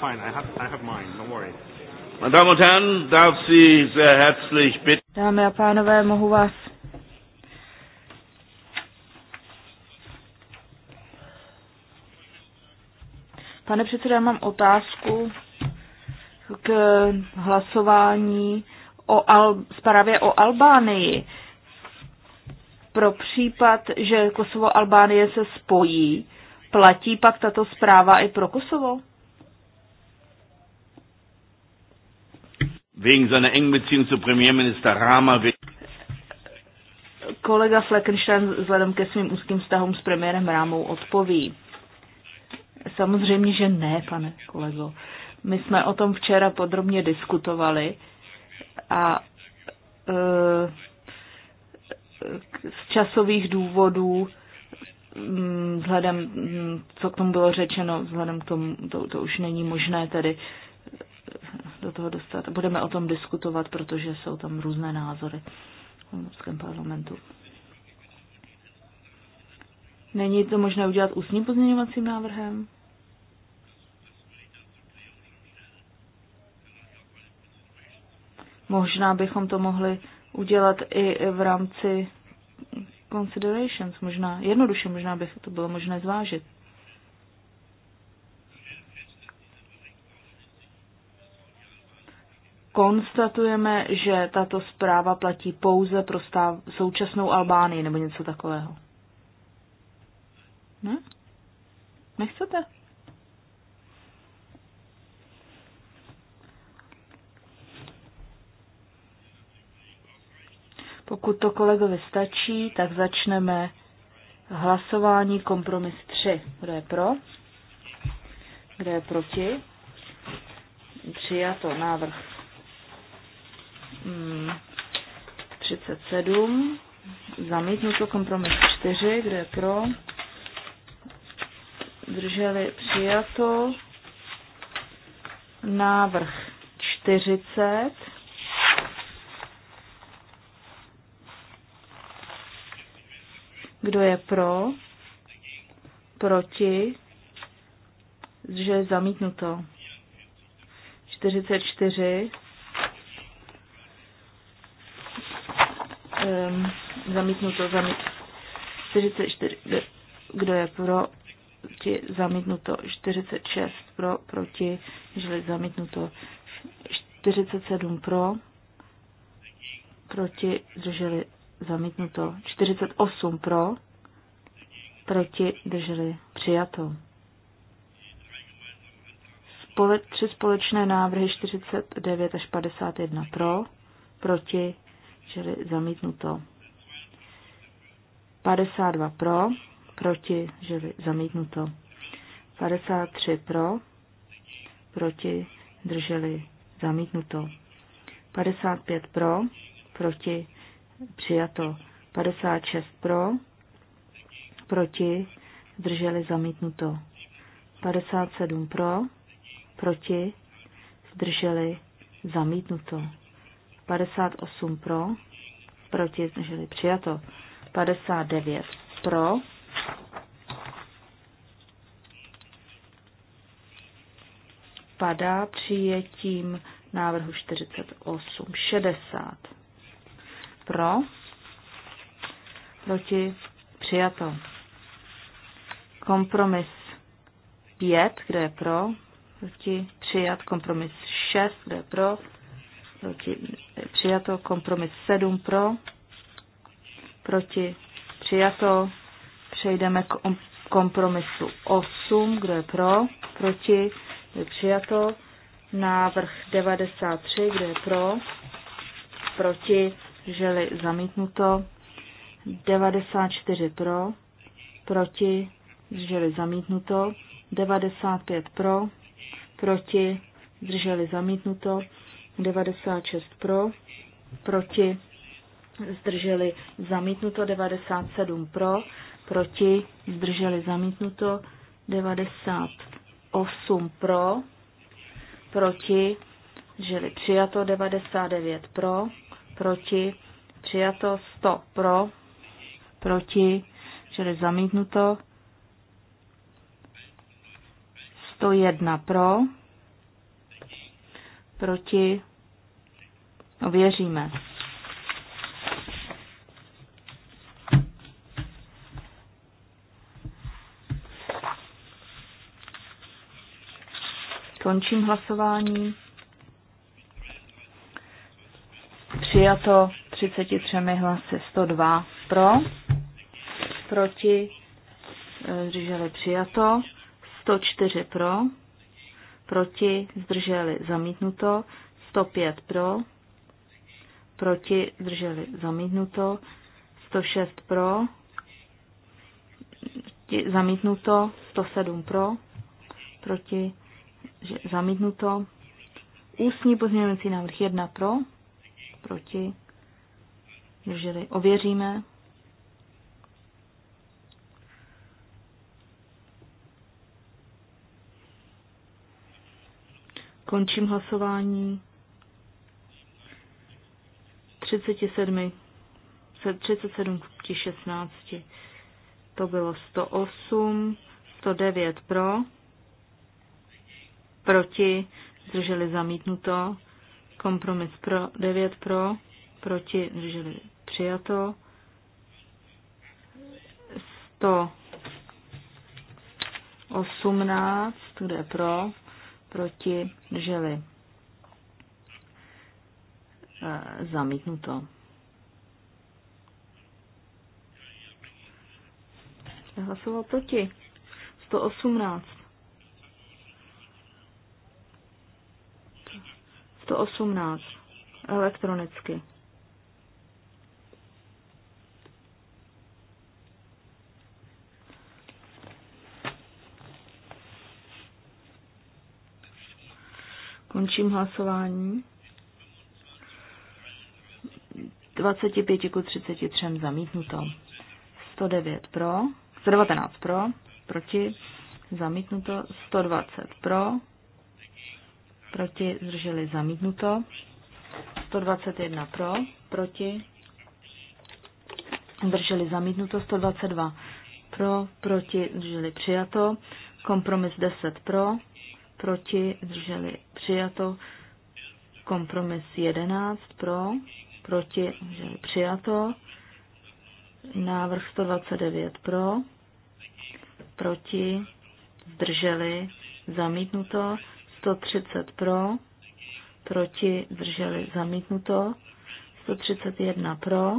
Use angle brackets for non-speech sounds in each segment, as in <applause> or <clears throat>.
fine. I have, I have mine. Don't worry. Meine Damen und Herren, darf Sie sehr herzlich bitten. Dame a pánové, mohu vás Pane předsedo, já mám otázku k hlasování o Al- zprávě o Albánii. Pro případ, že Kosovo Albánie se spojí, platí pak tato zpráva i pro Kosovo? wegen seiner engen Beziehung zu Premierminister Rama Kolega Fleckenstein vzhledem ke svým úzkým vztahům s premiérem Rámou odpoví. Samozřejmě, že ne, pane kolego. My jsme o tom včera podrobně diskutovali a e, z časových důvodů, mm, vzhledem, mm, co k tomu bylo řečeno, vzhledem k tomu, to, to už není možné tedy do toho dostat. Budeme o tom diskutovat, protože jsou tam různé názory v Evropském parlamentu. Není to možné udělat ústním pozměňovacím návrhem? Možná bychom to mohli udělat i v rámci considerations, možná jednoduše, možná by to bylo možné zvážit. konstatujeme, že tato zpráva platí pouze pro stav, současnou Albánii nebo něco takového. Ne? Nechcete? Pokud to kolegovi stačí, tak začneme hlasování kompromis 3. Kdo je pro? Kdo je proti? Přijato návrh 37, mm, zamítnuto kompromis 4, kde je pro, drželi přijato, návrh 40, kdo je pro, proti, že je zamítnuto. 44, um, ehm, zamítnuto, zamít, 44, kdo je pro, ti zamítnuto, 46 pro, proti, žili zamítnuto, 47 pro, proti, drželi zamítnuto, 48 pro, proti, drželi přijato. Spole, tři společné návrhy 49 až 51 pro, proti, čili zamítnuto. 52 pro, proti, čili zamítnuto. 53 pro, proti, drželi, zamítnuto. 55 pro, proti, přijato. 56 pro, proti, zdrželi zamítnuto. 57 pro, proti, zdrželi zamítnuto. 58 pro, proti, je přijato. 59 pro, padá přijetím návrhu 48, 60 pro, proti, přijato. Kompromis 5, kde je pro, proti, přijat. Kompromis 6, kde je pro, proti, přijato, kompromis 7 pro, proti, přijato, přejdeme k kompromisu 8, kdo je pro, proti, je přijato, návrh 93, kdo je pro, proti, želi zamítnuto, 94 pro, proti, zdrželi zamítnuto, 95 pro, proti, zdrželi zamítnuto, 96 pro, proti, zdrželi zamítnuto 97 pro, proti, zdrželi zamítnuto 98 pro, proti, zdrželi přijato 99 pro, proti, přijato 100 pro, proti, zdrželi zamítnuto 101 pro, proti, Ověříme. Končím hlasování. Přijato 33 hlasy 102 pro, proti, eh, zdrželi přijato, 104 pro, proti, zdrželi zamítnuto, 105 pro, proti, zdrželi zamítnuto, 106 pro, zamítnuto, 107 pro, proti, zamítnuto, ústní pozměňující návrh 1 pro, proti, zdrželi, ověříme, Končím hlasování. 37, 37 k 16. To bylo 108, 109 pro, proti, drželi zamítnuto, kompromis pro, 9 pro, proti, drželi přijato, 118, kde pro, proti, drželi. Eh, zamítnuto. Já hlasoval proti. 118. 118. Elektronicky. Končím hlasování. 25 ku 33 zamítnuto. 109 pro, 119 pro, proti, zamítnuto, 120 pro, proti, zdrželi zamítnuto, 121 pro, proti, zdrželi zamítnuto, 122 pro, proti, zdrželi přijato, kompromis 10 pro, proti, zdrželi přijato, kompromis 11 pro, proti, zdrželi přijato. Návrh 129 pro, proti, zdrželi, zamítnuto. 130 pro, proti, zdrželi, zamítnuto. 131 pro,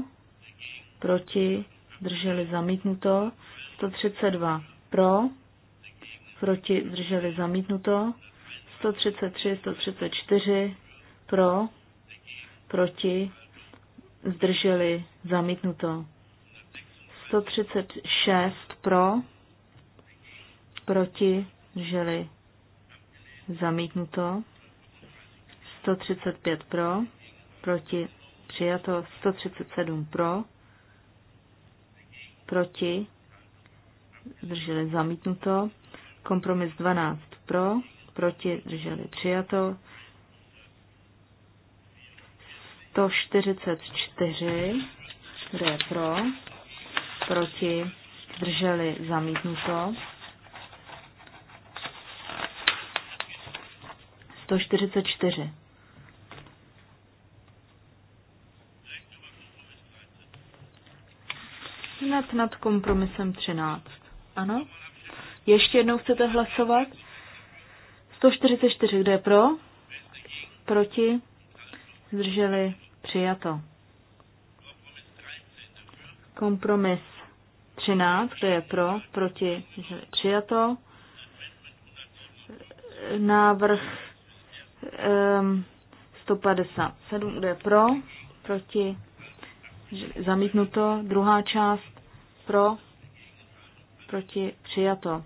proti, zdrželi, zamítnuto. 132 pro, proti, zdrželi, zamítnuto. 133, 134 pro, proti, zdrželi, zamítnuto. 136 pro, proti, zdrželi, zamítnuto. 135 pro, proti, přijato. 137 pro, proti, zdrželi, zamítnuto. Kompromis 12 pro, proti, zdrželi, přijato. 144, kdo je pro, proti, zdrželi zamítnuto. 144. Nad, nad kompromisem 13. Ano? Ještě jednou chcete hlasovat? 144, kdo je pro? Proti? Zdrželi Přijato. Kompromis 13, kdo je pro, proti, přijato. Návrh um, ehm, 157, kdo je pro, proti, zamítnuto. Druhá část pro, proti, přijato.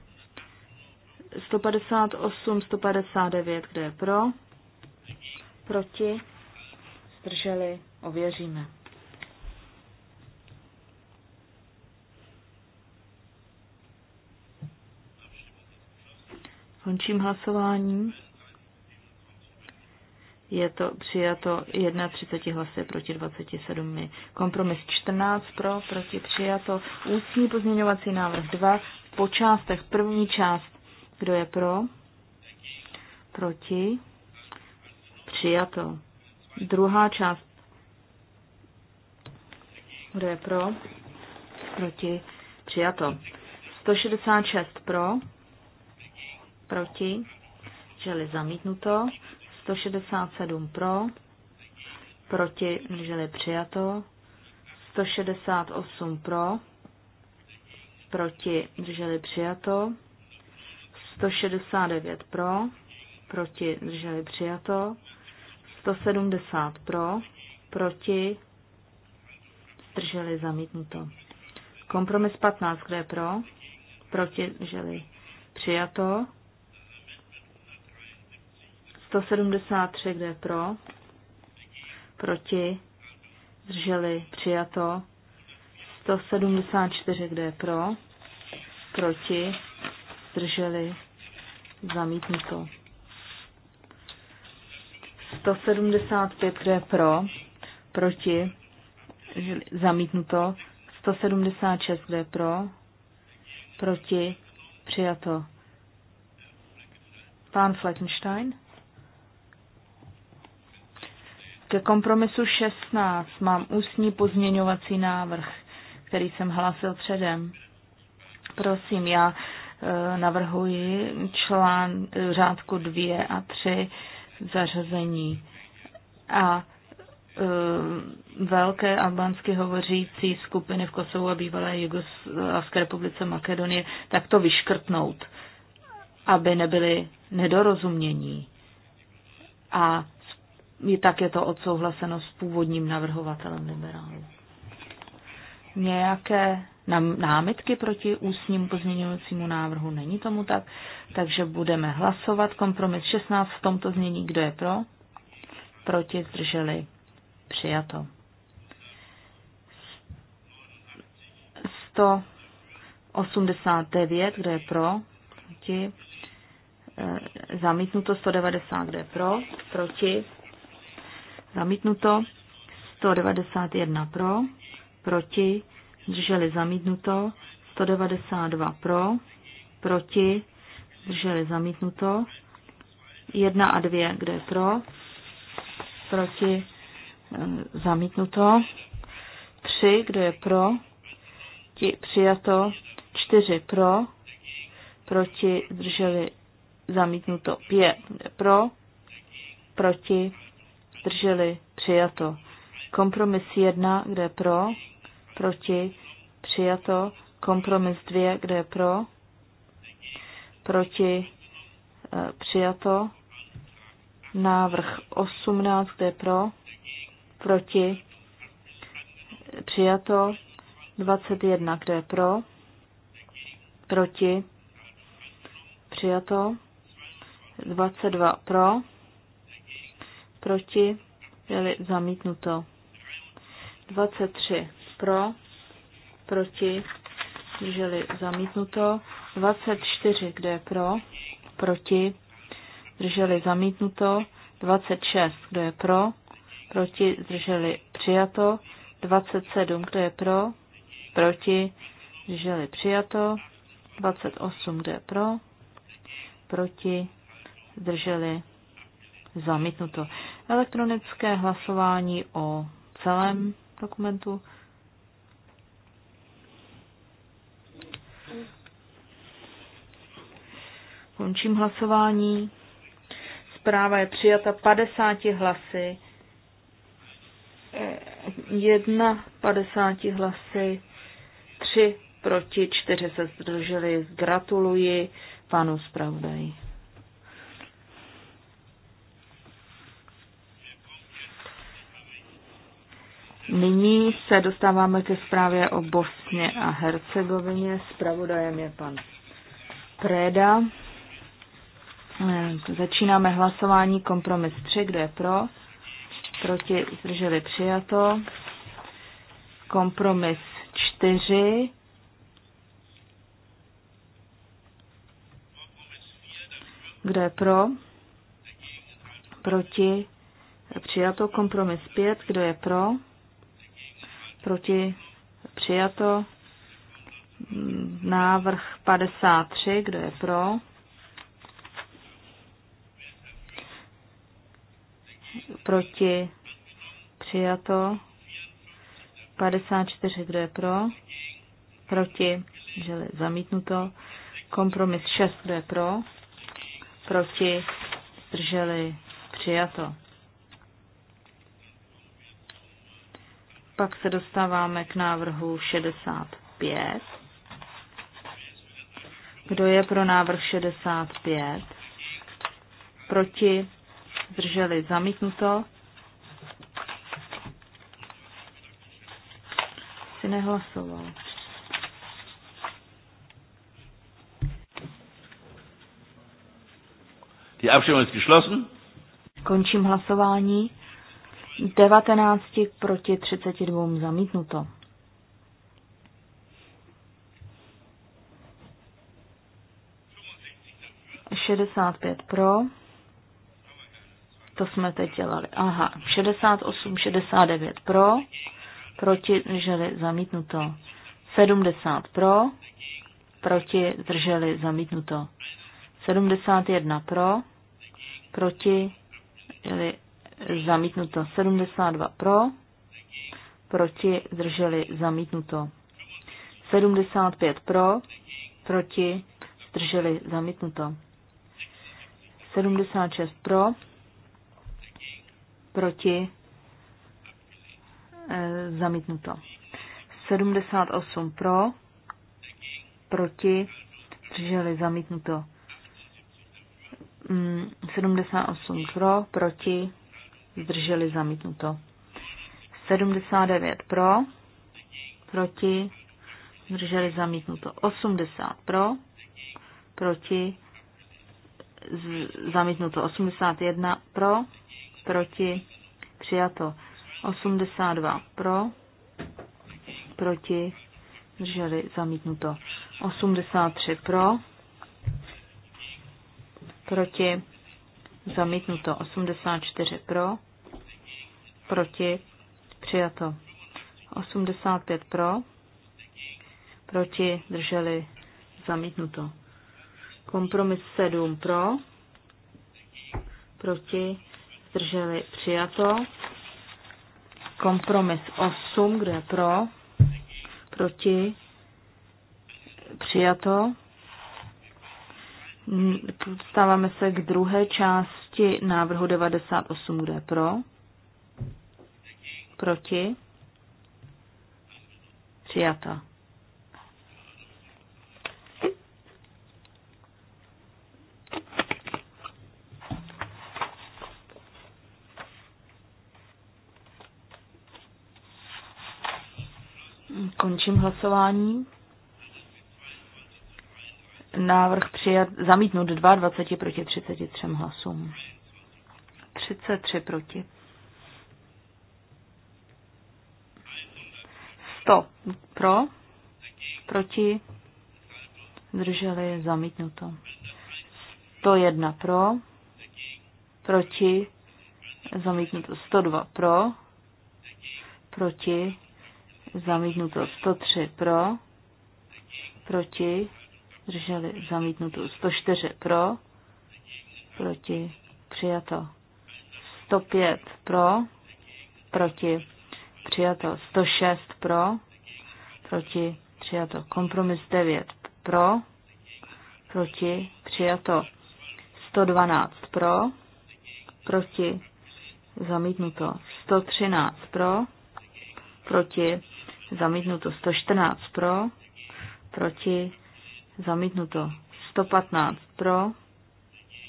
158, 159, kde je pro, proti, zdrželi, ověříme. Končím hlasování. Je to přijato 31 hlasy proti 27. Kompromis 14 pro, proti přijato. Ústní pozměňovací návrh 2 po částech. První část, kdo je pro? Proti? Přijato. Druhá část. Kdo je pro? Proti? Přijato. 166 pro? Proti? Želi zamítnuto. 167 pro? Proti? Želi přijato. 168 pro? Proti? Drželi přijato. 169 pro? Proti? Drželi přijato. 170 pro, proti, zdrželi zamítnuto. Kompromis 15, kde je pro, proti, zdrželi přijato. 173, kde je pro, proti, zdrželi přijato. 174, kde je pro, proti, zdrželi zamítnuto. 175, kdo je pro, proti, zamítnuto. 176, kdo je pro, proti, přijato. Pán Fleckenstein? Ke kompromisu 16 mám ústní pozměňovací návrh, který jsem hlásil předem. Prosím, já eh, navrhuji člán eh, řádku 2 a 3 zařazení. A e, velké albánsky hovořící skupiny v Kosovu a bývalé Jugoslavské republice Makedonie, tak to vyškrtnout, aby nebyly nedorozumění. A i tak je to odsouhlaseno s původním navrhovatelem liberálů. Nějaké námitky proti ústnímu pozměňovacímu návrhu? Není tomu tak, takže budeme hlasovat. Kompromis 16 v tomto znění. Kdo je pro? Proti zdrželi přijato. 189, e, kdo je pro? Proti. Zamítnuto 190, kdo je pro? Proti. Zamítnuto 191 pro, proti, zdrželi zamítnuto, 192 pro, proti, zdrželi zamítnuto, 1 a 2, kde je pro, proti, eh, zamítnuto, 3, kdo je pro, ti přijato, 4 pro, proti, zdrželi zamítnuto, 5 kde je pro, proti, zdrželi přijato. Kompromis 1, kde je pro, proti, přijato, kompromis dvě, kdo je pro, proti, eh, přijato, návrh 18, kde je pro, proti, přijato, 21, kde je pro, proti, přijato, 22 pro, proti, byly zamítnuto. 23 pro, proti, drželi zamítnuto. 24, kdo je pro, proti, drželi zamítnuto. 26, kdo je pro, proti, zdrželi přijato. 27, kdo je pro, proti, zdrželi přijato. 28, kdo je pro, proti, zdrželi zamítnuto. Elektronické hlasování o celém dokumentu. Končím hlasování. Zpráva je přijata 50 hlasy. 1 eh, 50 hlasy, 3 proti, 4 se zdrželi. Gratuluji panu zpravodaji. Nyní se dostáváme ke zprávě o Bosně a Hercegovině. Spravodajem je pan Preda. Eh, začínáme hlasování kompromis 3, kdo je pro, proti zdrželi přijato. Kompromis 4, kdo je pro, proti přijato. Kompromis 5, kdo je pro, proti přijato. Návrh 53, kdo je pro, proti, přijato. 54, kdo je pro, proti, žili zamítnuto. Kompromis 6, kdo je pro, proti, zdrželi, přijato. Pak se dostáváme k návrhu 65. Kdo je pro návrh 65? Proti? zdrželi zamítnuto. Si nehlasoval. Die Abstimmung ist geschlossen. Končím hlasování. 19 proti 32 zamítnuto. Šedesát pět pro. To jsme teď dělali. Aha, 68, 69 pro, proti drželi zamítnuto. 70 pro, proti drželi zamítnuto. 71 pro, proti drželi zamítnuto. 72 pro, proti drželi zamítnuto. 75 pro, proti zdrželi zamítnuto. 76 pro, proti, eh, zamítnuto. 78 pro, proti, přiželi zamítnuto. 78 pro, proti, zdrželi zamítnuto. 79 mm, pro, proti, zdrželi zamítnuto. 80 pro, proti, z, zamítnuto. 81 pro, proti, přijato. 82 pro, proti, drželi zamítnuto. 83 pro, proti, zamítnuto. 84 pro, proti, přijato. 85 pro, proti, drželi zamítnuto. Kompromis 7 pro, proti, zdrželi přijato. Kompromis 8, kdo je pro, proti, přijato. Stáváme se k druhé části návrhu 98, kdo je pro, proti, přijato. hlasování. Návrh přijat, zamítnout 22 proti 33 hlasům. 33 proti. 100 pro, proti, drželi zamítnuto. 101 pro, proti, zamítnuto. 102 pro, proti, zamítnuto 103 pro, proti, drželi zamítnuto 104 pro, proti, přijato 105 pro, proti, přijato 106 pro, proti, přijato kompromis 9 pro, proti, přijato 112 pro, proti, zamítnuto 113 pro, proti, zamítnuto 114 pro, proti, zamítnuto 115 pro,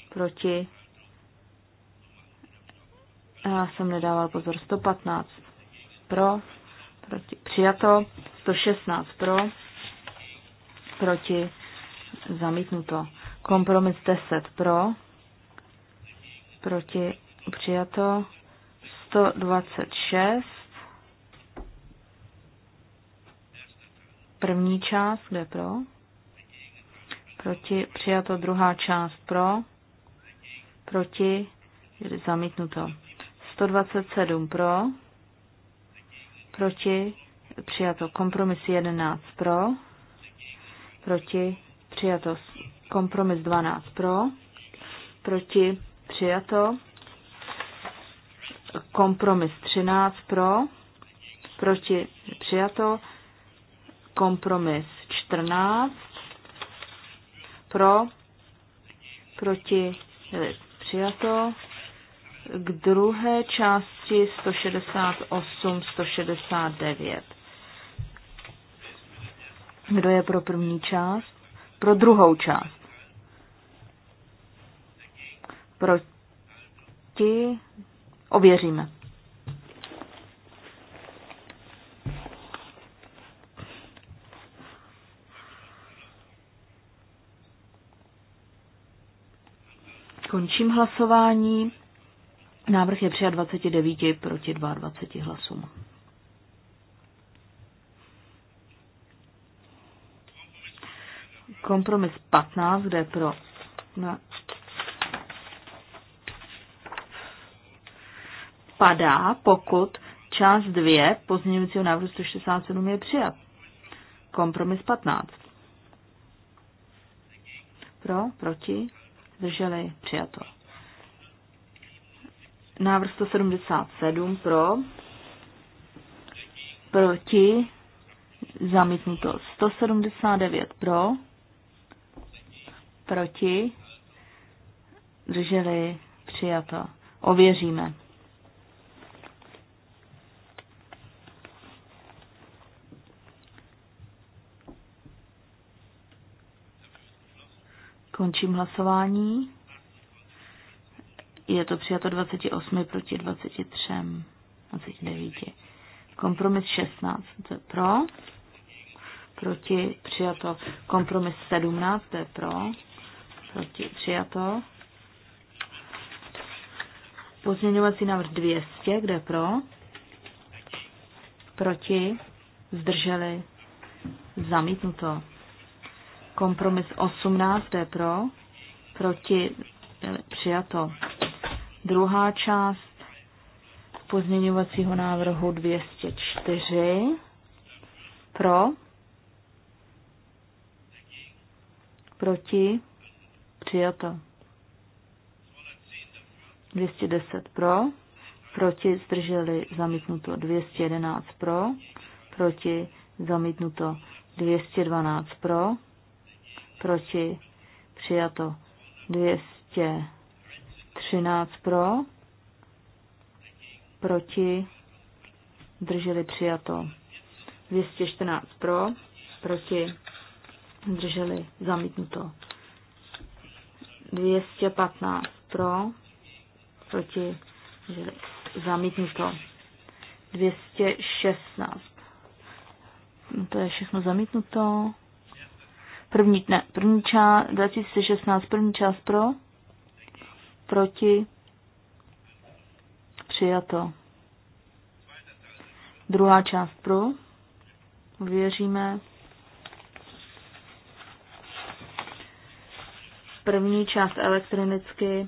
proti, já jsem nedával pozor, 115 pro, proti, přijato, 116 pro, proti, zamítnuto, kompromis 10 pro, proti, přijato, 126 První část, kde pro? Proti, přijato druhá část pro, proti, zamítnuto. 127 pro, proti, přijato. Kompromis 11 pro, proti, přijato. Kompromis 12 pro, proti, přijato. Kompromis 13 pro, proti, přijato. Kompromis 14 pro, proti, přijato. K druhé části 168, 169. Kdo je pro první část? Pro druhou část. Proti ověříme. Končím hlasování. Návrh je přijat 29 proti 22 hlasům. Kompromis 15, kde pro na, no. padá, pokud část 2 pozměňujícího návrhu 167 je přijat. Kompromis 15. Pro, proti, zdrželi, přijato. Návrh 177 pro, proti, zamítnuto 179 pro, proti, drželi, přijato. Ověříme. Končím hlasování. Je to přijato 28 proti 23, 29. Kompromis 16 to je pro, proti přijato. Kompromis 17 to je pro, proti přijato. Pozměňovací návrh 200, kde pro, proti, zdrželi, zamítnuto. Kompromis 18, kde pro, proti, přijato. Druhá část pozměňovacího návrhu 204 pro, proti, přijato. 210 pro, proti zdrželi zamítnuto 211 pro, proti zamítnuto 212 pro, proti, přijato 213 pro, proti, drželi přijato 214 pro, proti, drželi zamítnuto 215 pro, proti, drželi zamítnuto 216. To je všechno zamítnuto. První, ne, první část, 2016, první část pro, proti, přijato. Druhá část pro, věříme. První část elektronicky.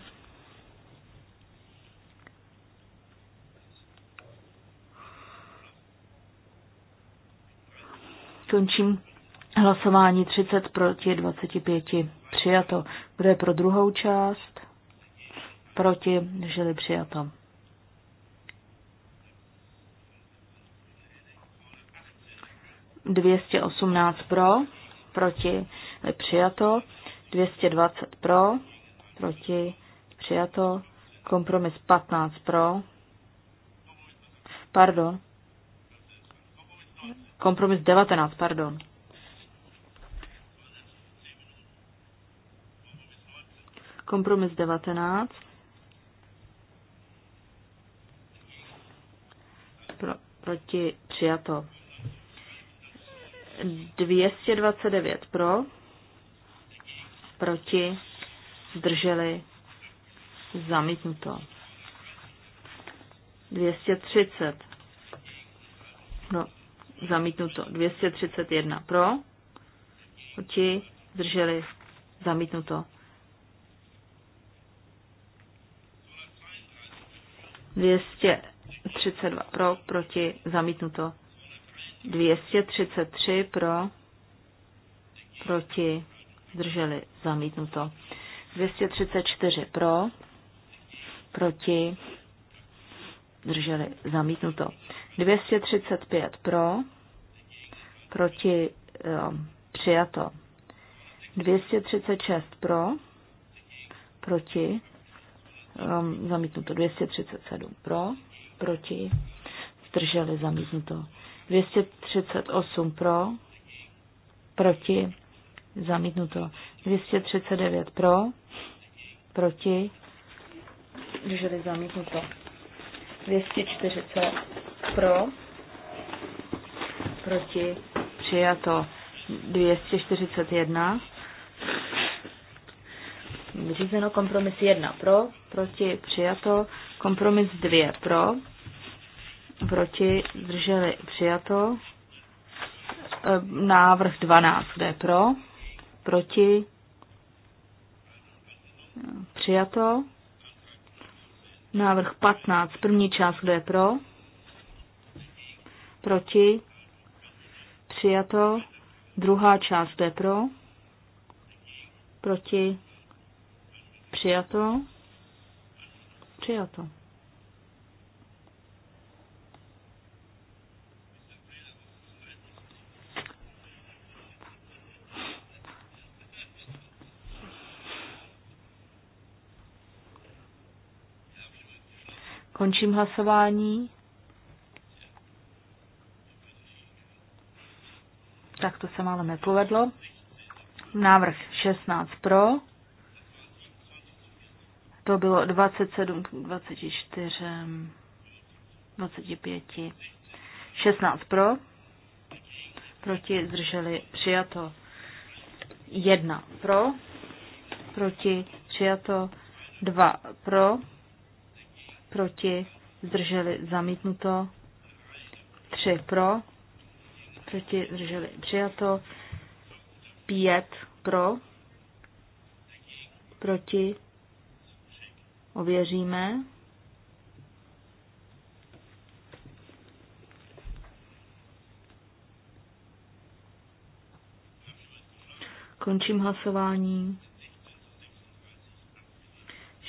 Končím Hlasování 30 proti 25 přijato. Kdo je pro druhou část? Proti, žili přijato. Dvěstě osmnáct pro, proti přijato, 220 pro, proti přijato, kompromis 15 pro, pardon, kompromis 19, pardon. Kompromis 19. Pro, proti přijato. 229 pro, proti, zdrželi, zamítnuto. 230 no, zamítnuto. 231 pro, proti, zdrželi, zamítnuto. 232 pro, proti, zamítnuto. 233 pro, proti, zdrželi, zamítnuto. 234 pro, proti, zdrželi, zamítnuto. 235 pro, proti, um, přijato. 236 pro, proti, um, zamítnuto 237 pro, proti, zdrželi zamítnuto 238 pro, proti, zamítnuto 239 pro, proti, zdrželi zamítnuto 240 pro, proti, přijato 241 Řízeno kompromis 1 pro, proti přijato, kompromis 2 pro, proti zdrželi přijato, e, návrh 12, kde je pro, proti přijato, návrh 15, první část, kde je pro, proti přijato, druhá část, kde je pro, proti Přijato. Přijato. Končím hlasování. Tak to se ale nepovedlo. Návrh 16 pro to bylo 27 24, 25, 16 pro, proti zdrželi přijato 1 pro, proti přijato 2 pro, proti zdrželi zamítnuto 3 pro, proti zdrželi přijato 5 pro, proti Ověříme. Končím hlasování.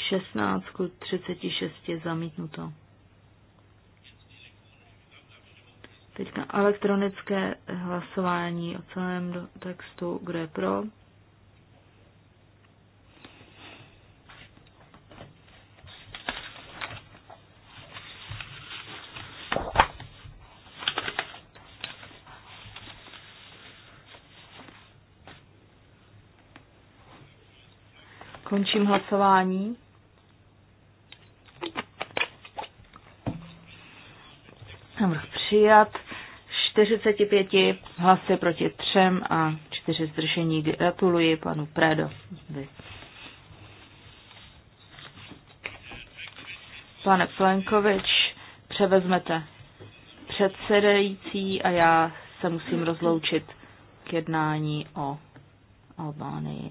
16 k 36 je zamítnuto. Teď na elektronické hlasování o celém textu, kdo je pro. Končím hlasování. Návrh přijat. 45 hlasy proti třem a čtyři zdržení. Gratuluji panu Predo. Pane Plenkovič, převezmete předsedající a já se musím rozloučit k jednání o Albánii.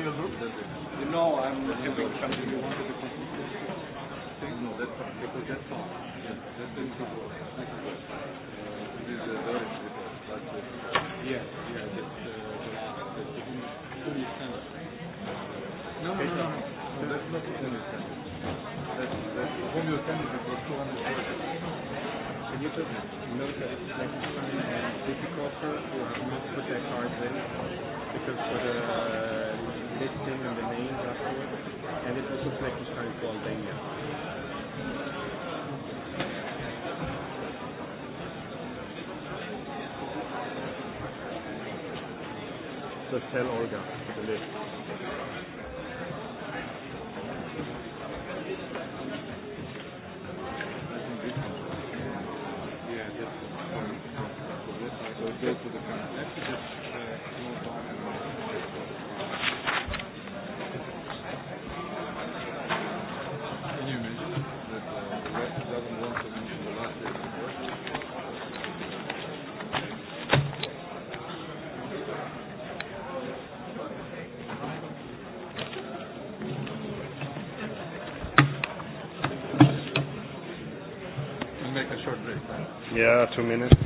for your group? No, I'm having something you wanted to No, that's fine, because that's fine. the uh, is uh, very difficult, but uh, yes, yeah, that's the last, no no, no, no, no, that's not because you no, difficult not put in because for the list him and the main afterwards, and it was like he's trying to call the India. Just tell Olga the list. Yeah, just two minutes.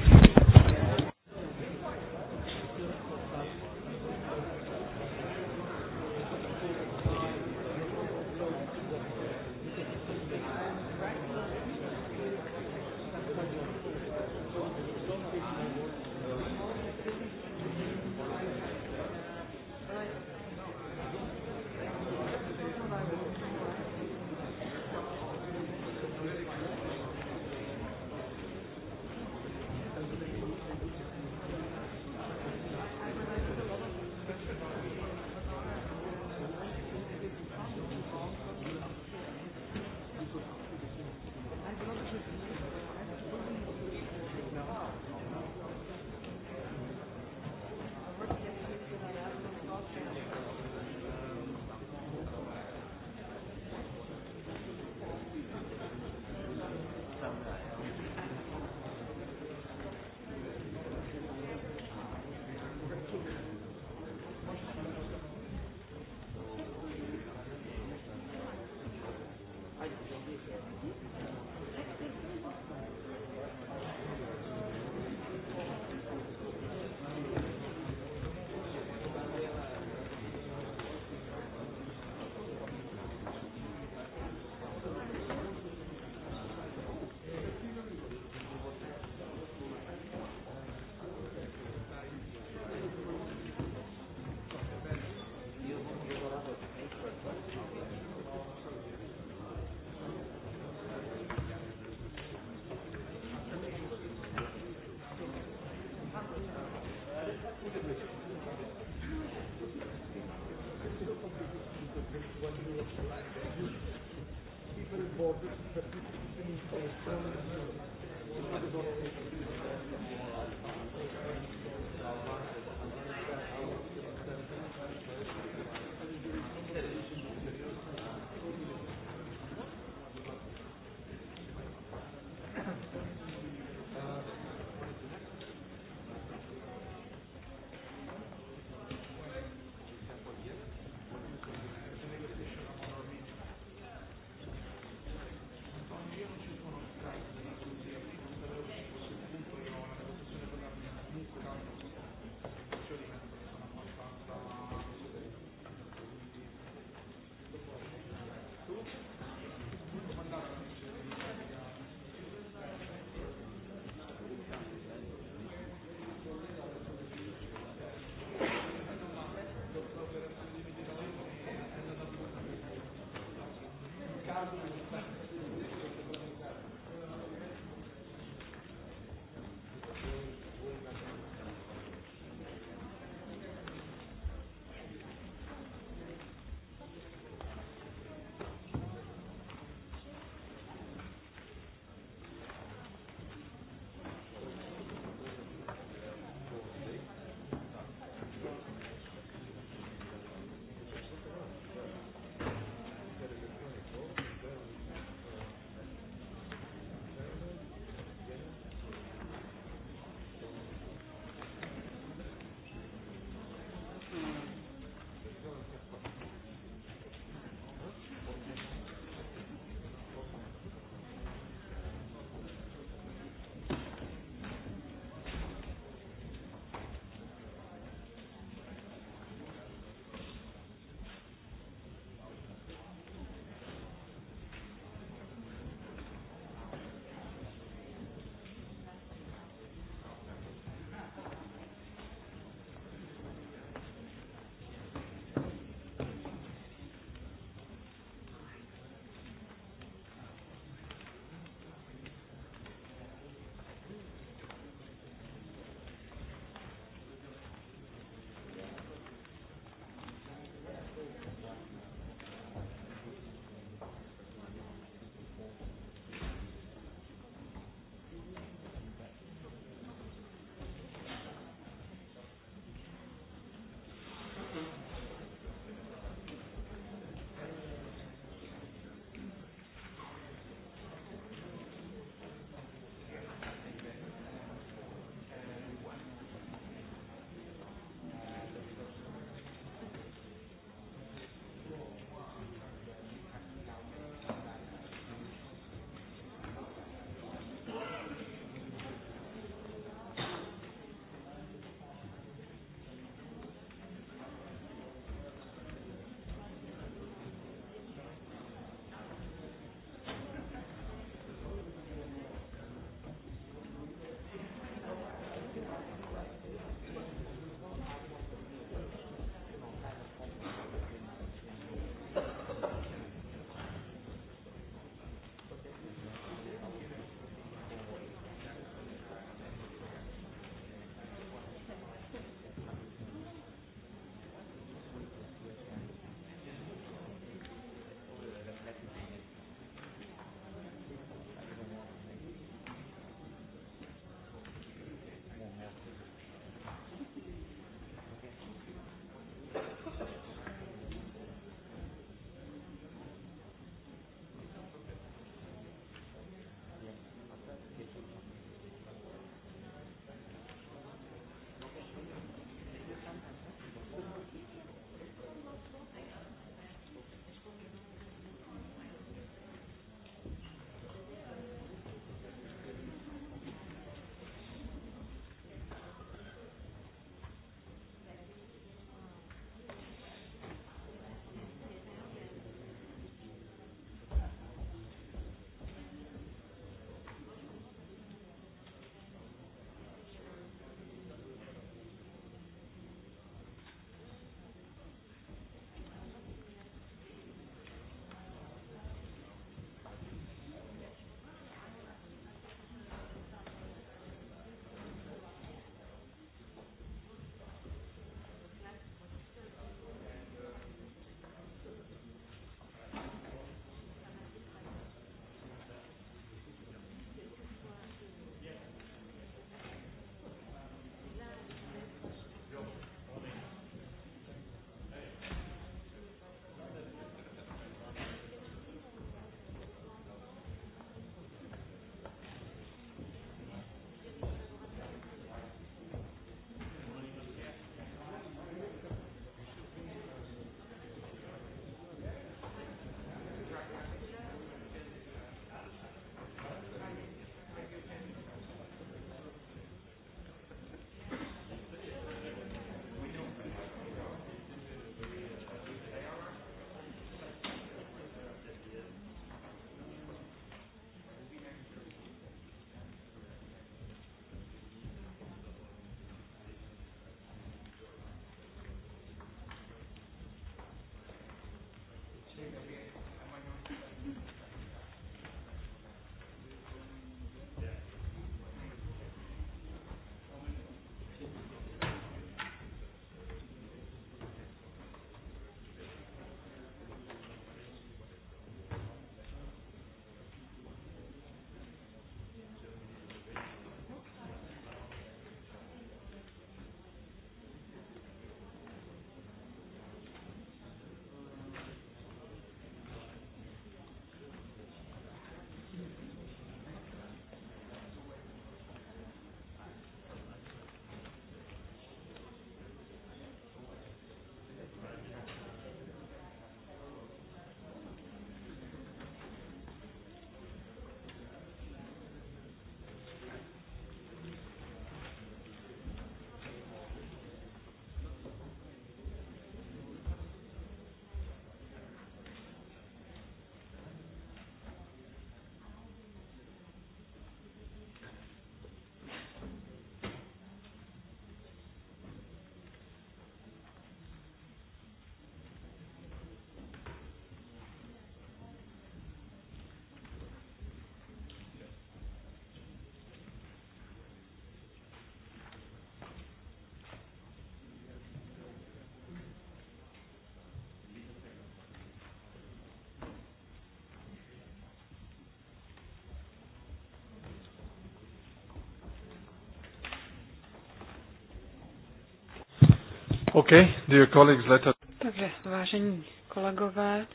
Okay, dear colleagues, let us... Takže, vážení kolegové,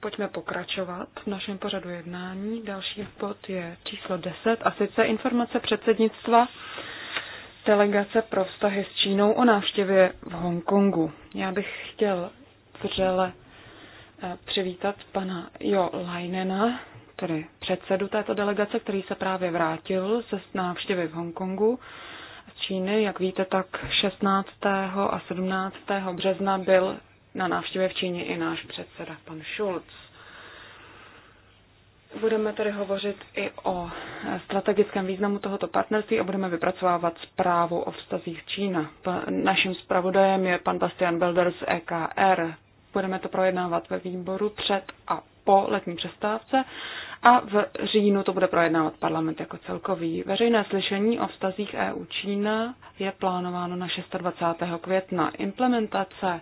pojďme pokračovat v našem pořadu jednání. Další bod je číslo 10 a sice informace předsednictva delegace pro vztahy s Čínou o návštěvě v Hongkongu. Já bych chtěl vřele eh, přivítat pana Jo Lajnena, tedy předsedu této delegace, který se právě vrátil ze návštěvy v Hongkongu. Číny. Jak víte, tak 16. a 17. března byl na návštěvě v Číně i náš předseda, pan Schulz. Budeme tedy hovořit i o strategickém významu tohoto partnerství a budeme vypracovávat zprávu o vztazích Čína. Naším zpravodajem je pan Bastian Belder z EKR. Budeme to projednávat ve výboru před a po letní přestávce a v říjnu to bude projednávat parlament jako celkový. Veřejné slyšení o vztazích EU-Čína je plánováno na 26. května. Implementace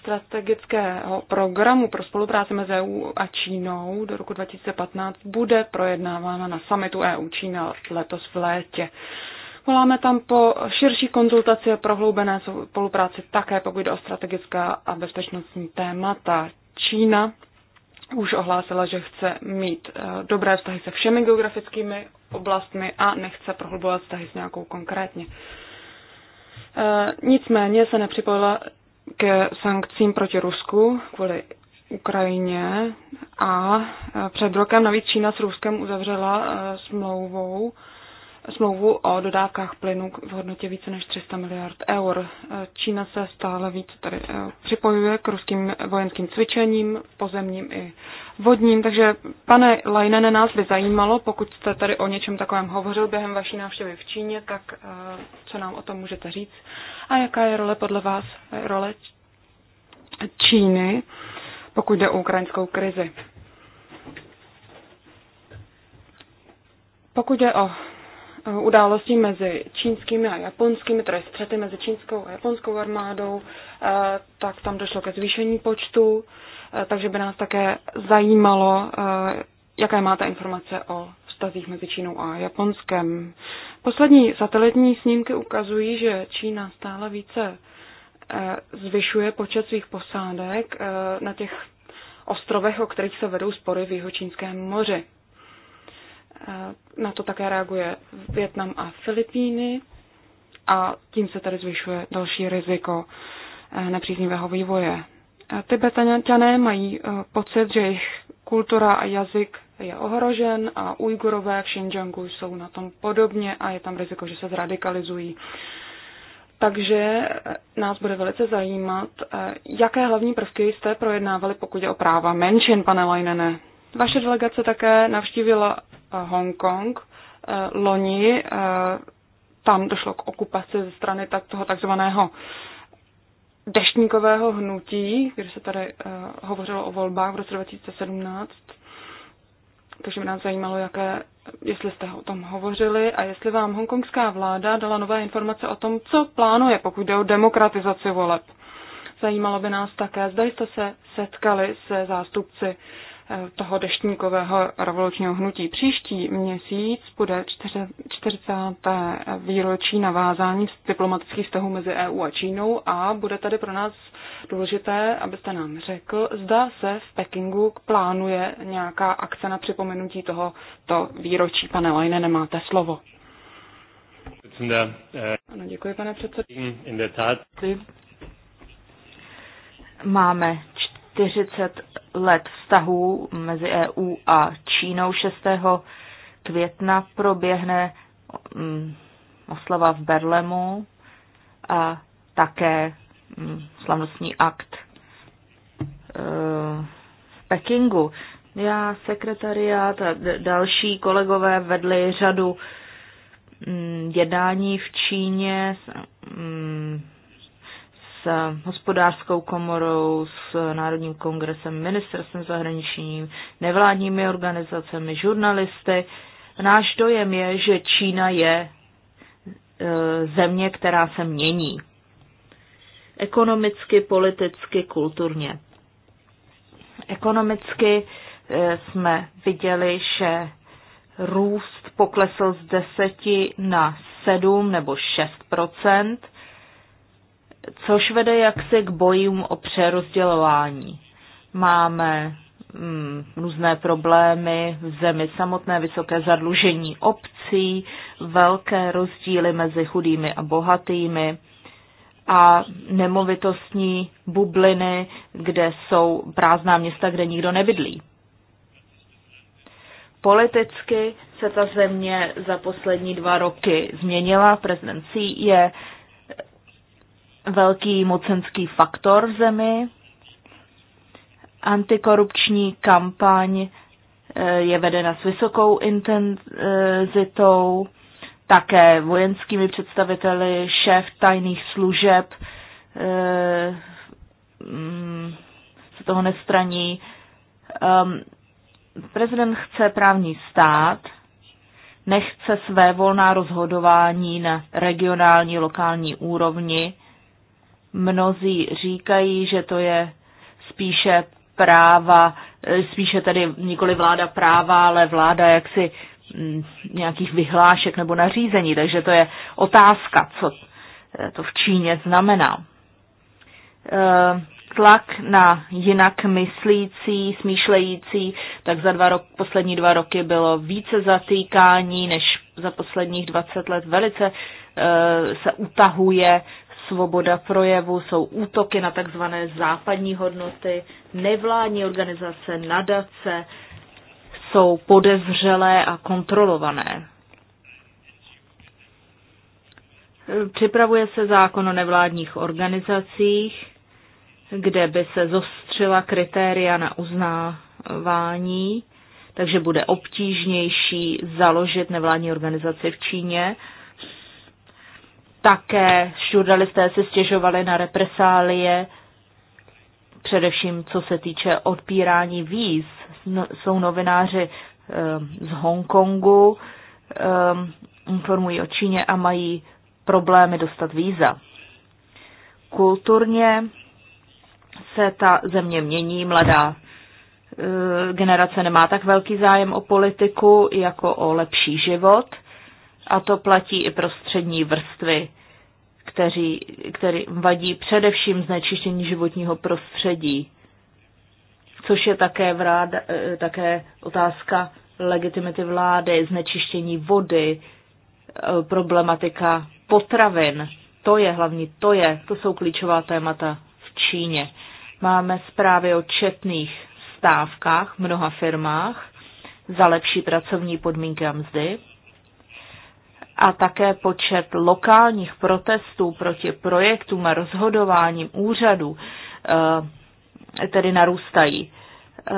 strategického programu pro spolupráci mezi EU a Čínou do roku 2015 bude projednávána na summitu EU-Čína letos v létě. Voláme tam po širší konzultaci a prohloubené spolupráci také, pokud jde o strategická a bezpečnostní témata. Čína už ohlásila, že chce mít eh, dobré vztahy se všemi geografickými oblastmi a nechce prohlubovat vztahy s nějakou konkrétně. Eh, nicméně se nepřipojila ke sankcím proti Rusku kvůli Ukrajině a eh, před rokem navíc Čína s Ruskem uzavřela smlouvou smlouvu o dodávkách plynu v hodnotě více než 300 miliard eur. Čína se stále více tady eh, připojuje k ruským vojenským cvičením, pozemním i vodním, takže pane Lajnene, nás by zajímalo, pokud jste tady o něčem takovém hovořil během vaší návštěvy v Číně, tak eh, co nám o tom můžete říct a jaká je role podle vás role Číny, pokud jde o ukrajinskou krizi. Pokud jde o Eh, událostí mezi čínskými a japonskými, tedy střety mezi čínskou a japonskou armádou, eh, tak tam došlo ke zvýšení počtu, eh, takže by nás také zajímalo, jaké máte informace o vztazích mezi Čínou a Japonskem. Poslední satelitní snímky ukazují, že Čína stále více zvyšuje počet svých posádek na těch ostrovech, o kterých se vedou spory v Jihočínském moři. Na to také reaguje Větnam a Filipíny a tím se tady zvyšuje další riziko eh, nepříznivého vývoje. Tibetané mají eh, pocit, že jejich kultura a jazyk je ohrožen a Ujgurové v Xinjiangu jsou na tom podobně a je tam riziko, že se zradikalizují. Takže eh, nás bude velice zajímat, jaké hlavní prvky jste projednávali, pokud je o práva menšin, pane Lajnene. Vaše delegace také navštívila Eh, Hongkong eh, loni eh, tam došlo k okupaci ze strany tak, toho takzvaného deštníkového hnutí, kde se tady uh, hovořilo o volbách v roce 2017. Takže by nás zajímalo, jaké, jestli jste o tom hovořili a jestli vám hongkongská vláda dala nové informace o tom, co plánuje, pokud jde o demokratizaci voleb. Zajímalo by nás také, zda jste se setkali se zástupci uh, Eh, toho deštníkového revolučního hnutí. Příští měsíc bude 40. výročí navázání diplomatických vztahů mezi EU a Čínou a bude tady pro nás důležité, abyste nám řekl, zda se v Pekingu plánuje nějaká akce na připomenutí tohoto výročí. Pane Lajne, nemáte slovo. Ano, děkuji, pane předsedo. Máme 40 let vztahů mezi EU a Čínou 6. května proběhne mm, oslava v Berlemu a také mm, slavnostní akt e, v Pekingu. Já, sekretariát a další kolegové vedli řadu mm, jednání v Číně s eh, hospodářskou komorou, s Národním kongresem, ministerstvem zahraničním, nevládními organizacemi, žurnalisty. Náš dojem je, že Čína je eh, země, která se mění. Ekonomicky, politicky, kulturně. Ekonomicky eh, jsme viděli, že růst poklesl z 10 na 7 nebo 6 což vede jaksi k bojům o přerozdělování. Máme mm, různé problémy v zemi samotné, vysoké zadlužení obcí, velké rozdíly mezi chudými a bohatými a nemovitostní bubliny, kde jsou prázdná města, kde nikdo nebydlí. Politicky se ta země za poslední dva roky změnila. Prezident Xi je velký mocenský faktor v zemi. Antikorupční kampaň eh, je vedena s vysokou intenzitou, také vojenskými představiteli, šéf tajných služeb eh, mm, se toho nestraní. Ehm, prezident chce právní stát, nechce své volná rozhodování na regionální, lokální úrovni Mnozí říkají, že to je spíše práva, eh, spíše tedy nikoli vláda práva, ale vláda jaksi mm, nějakých vyhlášek nebo nařízení. Takže to je otázka, co eh, to v Číně znamená. Eh, tlak na jinak myslící, smýšlející, tak za dva rok, poslední dva roky bylo více zatýkání než za posledních 20 let. Velice se utahuje svoboda projevu, jsou útoky na takzvané západní hodnoty, nevládní organizace, nadace jsou podezřelé a kontrolované. Připravuje se zákon o nevládních organizacích, kde by se zostřila kritéria na uznávání, takže bude obtížnější založit nevládní organizaci v Číně také žurnalisté se stěžovali na represálie, především co se týče odpírání víz. No, jsou novináři e, z Hongkongu, e, informují o Číně a mají problémy dostat víza. Kulturně se ta země mění, mladá ehm, generace nemá tak velký zájem o politiku jako o lepší život – a to platí i pro střední vrstvy, kteří, který vadí především znečištění životního prostředí, což je také, vláda, eh, také otázka legitimity vlády, znečištění vody, eh, problematika potravin. To je hlavní, to je, to jsou klíčová témata v Číně. Máme zprávy o četných stávkách v mnoha firmách za lepší pracovní podmínky a mzdy a také počet lokálních protestů proti projektům a rozhodováním úřadů eh, tedy narůstají. Eh,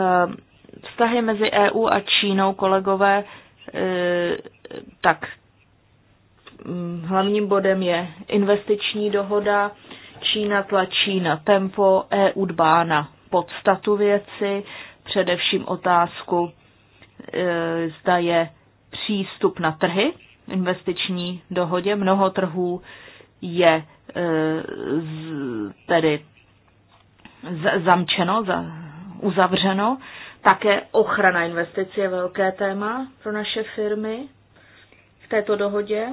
vztahy mezi EU a Čínou, kolegové, eh, tak mm, hlavním bodem je investiční dohoda. Čína tlačí na tempo, EU dbá na podstatu věci, především otázku, zda je přístup na trhy investiční dohodě. Mnoho trhů je e, tedy zamčeno, uzavřeno. Také ochrana investic je velké téma pro naše firmy v této dohodě.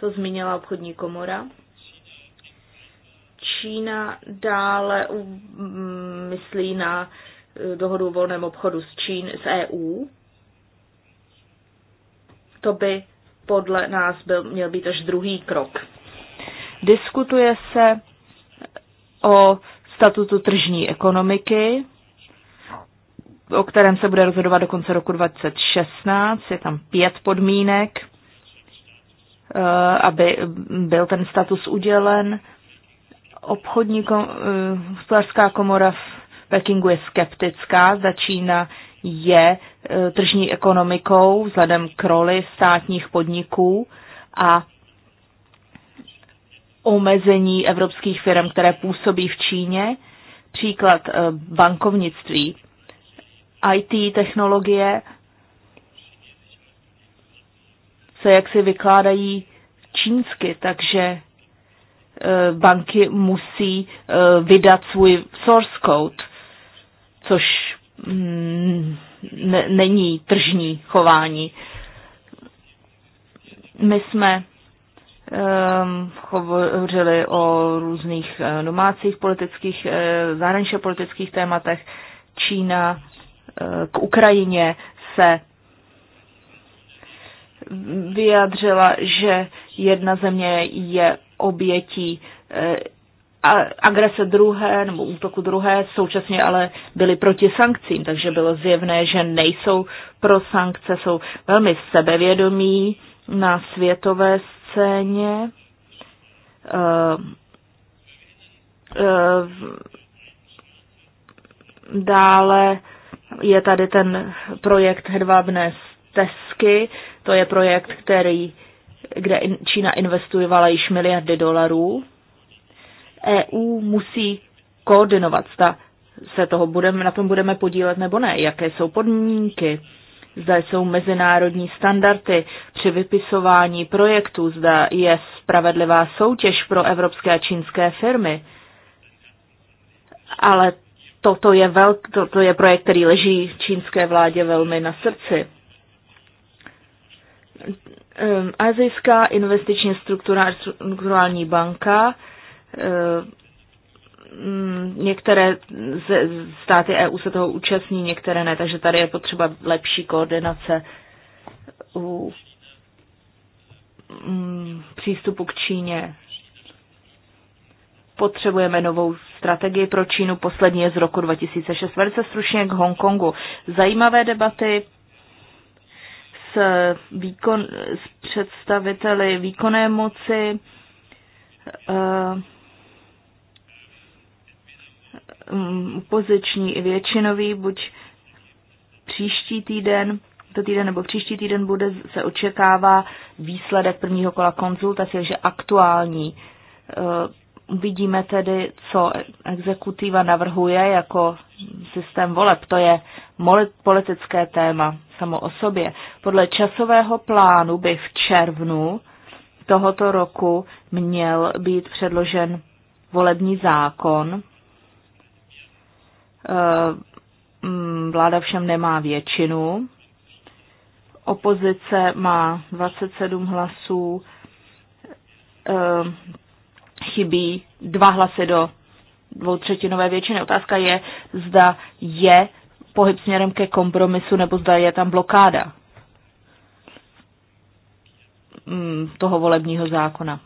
To zmínila obchodní komora. Čína dále mm, myslí na e, dohodu o volném obchodu s, Čín, s EU. To by podle nás byl, měl být až druhý krok. Diskutuje se o statutu tržní ekonomiky, o kterém se bude rozhodovat do konce roku 2016. Je tam pět podmínek, eh, aby byl ten status udělen. Obchodní eh, hospodářská komora v Pekingu je skeptická, začíná je e, tržní ekonomikou vzhledem k roli státních podniků a omezení evropských firm, které působí v Číně, příklad e, bankovnictví, IT technologie se jaksi vykládají čínsky, takže e, banky musí vydat svůj source code, což Mm, ne, není tržní chování. My jsme ehm, hovořili o různých eh, domácích politických, eh, zahraničně politických tématech. Čína eh, k Ukrajině se vyjádřila, že jedna země je obětí agrese druhé nebo útoku druhé, současně ale byli proti sankcím, takže bylo zjevné, že nejsou pro sankce, jsou velmi sebevědomí na světové scéně. Eh, eh, dále je tady ten projekt Hedvábné stezky, to je projekt, který kde Čína investovala již miliardy dolarů EU musí koordinovat, zda se toho budeme, na tom budeme podílet nebo ne, jaké jsou podmínky, zda jsou mezinárodní standardy při vypisování projektů, zda je spravedlivá soutěž pro evropské a čínské firmy. Ale toto je, velk, toto je projekt, který leží čínské vládě velmi na srdci. Azijská investiční struktura, strukturální banka Eh, mm, některé státy EU se toho účastní, některé ne, takže tady je potřeba lepší koordinace u mm, přístupu k Číně. Potřebujeme novou strategii pro Čínu, poslední je z roku 2006. Velice stručně k Hongkongu. Zajímavé debaty s, výkon, s představiteli výkonné moci. Eh, Mm, opoziční i většinový, buď příští týden, to týden nebo příští týden bude, se očekává výsledek prvního kola konzultace, takže aktuální. Eh, uvidíme tedy, co exekutiva navrhuje jako systém voleb. To je politické téma samo o sobě. Podle časového plánu by v červnu tohoto roku měl být předložen volební zákon, Eh, mm, vláda všem nemá většinu. Opozice má 27 hlasů. Eh, chybí dva hlasy do dvoutřetinové většiny. Otázka je, zda je pohyb směrem ke kompromisu, nebo zda je tam blokáda mm, toho volebního zákona.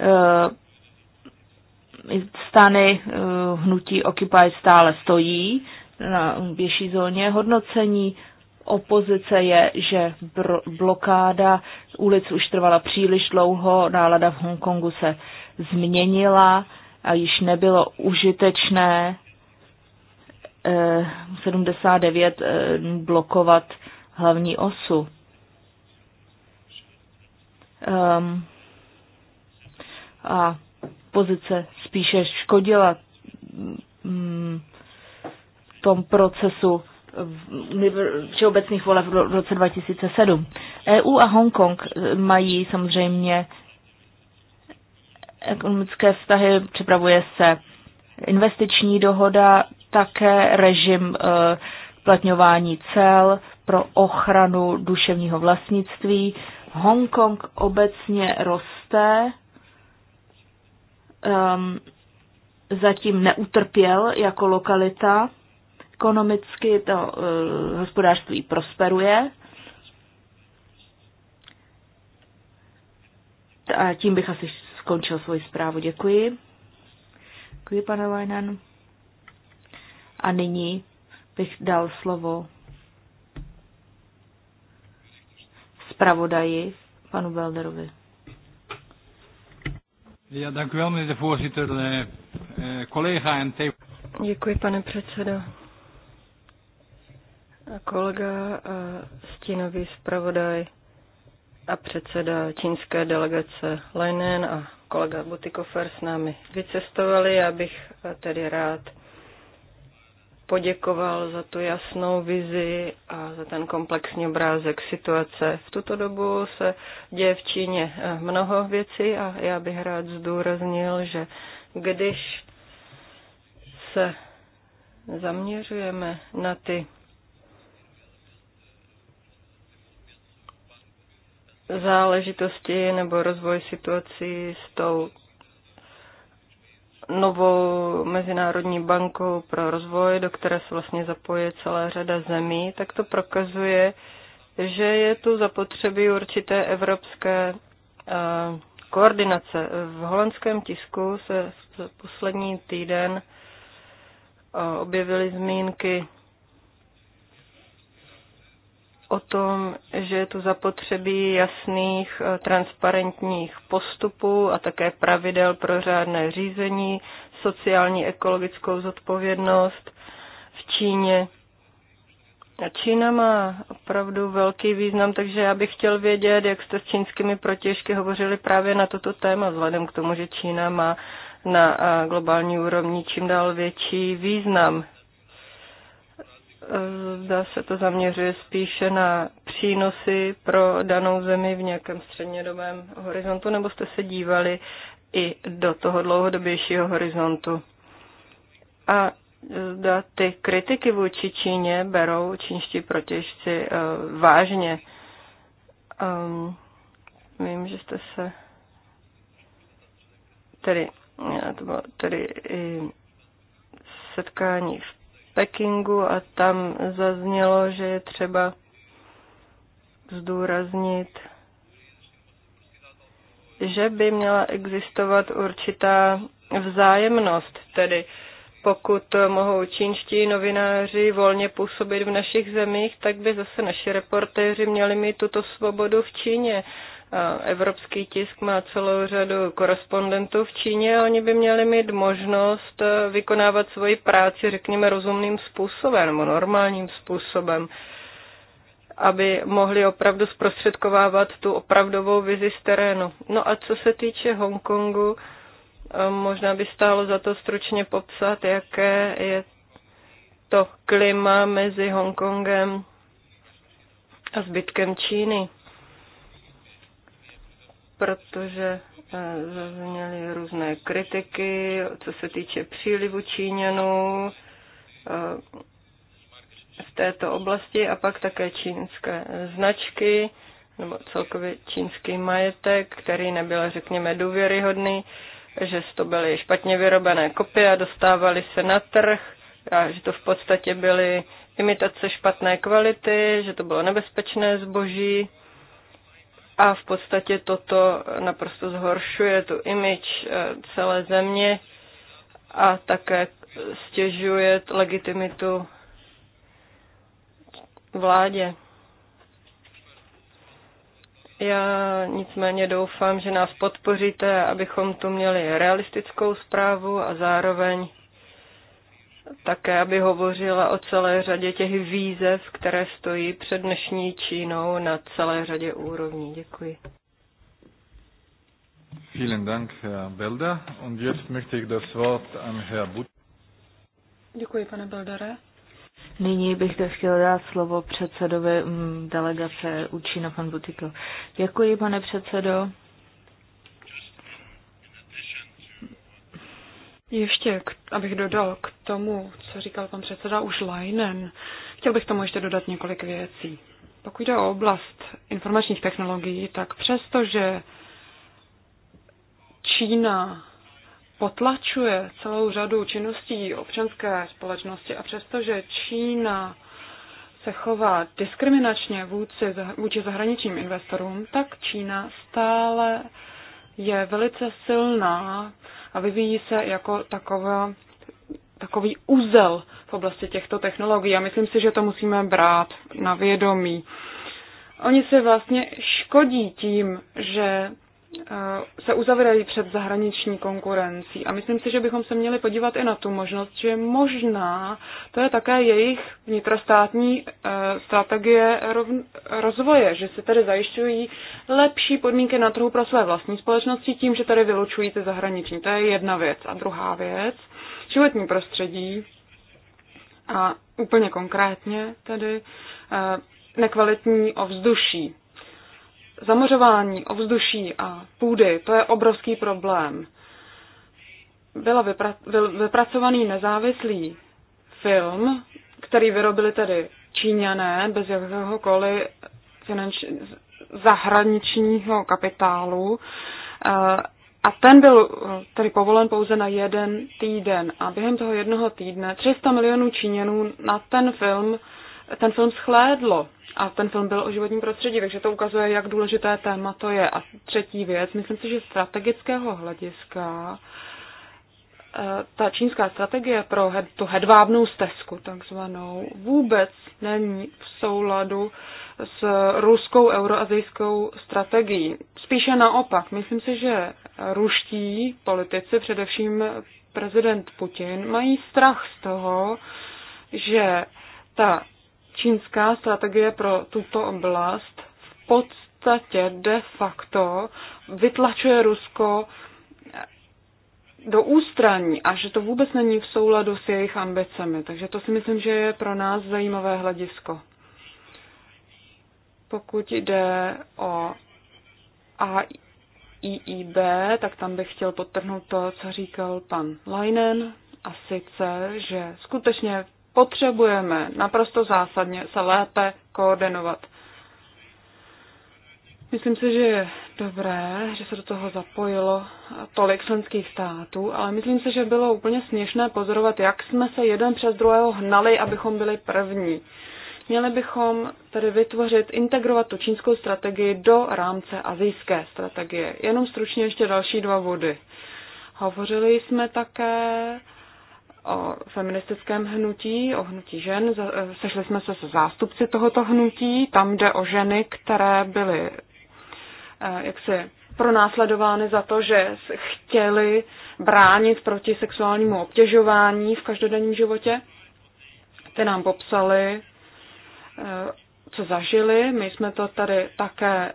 Eh, stany eh, hnutí Occupy stále stojí na pěší zóně. Hodnocení opozice je, že blokáda ulic už trvala příliš dlouho, nálada v Hongkongu se změnila a již nebylo užitečné 79 eh, blokovat hlavní osu. Um, a pozice spíše škodila mm, tom procesu všeobecných voleb v roce 2007. EU a Hongkong eh, mají samozřejmě ekonomické vztahy, připravuje se investiční dohoda, také režim eh, platňování cel pro ochranu duševního vlastnictví. Hongkong obecně roste um, zatím neutrpěl jako lokalita. Ekonomicky to uh, hospodářství prosperuje. A tím bych asi skončil svoji zprávu. Děkuji. Děkuji, pane Lajnan. A nyní bych dal slovo zpravodaji panu Belderovi. Ja, dank u wel, meneer de voorzitter. Uh, eh, uh, collega en te... Děkuji, pane předsedo. A kolega a stínový zpravodaj a předseda čínské delegace Lenin a kolega Butikofer s námi vycestovali. Já bych eh, tedy rád poděkoval za tu jasnou vizi a za ten komplexní obrázek situace. V tuto dobu se děje v Číně eh, mnoho věcí a já bych rád zdůraznil, že když se zaměřujeme na ty záležitosti nebo rozvoj situací s tou novou Mezinárodní bankou pro rozvoj, do které se vlastně zapoje celá řada zemí, tak to prokazuje, že je tu zapotřebí určité evropské eh, koordinace. V holandském tisku se poslední týden eh, objevily zmínky o tom, že je tu zapotřebí jasných, eh, transparentních postupů a také pravidel pro řádné řízení, sociální, ekologickou zodpovědnost v Číně. Čína má opravdu velký význam, takže já bych chtěl vědět, jak jste s čínskými protěžky hovořili právě na toto téma, vzhledem k tomu, že Čína má na eh, globální úrovni čím dál větší význam. Eh, zda se to zaměřuje spíše na přínosy pro danou zemi v nějakém střednědobém horizontu, nebo jste se dívali i do toho dlouhodobějšího horizontu. A eh, zda ty kritiky vůči Číně berou čínští protěžci uh, vážně. Um, vím, že jste se tedy, to bylo tedy i setkání v Pekingu a tam zaznělo, že je třeba zdůraznit, že by měla existovat určitá vzájemnost, tedy pokud mohou čínští novináři volně působit v našich zemích, tak by zase naši reportéři měli mít tuto svobodu v Číně. Evropský tisk má celou řadu korespondentů v Číně a oni by měli mít možnost e, vykonávat svoji práci, řekněme, rozumným způsobem nebo normálním způsobem aby mohli opravdu zprostředkovávat tu opravdovou vizi z terénu. No a co se týče Hongkongu, e, možná by stálo za to stručně popsat, jaké je to klima mezi Hongkongem a zbytkem Číny protože eh, zazněly různé kritiky, co se týče přílivu Číňanů eh, v této oblasti a pak také čínské značky nebo celkově čínský majetek, který nebyl, řekněme, důvěryhodný, že to byly špatně vyrobené kopie a dostávaly se na trh a že to v podstatě byly imitace špatné kvality, že to bylo nebezpečné zboží a v podstatě toto naprosto zhoršuje tu imič eh, celé země a také stěžuje legitimitu vládě. Já nicméně doufám, že nás podpoříte, abychom tu měli realistickou zprávu a zároveň také, aby hovořila o celé řadě těch výzev, které stojí před dnešní Čínou na celé řadě úrovní. Děkuji. Vielen Dank, Herr Belder. Und jetzt möchte ich das Wort an Herr But Děkuji, pane Beldere. Nyní bych tak chtěl dát slovo předsedovi mm, delegace Učína pan Butiko. Děkuji, pane předsedo. Ještě, k, abych dodal k tomu, co říkal pan předseda už Leinen, chtěl bych tomu ještě dodat několik věcí. Pokud jde o oblast informačních technologií, tak přesto, že Čína potlačuje celou řadu činností občanské společnosti a přestože Čína se chová diskriminačně vůči, vůči zahraničním investorům, tak Čína stále je velice silná a vyvíjí se jako taková, takový úzel v oblasti těchto technologií a myslím si, že to musíme brát na vědomí. Oni se vlastně škodí tím, že Eh, se uzavírají před zahraniční konkurencí. A myslím si, že bychom se měli podívat i na tu možnost, že možná to je také jejich vnitrostátní eh, strategie rozvoje, že si tady zajišťují lepší podmínky na trhu pro své vlastní společnosti tím, že tady vylučují ty zahraniční. To je jedna věc. A druhá věc, životní prostředí a úplně konkrétně tedy eh, nekvalitní ovzduší zamořování ovzduší a půdy, to je obrovský problém. Byla vypra- byl vypracovaný nezávislý film, který vyrobili tedy Číňané bez jakéhokoliv finanč- zahraničního kapitálu. Eh, a ten byl eh, tedy povolen pouze na jeden týden. A během toho jednoho týdne 300 milionů Číňanů na ten film ten film schlédlo a ten film byl o životním prostředí, takže to ukazuje, jak důležité téma to je. A třetí věc, myslím si, že strategického hlediska eh, ta čínská strategie pro tu hedvábnou stezku takzvanou vůbec není v souladu s ruskou euroazijskou strategií. Spíše naopak, myslím si, že ruští politici, především prezident Putin, mají strach z toho, že ta čínská strategie pro tuto oblast v podstatě de facto vytlačuje Rusko do ústraní a že to vůbec není v souladu s jejich ambicemi. Takže to si myslím, že je pro nás zajímavé hledisko. Pokud jde o AIIB, tak tam bych chtěl podtrhnout to, co říkal pan Leinen, a sice, že skutečně potřebujeme naprosto zásadně se lépe koordinovat. Myslím si, že je dobré, že se do toho zapojilo tolik členských států, ale myslím si, že bylo úplně směšné pozorovat, jak jsme se jeden přes druhého hnali, abychom byli první. Měli bychom tedy vytvořit, integrovat tu čínskou strategii do rámce azijské strategie. Jenom stručně ještě další dva vody. Hovořili jsme také o feministickém hnutí, o hnutí žen. Eh, sešli jsme se se zástupci tohoto hnutí. Tam jde o ženy, které byly eh, jaksi pronásledovány za to, že chtěly bránit proti sexuálnímu obtěžování v každodenním životě. Ty nám popsali eh, co zažili. My jsme to tady také e,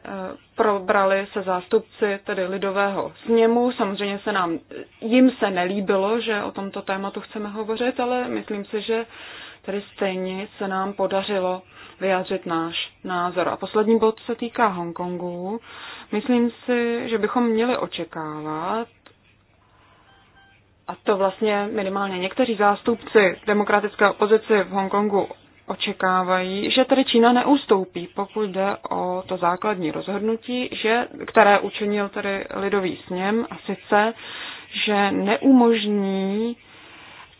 probrali se zástupci tedy lidového sněmu. Samozřejmě se nám, jim se nelíbilo, že o tomto tématu chceme hovořit, ale myslím si, že tady stejně se nám podařilo vyjádřit náš názor. A poslední bod se týká Hongkongu. Myslím si, že bychom měli očekávat, a to vlastně minimálně někteří zástupci demokratické opozice v Hongkongu očekávají, že tedy Čína neustoupí, pokud jde o to základní rozhodnutí, že, které učinil tedy lidový sněm, a sice, že neumožní,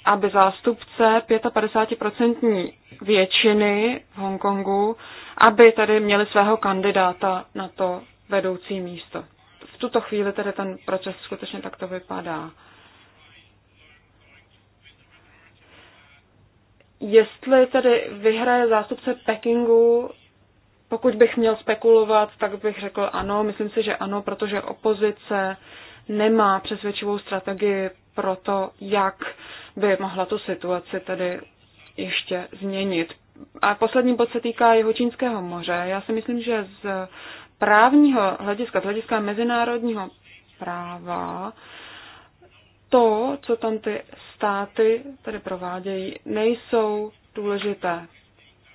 aby zástupce 55% většiny v Hongkongu, aby tedy měli svého kandidáta na to vedoucí místo. V tuto chvíli tedy ten proces skutečně takto vypadá. jestli tedy vyhraje zástupce Pekingu, pokud bych měl spekulovat, tak bych řekl ano. Myslím si, že ano, protože opozice nemá přesvědčivou strategii pro to, jak by mohla tu situaci tedy ještě změnit. A poslední bod se týká jeho Čínského moře. Já si myslím, že z právního hlediska, z hlediska mezinárodního práva, to, co tam ty státy tady provádějí, nejsou důležité.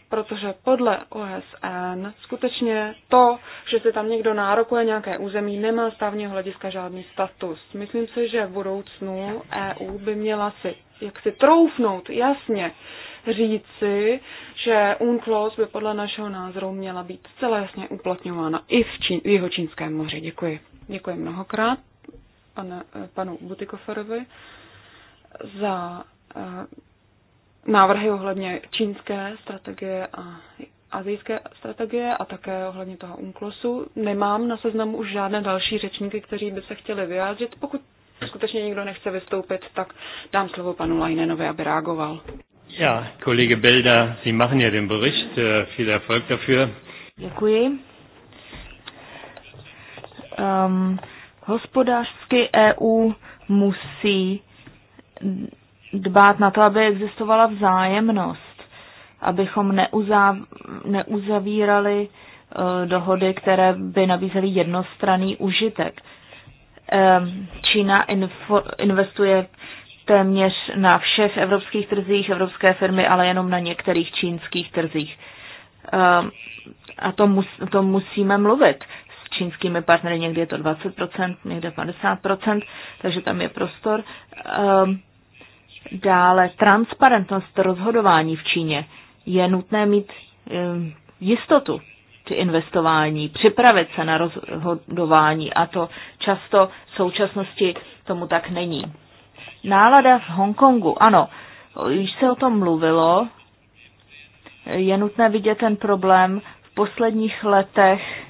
Protože podle OSN skutečně to, že se tam někdo nárokuje nějaké území, nemá stávního hlediska žádný status. Myslím si, že v budoucnu EU by měla si jak si troufnout jasně říci, že UNCLOS by podle našeho názoru měla být celé jasně uplatňována i v, Čín, v jeho čínském moři. Děkuji. Děkuji mnohokrát pane, eh, panu Butikoferovi za eh, návrhy ohledně čínské strategie a azijské strategie a také ohledně toho UNCLOSu. Nemám na seznamu už žádné další řečníky, kteří by se chtěli vyjádřit. Pokud skutečně nikdo nechce vystoupit, tak dám slovo panu Lajnenovi, aby reagoval. Ja, Kollege Belda, Sie machen ja den Bericht. Äh, viel Erfolg dafür. Děkuji. Um, Hospodářsky EU musí dbát na to, aby existovala vzájemnost, abychom neuzav, neuzavírali eh, dohody, které by nabízely jednostranný užitek. Ehm, Čína info, investuje téměř na všech evropských trzích, evropské firmy, ale jenom na některých čínských trzích. Ehm, a to, mus, to musíme mluvit čínskými partnery, někdy je to 20%, někde 50%, takže tam je prostor. Ehm, dále transparentnost rozhodování v Číně. Je nutné mít ehm, jistotu při investování, připravit se na rozhodování a to často v současnosti tomu tak není. Nálada v Hongkongu, ano, již se o tom mluvilo, je nutné vidět ten problém v posledních letech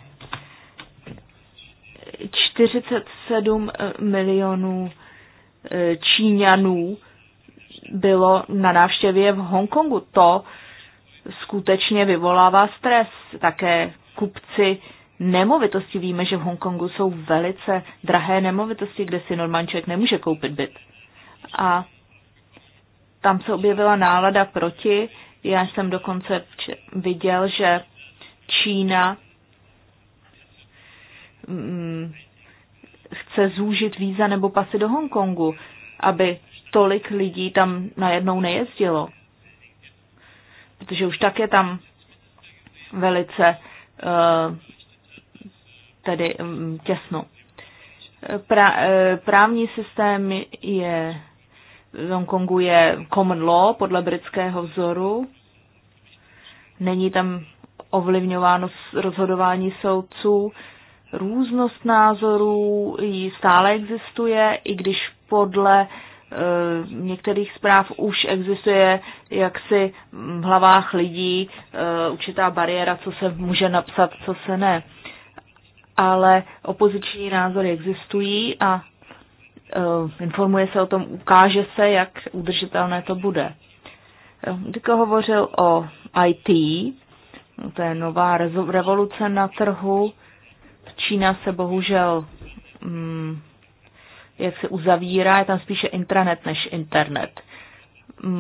47 eh, milionů eh, Číňanů bylo na návštěvě v Hongkongu. To skutečně vyvolává stres. Také kupci nemovitosti. Víme, že v Hongkongu jsou velice drahé nemovitosti, kde si normální člověk nemůže koupit byt. A tam se objevila nálada proti. Já jsem dokonce viděl, že Čína Mm, chce zúžit víza nebo pasy do Hongkongu, aby tolik lidí tam najednou nejezdilo. Protože už tak je tam velice eh, tedy mm, těsno. Pra, eh, právní systém je v Hongkongu je common law podle britského vzoru. Není tam ovlivňováno rozhodování soudců. Různost názorů jí stále existuje, i když podle e, některých zpráv už existuje jaksi v hlavách lidí e, určitá bariéra, co se může napsat, co se ne. Ale opoziční názory existují a e, informuje se o tom, ukáže se, jak udržitelné to bude. Diko hovořil o IT, to je nová revoluce na trhu, Čína se bohužel mm, jak se uzavírá, je tam spíše intranet než internet.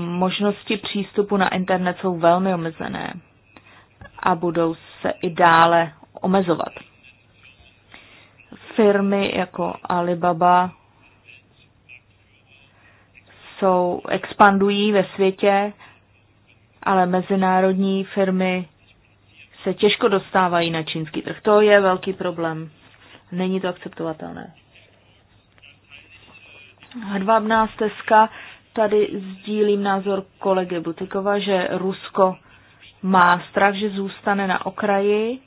Možnosti přístupu na internet jsou velmi omezené a budou se i dále omezovat. Firmy jako Alibaba jsou, expandují ve světě, ale mezinárodní firmy se těžko dostávají na čínský trh. To je velký problém. Není to akceptovatelné. Hedvábná stezka. Tady sdílím názor kolegy Butikova, že Rusko má strach, že zůstane na okraji,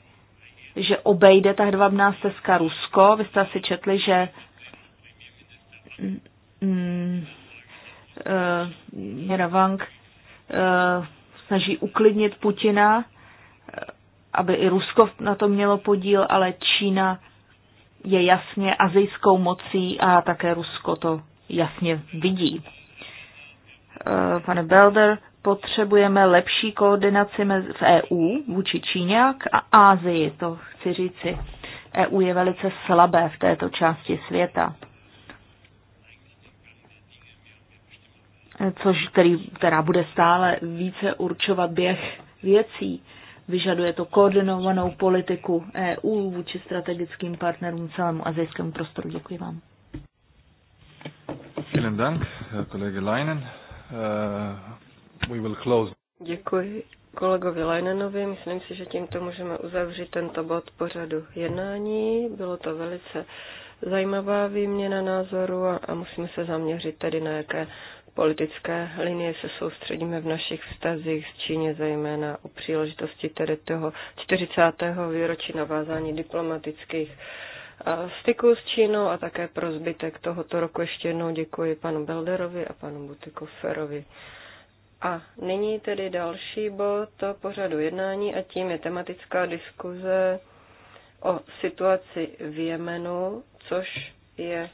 že obejde ta hedvábná stezka Rusko. Vy jste asi četli, že mm, uh, uh, snaží uklidnit Putina aby i Rusko na to mělo podíl, ale Čína je jasně azijskou mocí a také Rusko to jasně vidí. Eh, pane Belder, potřebujeme lepší koordinaci v EU vůči Číně a Ázii, to chci říci. EU je velice slabé v této části světa. Eh, což, který, která bude stále více určovat běh věcí. Vyžaduje to koordinovanou politiku EU vůči strategickým partnerům celému azijskému prostoru. Děkuji vám. Vielen Dank, kolege Leinen. Eh, we will close. Děkuji kolegovi Leinenovi. Myslím si, že tímto můžeme uzavřít tento bod pořadu jednání. Bylo to velice zajímavá výměna názoru a, a musíme se zaměřit tedy na jaké politické linie se soustředíme v našich vztazích s Číně, zejména u příležitosti tedy toho 40. výročí navázání diplomatických styků s Čínou a také pro zbytek tohoto roku ještě jednou děkuji panu Belderovi a panu Butikoferovi. A nyní tedy další bod pořadu jednání a tím je tematická diskuze o situaci v Jemenu, což je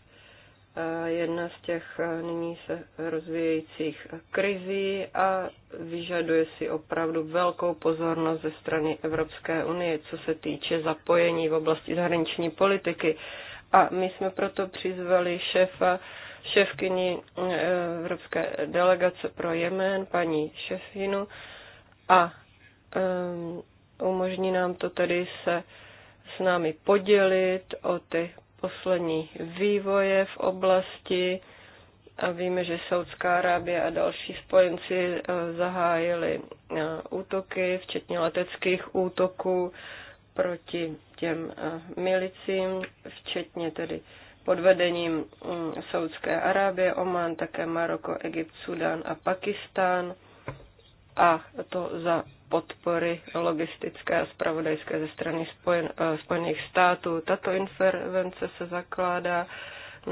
jedna z těch e, nyní se rozvíjejících krizí a vyžaduje si opravdu velkou pozornost ze strany Evropské unie, co se týče zapojení v oblasti zahraniční politiky. A my jsme proto přizvali šéfa, šéfkyni e, Evropské delegace pro Jemen, paní Šefinu, a um, umožní nám to tedy se s námi podělit o ty poslední vývoje v oblasti a víme, že Saudská Arábie a další spojenci eh, zahájili eh, útoky, včetně leteckých útoků proti těm eh, milicím, včetně tedy pod vedením mm, Saudské Arábie, Oman, také Maroko, Egypt, Sudan a Pakistán a to za podpory logistické a spravodajské ze strany Spojen, eh, Spojených států. Tato intervence se zakládá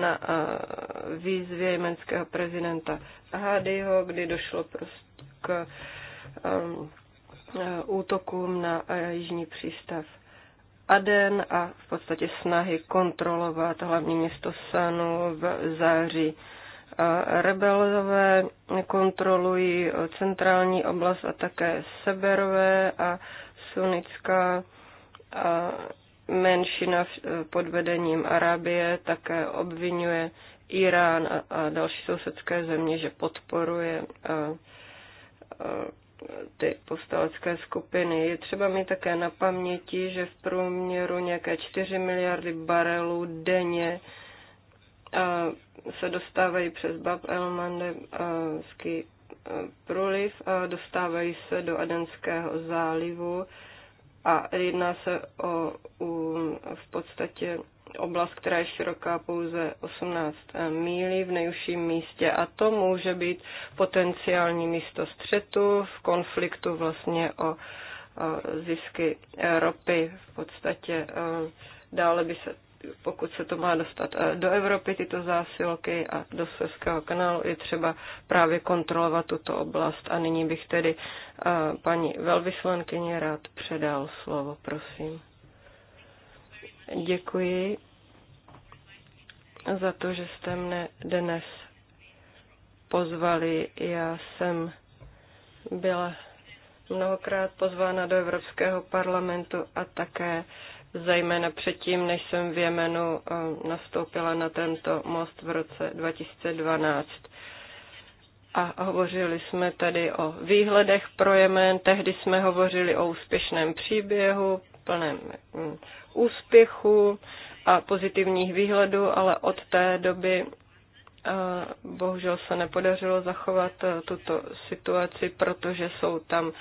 na eh, výzvě jemenského prezidenta Hadiho, kdy došlo prostě k um, útokům na jižní přístav Aden a v podstatě snahy kontrolovat hlavní město Sanu v září rebelové kontrolují centrální oblast a také seberové a sunická a menšina pod vedením Arábie také obvinuje Irán a, další sousedské země, že podporuje ty povstalecké skupiny. Je třeba mít také na paměti, že v průměru nějaké 4 miliardy barelů denně se dostávají přes Bab el-Mandebský e, průliv, dostávají se do Adenského zálivu a jedná se o, um, v podstatě oblast, která je široká pouze 18 e, mílí v nejužším místě a to může být potenciální místo střetu v konfliktu vlastně o, o e, zisky ropy v podstatě. O, dále by se pokud se to má dostat eh, do Evropy, tyto zásilky a do Sveského kanálu, je třeba právě kontrolovat tuto oblast. A nyní bych tedy eh, paní velvyslankyně rád předal slovo, prosím. Děkuji za to, že jste mne dnes pozvali. Já jsem byla mnohokrát pozvána do Evropského parlamentu a také uh, zejména předtím, než jsem v Jemenu eh, nastoupila na tento most v roce 2012. A hovořili jsme tady o výhledech pro Jemen, tehdy jsme hovořili o úspěšném příběhu, plném hm, úspěchu a pozitivních výhledů, ale od té doby eh, bohužel se nepodařilo zachovat eh, tuto situaci, protože jsou tam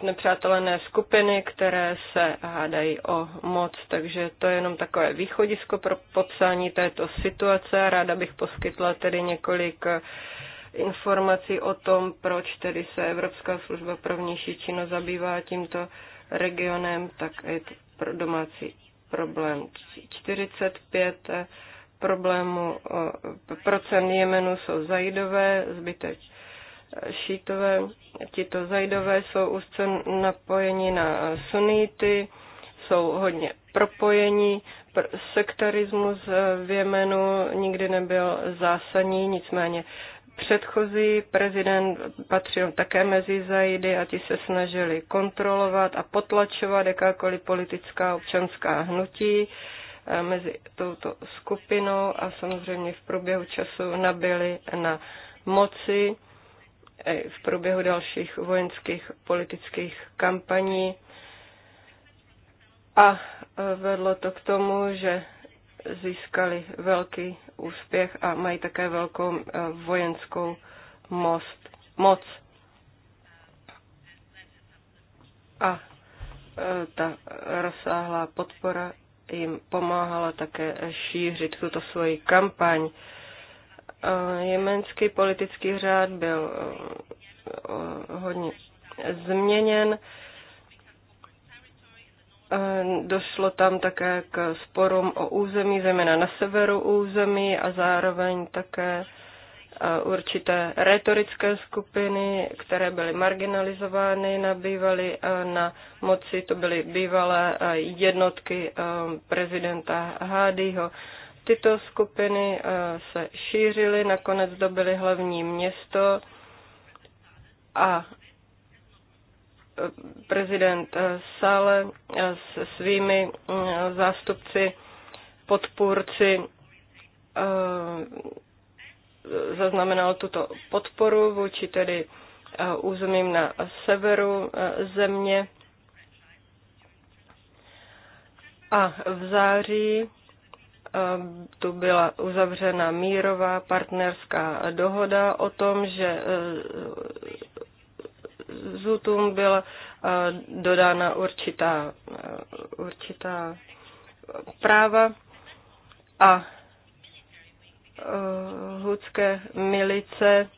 znepřátelené skupiny, které se hádají o moc. Takže to je jenom takové východisko pro popsání této situace. Ráda bych poskytla tedy několik eh, informací o tom, proč tedy se Evropská služba pro vnější činnost zabývá tímto regionem, tak je to pro domácí problém. 45 eh, problémů procent Jemenu jsou zajidové, zbytek šítové, tito zajdové jsou úzce napojeni na sunity, jsou hodně propojení. Sektarismus v Jemenu nikdy nebyl zásadní, nicméně předchozí prezident patřil také mezi zajdy a ti se snažili kontrolovat a potlačovat jakákoliv politická občanská hnutí eh, mezi touto skupinou a samozřejmě v průběhu času nabili na moci E, v průběhu dalších vojenských politických kampaní. A e, vedlo to k tomu, že získali velký úspěch a mají také velkou e, vojenskou most, moc. A ta rozsáhlá podpora jim pomáhala také šířit tuto svoji kampaň jemenský politický řád byl eh, eh, hodně změněn. Došlo tam také k sporům o území, zejména na severu území a zároveň také eh, určité retorické skupiny, které byly marginalizovány, nabývaly na moci, to byly bývalé jednotky prezidenta Hádyho. Tyto skupiny eh, se šířily, nakonec dobily hlavní město a eh, prezident eh, Sále se svými zástupci, podpůrci zaznamenal tuto podporu vůči tedy územím na severu země. A v září tu byla uzavřena mírová partnerská dohoda o tom, že e, Zutum byla e, dodána určitá, e, určitá práva a hudské milice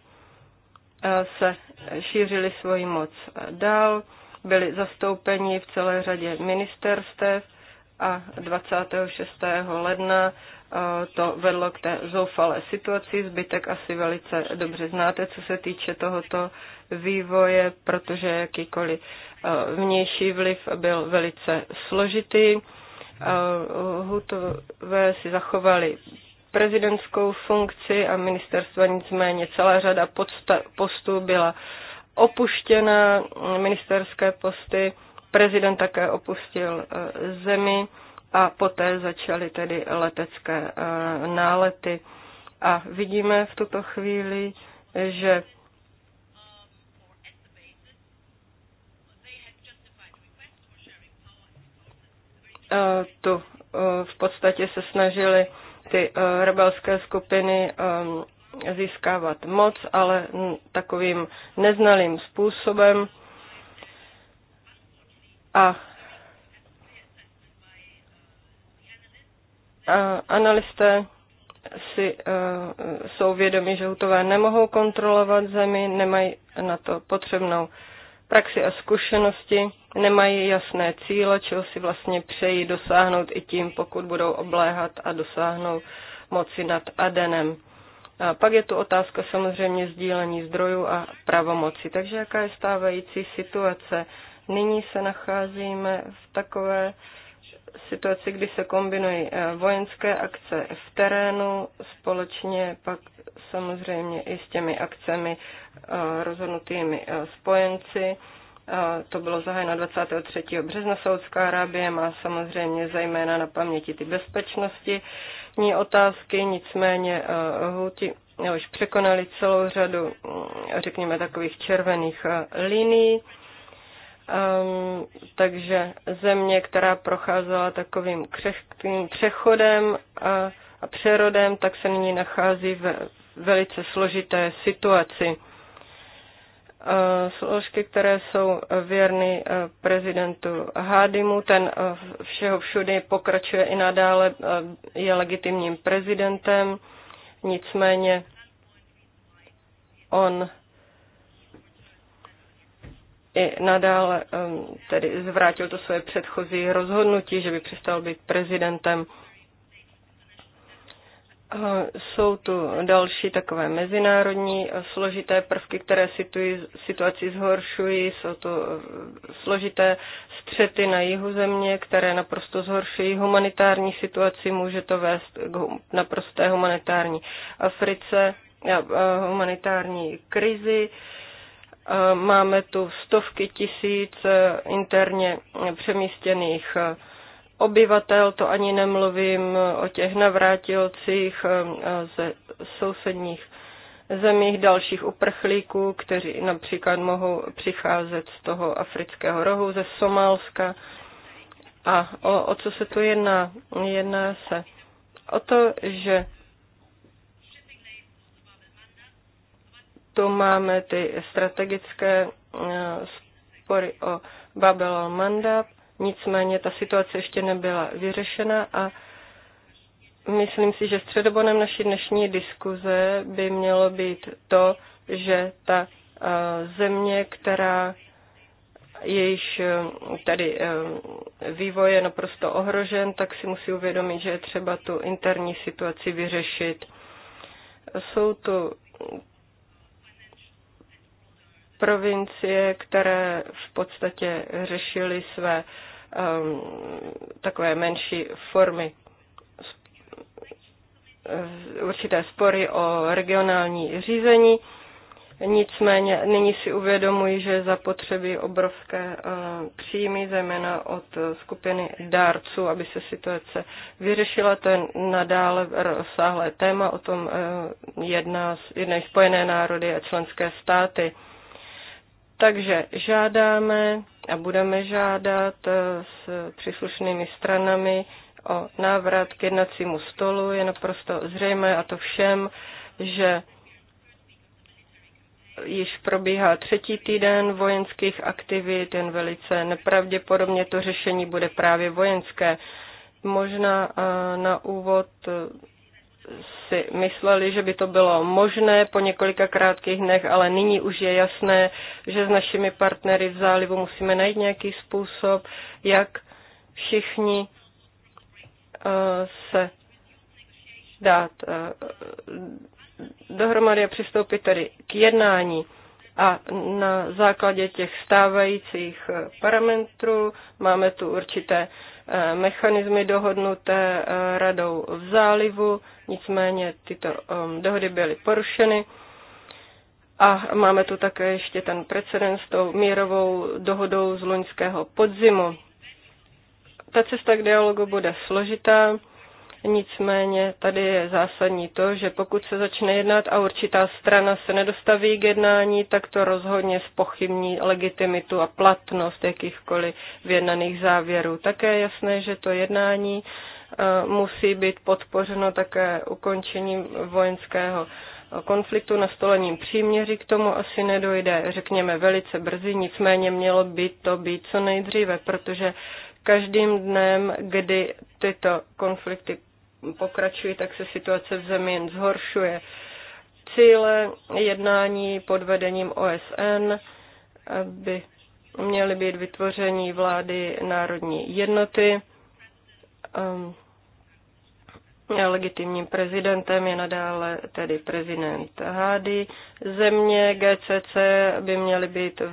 se šířily svoji moc dál, byli zastoupeni v celé řadě ministerstev a 26. ledna eh, to vedlo k té zoufalé situaci. Zbytek asi velice dobře znáte, co se týče tohoto vývoje, protože jakýkoliv eh, vnější vliv byl velice složitý. Eh, Hutové si zachovali prezidentskou funkci a ministerstva nicméně celá řada postů byla opuštěna, ministerské posty Prezident také opustil eh, zemi a poté začaly tedy letecké eh, nálety. A vidíme v tuto chvíli, že eh, tu v podstatě se snažili ty rebelské skupiny získávat moc, ale takovým neznalým způsobem. A analysté si e, jsou vědomi, že hutové nemohou kontrolovat zemi, nemají na to potřebnou praxi a zkušenosti, nemají jasné cíle, čeho si vlastně přejí dosáhnout i tím, pokud budou obléhat a dosáhnou moci nad Adenem. A pak je tu otázka samozřejmě sdílení zdrojů a pravomoci. Takže jaká je stávající situace? Nyní se nacházíme v takové situaci, kdy se kombinují eh, vojenské akce v terénu, společně pak samozřejmě i s těmi akcemi eh, rozhodnutými eh, spojenci. To bylo zahájeno 23. března. Saudská Arábie má samozřejmě zejména na paměti ty bezpečnosti ní otázky, nicméně Houti už překonali celou řadu, mm, řekněme, takových červených linií Um, takže země, která procházela takovým křehkým přechodem a, a přerodem, tak se nyní nachází ve velice složité situaci. Ehm, složky, které jsou věrny e, prezidentu Hádimu, ten e, všeho všudy pokračuje i nadále, e, je legitimním prezidentem, nicméně on i nadále tedy zvrátil to své předchozí rozhodnutí, že by přestal být prezidentem. Jsou tu další takové mezinárodní eh, složité prvky, které situji, situaci zhoršují. Jsou tu eh, složité střety na jihu země, které naprosto zhoršují humanitární situaci. Může to vést k naprosté humanitární Africe, eh, humanitární krizi. Máme tu stovky tisíc eh, interně přemístěných eh, obyvatel, to ani nemluvím eh, o těch navrátilcích ze sousedních zemích dalších uprchlíků, kteří například mohou přicházet z toho afrického rohu, ze Somálska. A o, o co se tu jedná? Jedná se o to, že potom máme ty strategické eh, spory o Babel Mandab, nicméně ta situace ještě nebyla vyřešena a myslím si, že středobonem naší dnešní diskuze by mělo být to, že ta eh, země, která jejíž eh, tady vývoj je naprosto ohrožen, tak si musí uvědomit, že je třeba tu interní situaci vyřešit. Jsou tu provincie, které v podstatě řešily své um, takové menší formy eh, určité spory o regionální řízení. Nicméně nyní si uvědomuji, že zapotřebí obrovské eh, příjmy, zejména od eh, skupiny dárců, aby se situace vyřešila. To je nadále rozsáhlé téma, o tom jedná, jedné Spojené národy a členské státy. Takže žádáme a budeme žádat eh, s příslušnými stranami o návrat k jednacímu stolu. Je naprosto zřejmé a to všem, že již probíhá třetí týden vojenských aktivit, jen velice nepravděpodobně to řešení bude právě vojenské. Možná eh, na úvod eh, si mysleli, že by to bylo možné po několika krátkých dnech, ale nyní už je jasné, že s našimi partnery v zálivu musíme najít nějaký způsob, jak všichni eh, se dát eh, dohromady a přistoupit tedy k jednání. A na základě těch stávajících eh, parametrů máme tu určité Eh, mechanismy dohodnuté eh, radou v zálivu, nicméně tyto ehm, dohody byly porušeny. A máme tu také ještě ten precedens s tou mírovou dohodou z loňského podzimu. Ta cesta k dialogu bude složitá Nicméně tady je zásadní to, že pokud se začne jednat a určitá strana se nedostaví k jednání, tak to rozhodně spochybní legitimitu a platnost jakýchkoliv vyjednaných závěrů. Také je jasné, že to jednání e, musí být podpořeno také ukončením vojenského konfliktu, nastolením příměří k tomu asi nedojde, řekněme, velice brzy, nicméně mělo by to být co nejdříve, protože každým dnem, kdy tyto konflikty pokračují, tak se situace v zemi jen zhoršuje. Cíle jednání pod vedením OSN by měly být vytvoření vlády národní jednoty. Ehm, legitimním prezidentem je nadále tedy prezident Hády. Země GCC by měly být eh,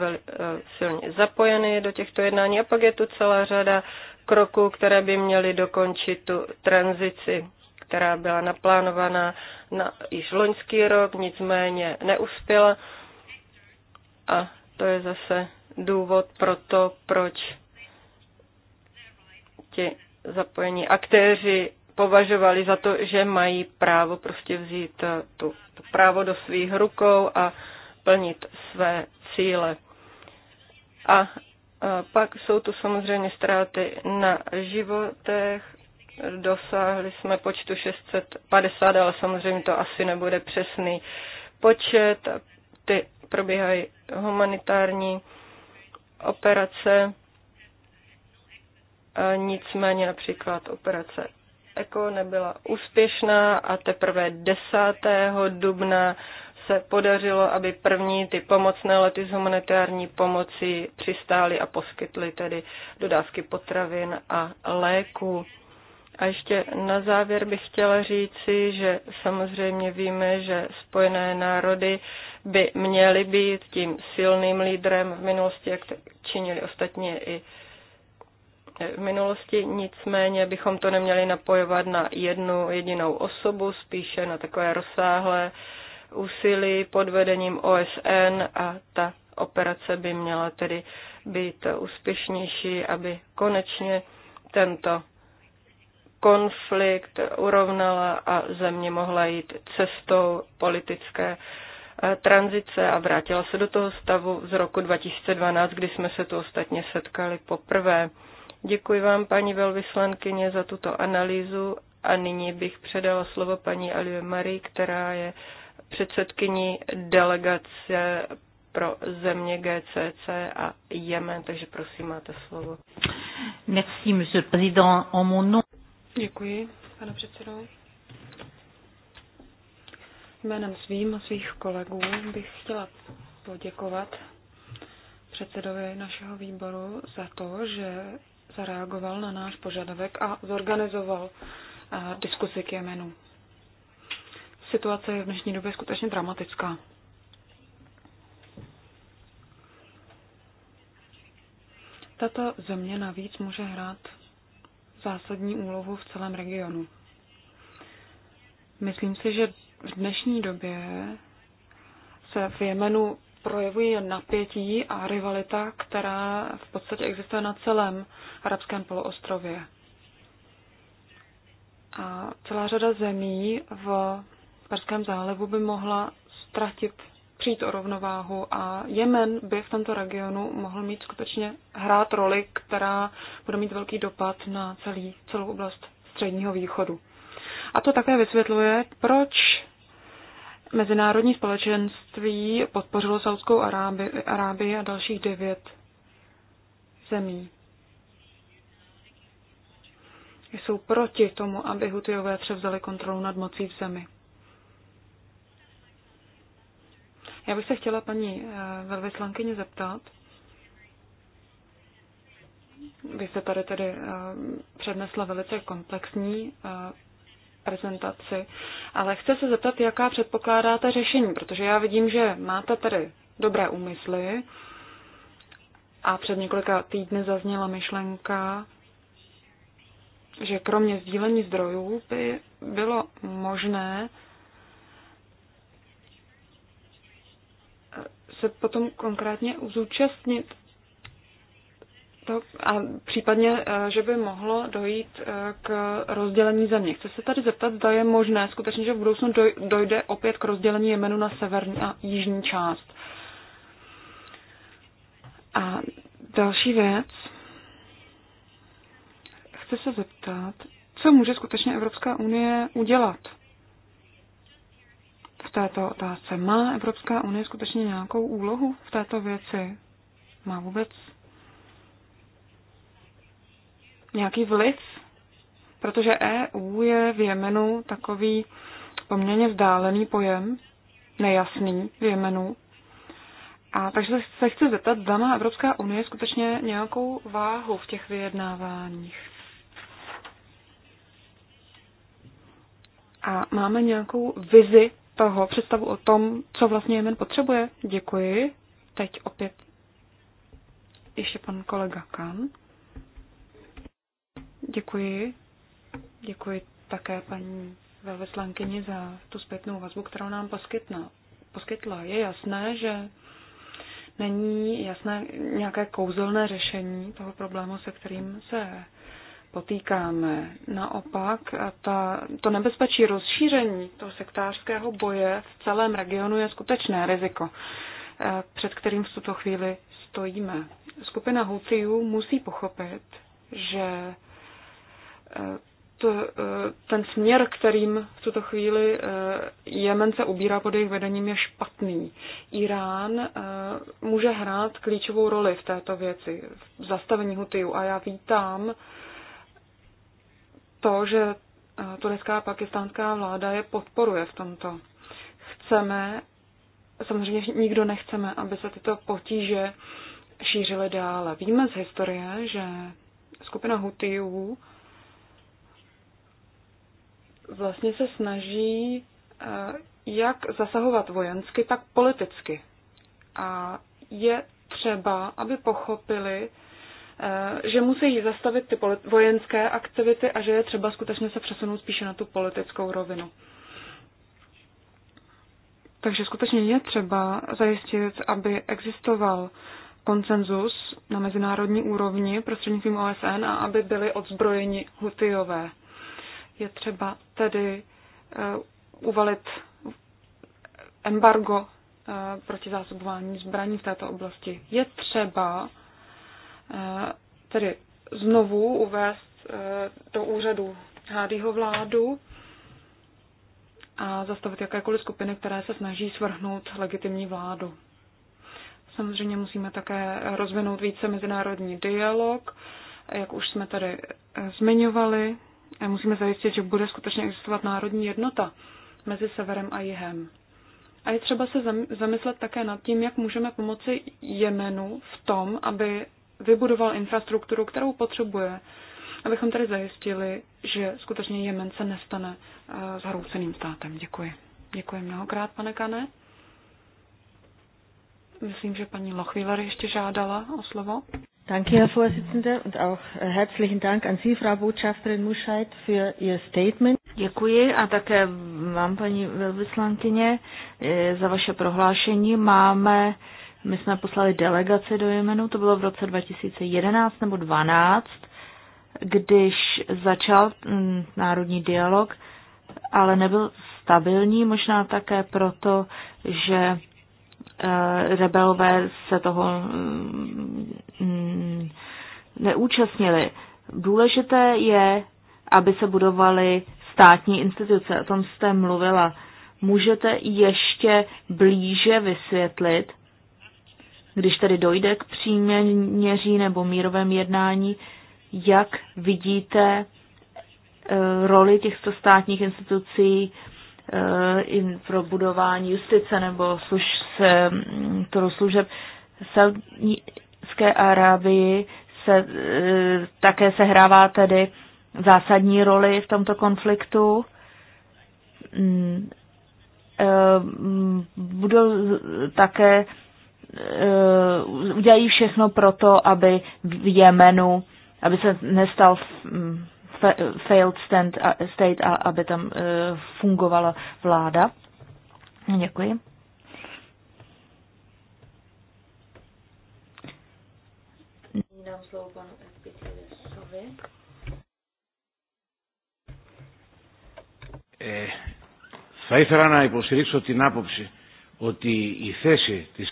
silně zapojeny do těchto jednání a pak je tu celá řada kroků, které by měly dokončit tu tranzici, která byla naplánovaná na již loňský rok, nicméně neuspěla. A to je zase důvod pro to, proč ti zapojení aktéři považovali za to, že mají právo prostě vzít eh, tu, tu právo do svých rukou a plnit své cíle. A pak jsou tu samozřejmě ztráty na životech. Dosáhli jsme počtu 650, ale samozřejmě to asi nebude přesný počet. Ty probíhají humanitární operace. Nicméně například operace ECO nebyla úspěšná a teprve 10. dubna se podařilo, aby první ty pomocné lety z humanitární pomoci přistály a poskytly tedy dodávky potravin a léků. A ještě na závěr bych chtěla říci, že samozřejmě víme, že Spojené národy by měly být tím silným lídrem v minulosti, jak činili ostatně i v minulosti, nicméně bychom to neměli napojovat na jednu jedinou osobu, spíše na takové rozsáhlé uh, úsilí pod vedením OSN a ta operace by měla tedy být úspěšnější, aby konečně tento konflikt urovnala a země mohla jít cestou politické eh, tranzice a vrátila se do toho stavu z roku 2012, kdy jsme se tu ostatně setkali poprvé. Děkuji vám, paní velvyslankyně, za tuto analýzu a nyní bych předala slovo paní Alie Marie, která je předsedkyní delegace pro země GCC a Jemen, takže prosím, máte slovo. Merci, monsieur le président. En mon nom... Děkuji, pane předsedo. Jménem svým a svých kolegů bych chtěla poděkovat předsedovi našeho výboru za to, že zareagoval na náš požadavek a zorganizoval eh, diskusi k Jemenu situace je v dnešní době skutečně dramatická. Tato země navíc může hrát zásadní úlohu v celém regionu. Myslím si, že v dnešní době se v Jemenu projevuje napětí a rivalita, která v podstatě existuje na celém arabském poloostrově. A celá řada zemí v Perském zálivu by mohla ztratit přijít o rovnováhu a Jemen by v tomto regionu mohl mít skutečně hrát roli, která bude mít velký dopad na celý, celou oblast Středního východu. A to také vysvětluje, proč mezinárodní společenství podpořilo Saudskou Arábii, a dalších devět zemí. Jsou proti tomu, aby Hutijové převzali kontrolu nad mocí v zemi. Já bych se chtěla paní eh, velvyslankyně zeptat. Vy jste tady tedy eh, přednesla velice komplexní eh, prezentaci, ale chci se zeptat, jaká předpokládáte řešení, protože já vidím, že máte tady dobré úmysly a před několika týdny zazněla myšlenka, že kromě sdílení zdrojů by bylo možné se potom konkrétně zúčastnit to a případně, eh, že by mohlo dojít eh, k rozdělení země. Chci se tady zeptat, zda je možné skutečně, že v budoucnu dojde opět k rozdělení Jemenu na severní a jižní část. A další věc. Chci se zeptat, co může skutečně Evropská unie udělat této otázce. Má Evropská unie skutečně nějakou úlohu v této věci? Má vůbec nějaký vliv? Protože EU je v Jemenu takový poměrně vzdálený pojem, nejasný v Jemenu. A takže se chci zeptat, zda má Evropská unie skutečně nějakou váhu v těch vyjednáváních. A máme nějakou vizi toho představu o tom, co vlastně Jemen potřebuje. Děkuji. Teď opět ještě pan kolega Kan. Děkuji. Děkuji také paní velvyslankyni za tu zpětnou vazbu, kterou nám poskytla. poskytla. Je jasné, že není jasné nějaké kouzelné řešení toho problému, se kterým se potýkáme. Naopak ta, to nebezpečí rozšíření toho sektářského boje v celém regionu je skutečné riziko, eh, před kterým v tuto chvíli stojíme. Skupina Houthiů musí pochopit, že eh, to, eh, ten směr, kterým v tuto chvíli Jemen se ubírá pod jejich vedením, je špatný. Irán může hrát klíčovou roli v této věci, v zastavení Hutiju. A já vítám to, že eh, turecká a pakistánská vláda je podporuje v tomto. Chceme, samozřejmě nikdo nechceme, aby se tyto potíže šířily dále. Víme z historie, že skupina Hutijů vlastně se snaží eh, jak zasahovat vojensky, tak politicky. A je třeba, aby pochopili, Eh, že musí zastavit ty vojenské aktivity a že je třeba skutečně se přesunout spíše na tu politickou rovinu. Takže skutečně je třeba zajistit, aby existoval konsenzus na mezinárodní úrovni prostřednictvím OSN a aby byly odzbrojeni hutyové. Je třeba tedy eh, uvalit embargo eh, proti zásobování zbraní v této oblasti. Je třeba Eh, tedy znovu uvést eh, do úřadu Hádyho vládu a zastavit jakékoliv skupiny, které se snaží svrhnout legitimní vládu. Samozřejmě musíme také rozvinout více mezinárodní dialog, jak už jsme tady eh, zmiňovali. Musíme zajistit, že bude skutečně existovat národní jednota mezi severem a jihem. A je třeba se zamyslet také nad tím, jak můžeme pomoci Jemenu v tom, aby vybudoval infrastrukturu, kterou potřebuje, abychom tady zajistili, že skutečně Jemen se nestane eh, zhrouceným státem. Děkuji. Děkuji mnohokrát, pane Kane. Myslím, že paní Lochvíler ještě žádala o slovo. Danke, Herr Vorsitzende, und auch eh, herzlichen Dank an Sie, Frau Botschafterin Muscheid, für Ihr Statement. Děkuji a také vám, paní velvyslankyně, eh, za vaše prohlášení. Máme my jsme poslali delegaci do Jemenu, to bylo v roce 2011 nebo 2012, když začal mm, národní dialog, ale nebyl stabilní, možná také proto, že eh, rebelové se toho mm, mm, neúčastnili. Důležité je, aby se budovaly státní instituce. O tom jste mluvila. Můžete ještě blíže vysvětlit, když tedy dojde k příměří nebo mírovém jednání, jak vidíte e, roli těchto státních institucí e, pro budování justice nebo služ, mm, služeb Saudské Arábii se e, také sehrává tedy zásadní roli v tomto konfliktu. Mm, budou také Eh, udělají všechno pro to, aby v Jemenu, aby se nestal mm, failed state a aby tam eh, fungovala vláda. Děkuji. Dám slovo panu Epitelesovi. Ε, eh, θα ήθελα να υποστηρίξω την άποψη ότι η θέση της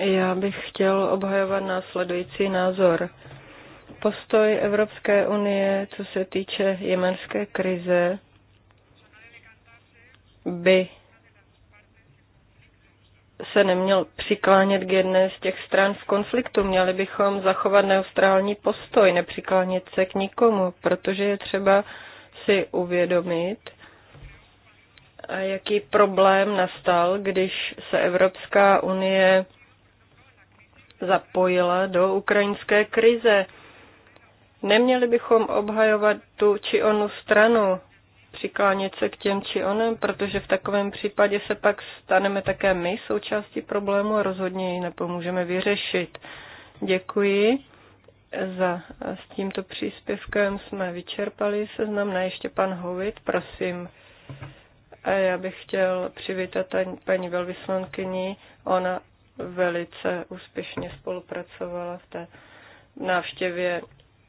já bych chtěl obhajovat následující názor. Postoj Evropské unie, co se týče jemenské krize, by se neměl přiklánět k jedné z těch stran v konfliktu. Měli bychom zachovat neustrální postoj, nepřiklánět se k nikomu, protože je třeba si uvědomit, jaký problém nastal, když se Evropská unie zapojila do ukrajinské krize. Neměli bychom obhajovat tu či onu stranu, přiklánět se k těm či onem, protože v takovém případě se pak staneme také my součástí problému a rozhodně ji nepomůžeme vyřešit. Děkuji za s tímto příspěvkem jsme vyčerpali seznam. na ještě pan Hovit, prosím. A já bych chtěl přivítat paní velvyslankyni. Ona velice úspěšně spolupracovala v té návštěvě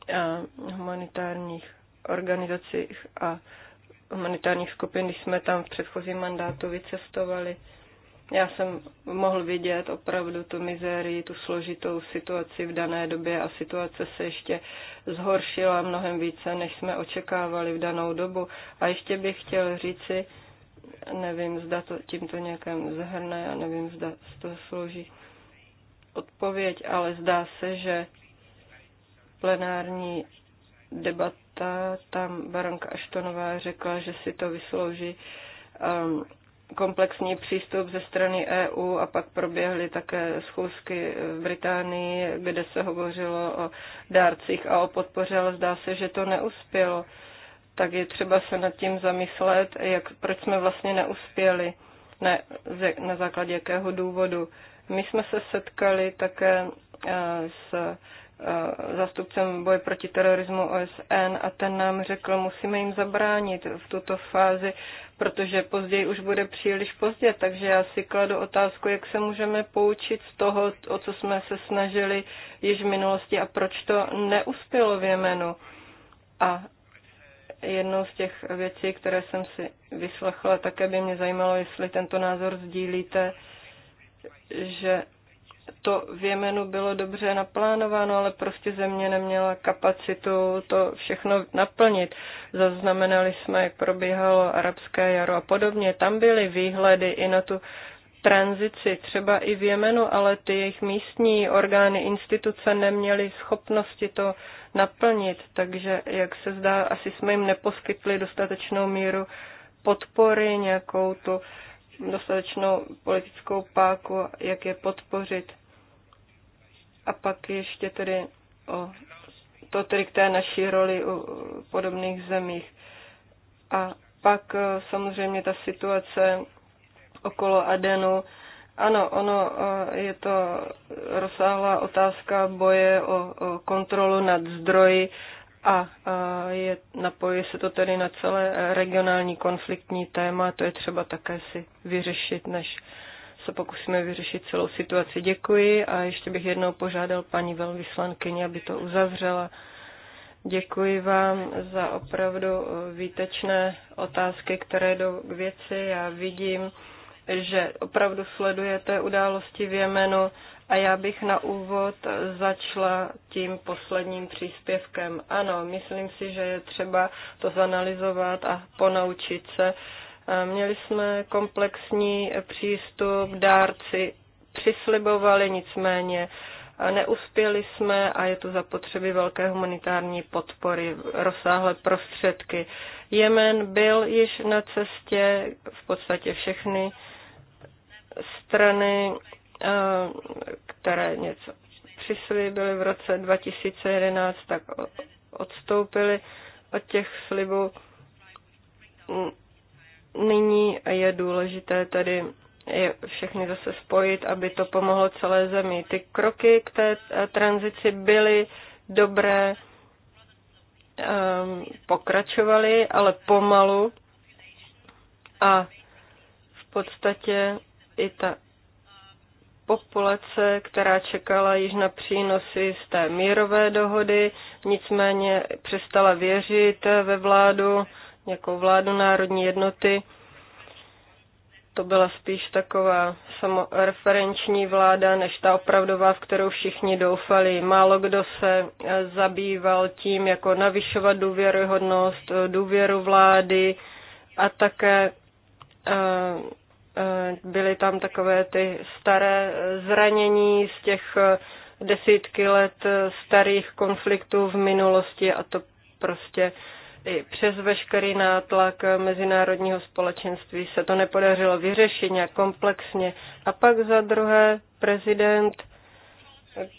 eh, humanitárních organizací a humanitárních skupin, když jsme tam v předchozím mandátu vycestovali. Já jsem mohl vidět opravdu tu mizérii, tu složitou situaci v dané době a situace se ještě zhoršila mnohem více, než jsme očekávali v danou dobu. A ještě bych chtěl říci, Nevím, zda to tímto nějakém zahrne, já nevím, zda z toho slouží odpověď, ale zdá se, že plenární debata, tam baronka Aštonová řekla, že si to vyslouží um, komplexní přístup ze strany EU a pak proběhly také schůzky v Británii, kde se hovořilo o dárcích a o podpoře, ale zdá se, že to neuspělo tak je třeba se nad tím zamyslet, jak, proč jsme vlastně neuspěli, ne, ze, na základě jakého důvodu. My jsme se setkali také eh, s eh, zástupcem boje proti terorismu OSN a ten nám řekl, musíme jim zabránit v tuto fázi, protože později už bude příliš pozdě. Takže já si kladu otázku, jak se můžeme poučit z toho, o co jsme se snažili již v minulosti a proč to neuspělo v Jemenu. A jednou z těch věcí, které jsem si vyslechla, také by mě zajímalo, jestli tento názor sdílíte, že to v Jemenu bylo dobře naplánováno, ale prostě země neměla kapacitu to všechno naplnit. Zaznamenali jsme, jak probíhalo arabské jaro a podobně. Tam byly výhledy i na tu tranzici, třeba i v Jemenu, ale ty jejich místní orgány, instituce neměly schopnosti to naplnit, takže jak se zdá, asi jsme jim neposkytli dostatečnou míru podpory, nějakou tu dostatečnou politickou páku, jak je podpořit. A pak ještě tedy o to tedy k té naší roli u podobných zemích. A pak eh, samozřejmě ta situace okolo Adenu. Ano, ono je to rozsáhlá otázka boje o kontrolu nad zdroji a je, napojí se to tedy na celé regionální konfliktní téma, to je třeba také si vyřešit, než se pokusíme vyřešit celou situaci. Děkuji a ještě bych jednou požádal paní velvyslankyni, aby to uzavřela. Děkuji vám za opravdu e, výtečné otázky, které jdou k věci. Já vidím, že opravdu sledujete události v Jemenu a já bych na úvod začala tím posledním příspěvkem. Ano, myslím si, že je třeba to zanalizovat a ponaučit se. Měli jsme komplexní přístup, dárci přislibovali, nicméně neuspěli jsme a je tu potřeby velké humanitární podpory, rozsáhlé prostředky. Jemen byl již na cestě, v podstatě všechny strany, eh, které něco přislíbily v roce 2011, tak odstoupily od těch slibů. Nyní je důležité tady je všechny zase spojit, aby to pomohlo celé zemi. Ty kroky k té eh, tranzici byly dobré, ehm, pokračovaly, ale pomalu a v podstatě i ta populace, která čekala již na přínosy z té mírové dohody, nicméně přestala věřit ve vládu, jako vládu národní jednoty. To byla spíš taková samoreferenční vláda, než ta opravdová, v kterou všichni doufali. Málo kdo se zabýval tím, jako navyšovat důvěryhodnost, důvěru vlády a také eh, Eh, byly tam takové ty staré zranění z těch eh, desítky let eh, starých konfliktů v minulosti a to prostě i přes veškerý nátlak mezinárodního společenství se to nepodařilo vyřešit nějak komplexně. A pak za druhé prezident,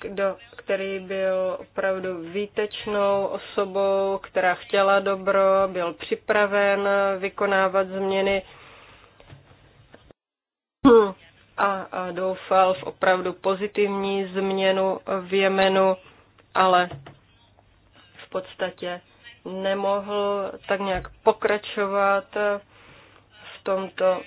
kdo, který byl opravdu výtečnou osobou, která chtěla dobro, byl připraven vykonávat změny a doufal v opravdu pozitivní změnu v Jemenu, ale v podstatě nemohl tak nějak pokračovat v tomto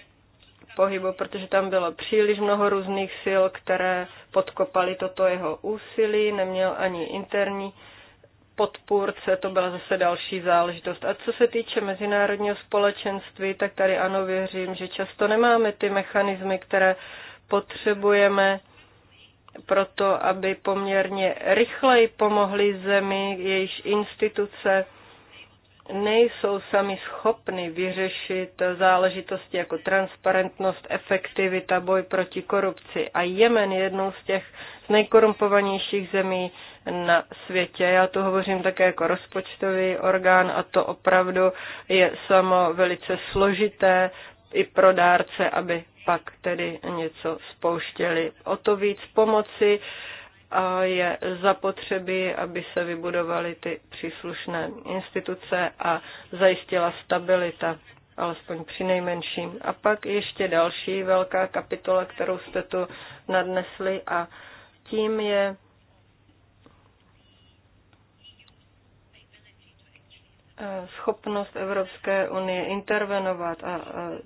pohybu, protože tam bylo příliš mnoho různých sil, které podkopaly toto jeho úsilí, neměl ani interní podpůrce, to byla zase další záležitost. A co se týče mezinárodního společenství, tak tady ano věřím, že často nemáme ty mechanismy, které potřebujeme pro to, aby poměrně rychleji pomohly zemi, jejíž instituce nejsou sami schopny vyřešit záležitosti jako transparentnost, efektivita, boj proti korupci. A Jemen je jednou z těch z nejkorumpovanějších zemí na světě. Já to hovořím také jako rozpočtový orgán a to opravdu je samo velice složité i pro dárce, aby pak tedy něco spouštěli. O to víc pomoci je zapotřebí, aby se vybudovaly ty příslušné instituce a zajistila stabilita alespoň při nejmenším. A pak ještě další velká kapitola, kterou jste tu nadnesli a tím je Eh, schopnost Evropské unie intervenovat a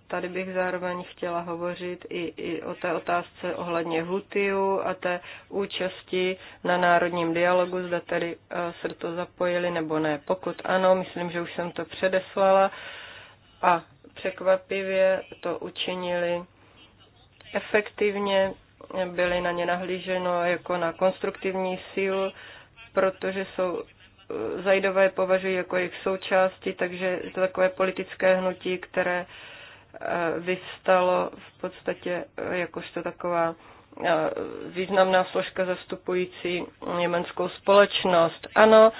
tady bych zároveň chtěla hovořit i, i o té otázce ohledně Hutiu a té účasti na národním dialogu, zda tedy eh, se to zapojili nebo ne. Pokud ano, myslím, že už jsem to předeslala a překvapivě to učinili efektivně, byly na ně nahlíženo jako na konstruktivní sílu, protože jsou Zajdové považují jako jejich součásti, takže je to takové politické hnutí, které eh, vyvstalo v podstatě eh, jakožto taková eh, významná složka zastupující německou společnost. Ano,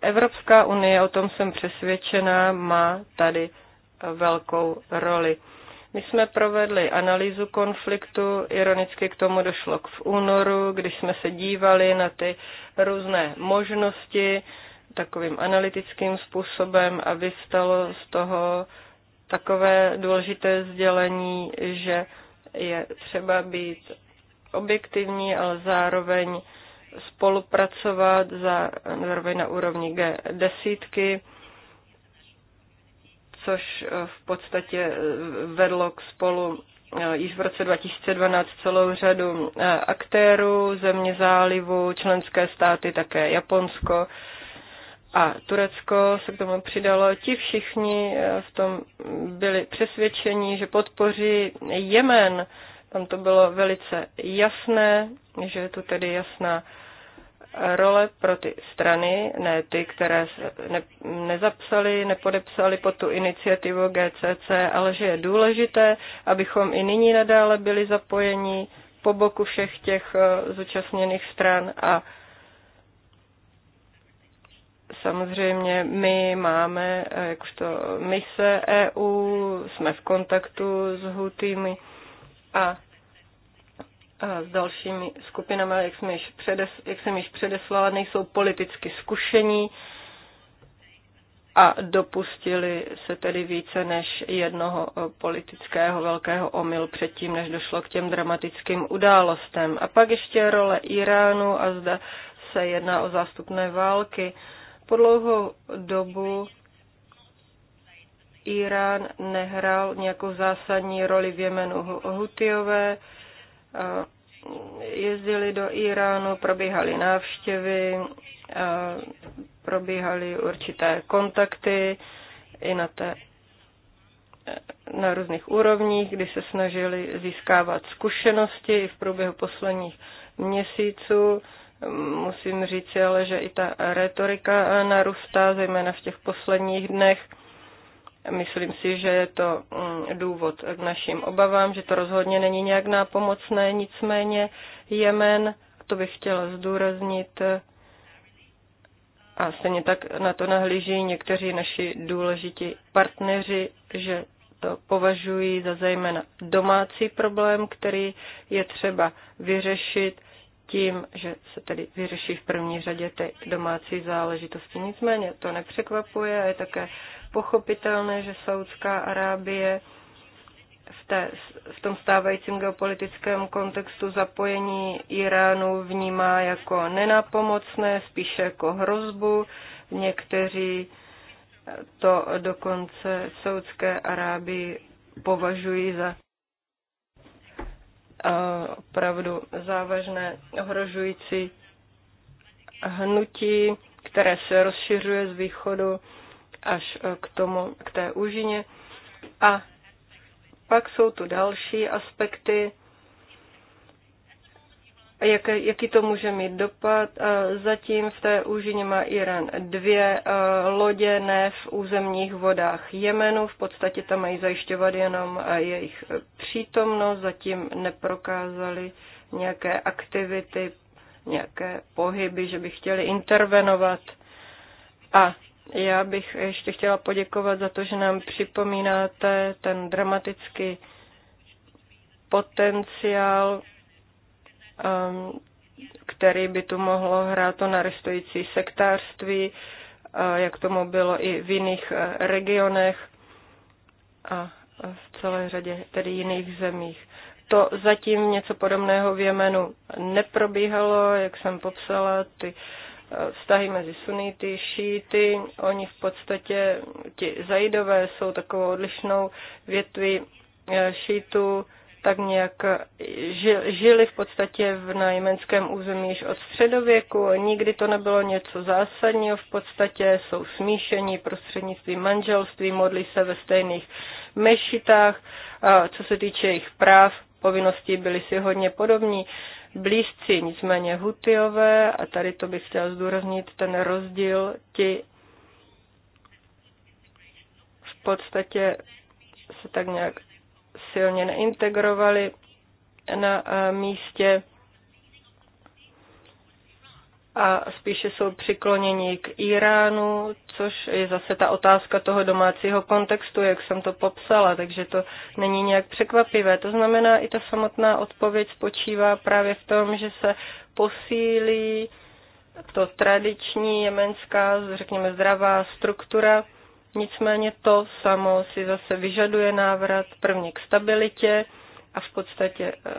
Evropská unie, o tom jsem přesvědčená, má tady velkou roli. My jsme provedli analýzu konfliktu, ironicky k tomu došlo v únoru, když jsme se dívali na ty různé možnosti takovým analytickým způsobem a vystalo z toho takové důležité sdělení, že je třeba být objektivní, ale zároveň spolupracovat, zároveň na úrovni G desítky což eh, v podstatě eh, vedlo k spolu eh, již v roce 2012 celou řadu aktérů, země zálivu, členské státy, také Japonsko a Turecko se k tomu přidalo. Ti všichni v tom byli přesvědčeni, že podpoří Jemen. Tam to bylo velice jasné, že je tu tedy jasná role pro ty strany, ne ty, které ne, nezapsali, nepodepsali pod tu iniciativu GCC, ale že je důležité, abychom i nyní nadále byli zapojeni po boku všech těch eh, zúčastněných stran a samozřejmě my máme eh, jakožto mise EU, jsme v kontaktu s Hutými a s dalšími skupinami, jak, jsem, již předes, jak jsem již předeslala, nejsou politicky zkušení a dopustili se tedy více než jednoho eh, politického velkého omyl předtím, než došlo k těm dramatickým událostem. A pak ještě role Iránu a zda se jedná o zástupné války. Po dlouhou dobu Irán nehrál nějakou zásadní roli v Jemenu Hutiové. Eh, jezdili do Iránu, probíhaly návštěvy, eh, probíhaly určité kontakty i na, té, eh, na různých úrovních, kdy se snažili získávat zkušenosti i v průběhu posledních měsíců. Musím říci ale, že i ta retorika narůstá, zejména v těch posledních dnech Myslím si, že je to mm, důvod k našim obavám, že to rozhodně není nějak nápomocné, nicméně Jemen, to bych chtěla zdůraznit, a stejně tak na to nahlíží někteří naši důležití partneři, že to považují za zejména domácí problém, který je třeba vyřešit tím, že se tedy vyřeší v první řadě ty domácí záležitosti. Nicméně to nepřekvapuje a je také pochopitelné, že Saudská Arábie v, té, v tom stávajícím geopolitickém kontextu zapojení Iránu vnímá jako nenapomocné, spíše jako hrozbu. Někteří to dokonce v Saudské Arábii považují za eh, opravdu závažné ohrožující hnutí, které se rozšiřuje z východu až eh, k tomu, k té úžině. A pak jsou tu další aspekty, jak, jaký to může mít dopad. Eh, zatím v té úžině má Irán dvě eh, lodě, ne v územních vodách Jemenu. V podstatě tam mají zajišťovat jenom jejich přítomnost. Zatím neprokázali nějaké aktivity, nějaké pohyby, že by chtěli intervenovat. A já bych ještě chtěla poděkovat za to, že nám připomínáte ten dramatický potenciál, um, který by tu mohlo hrát to narestující sektářství, uh, jak tomu bylo i v jiných uh, regionech a v celé řadě tedy jiných zemích. To zatím něco podobného v Jemenu neprobíhalo, jak jsem popsala, ty uh, vztahy mezi sunity, šíty. Oni v podstatě, ti zajidové jsou takovou odlišnou větví eh, šítu, tak nějak žili v podstatě v najmenském území již od středověku. Nikdy to nebylo něco zásadního, v podstatě jsou smíšení prostřednictvím manželství, modlí se ve stejných mešitách. A co se týče jejich práv, povinnosti byly si hodně podobní blízci, nicméně Hutiové, a tady to bych chtěl zdůraznit, ten rozdíl, ti v podstatě se tak nějak silně neintegrovali na eh, místě a spíše jsou přikloněni k Iránu, což je zase ta otázka toho domácího kontextu, jak jsem to popsala, takže to není nějak překvapivé. To znamená, i ta samotná odpověď spočívá právě v tom, že se posílí to tradiční jemenská, řekněme, zdravá struktura, nicméně to samo si zase vyžaduje návrat prvně k stabilitě, a v podstatě eh,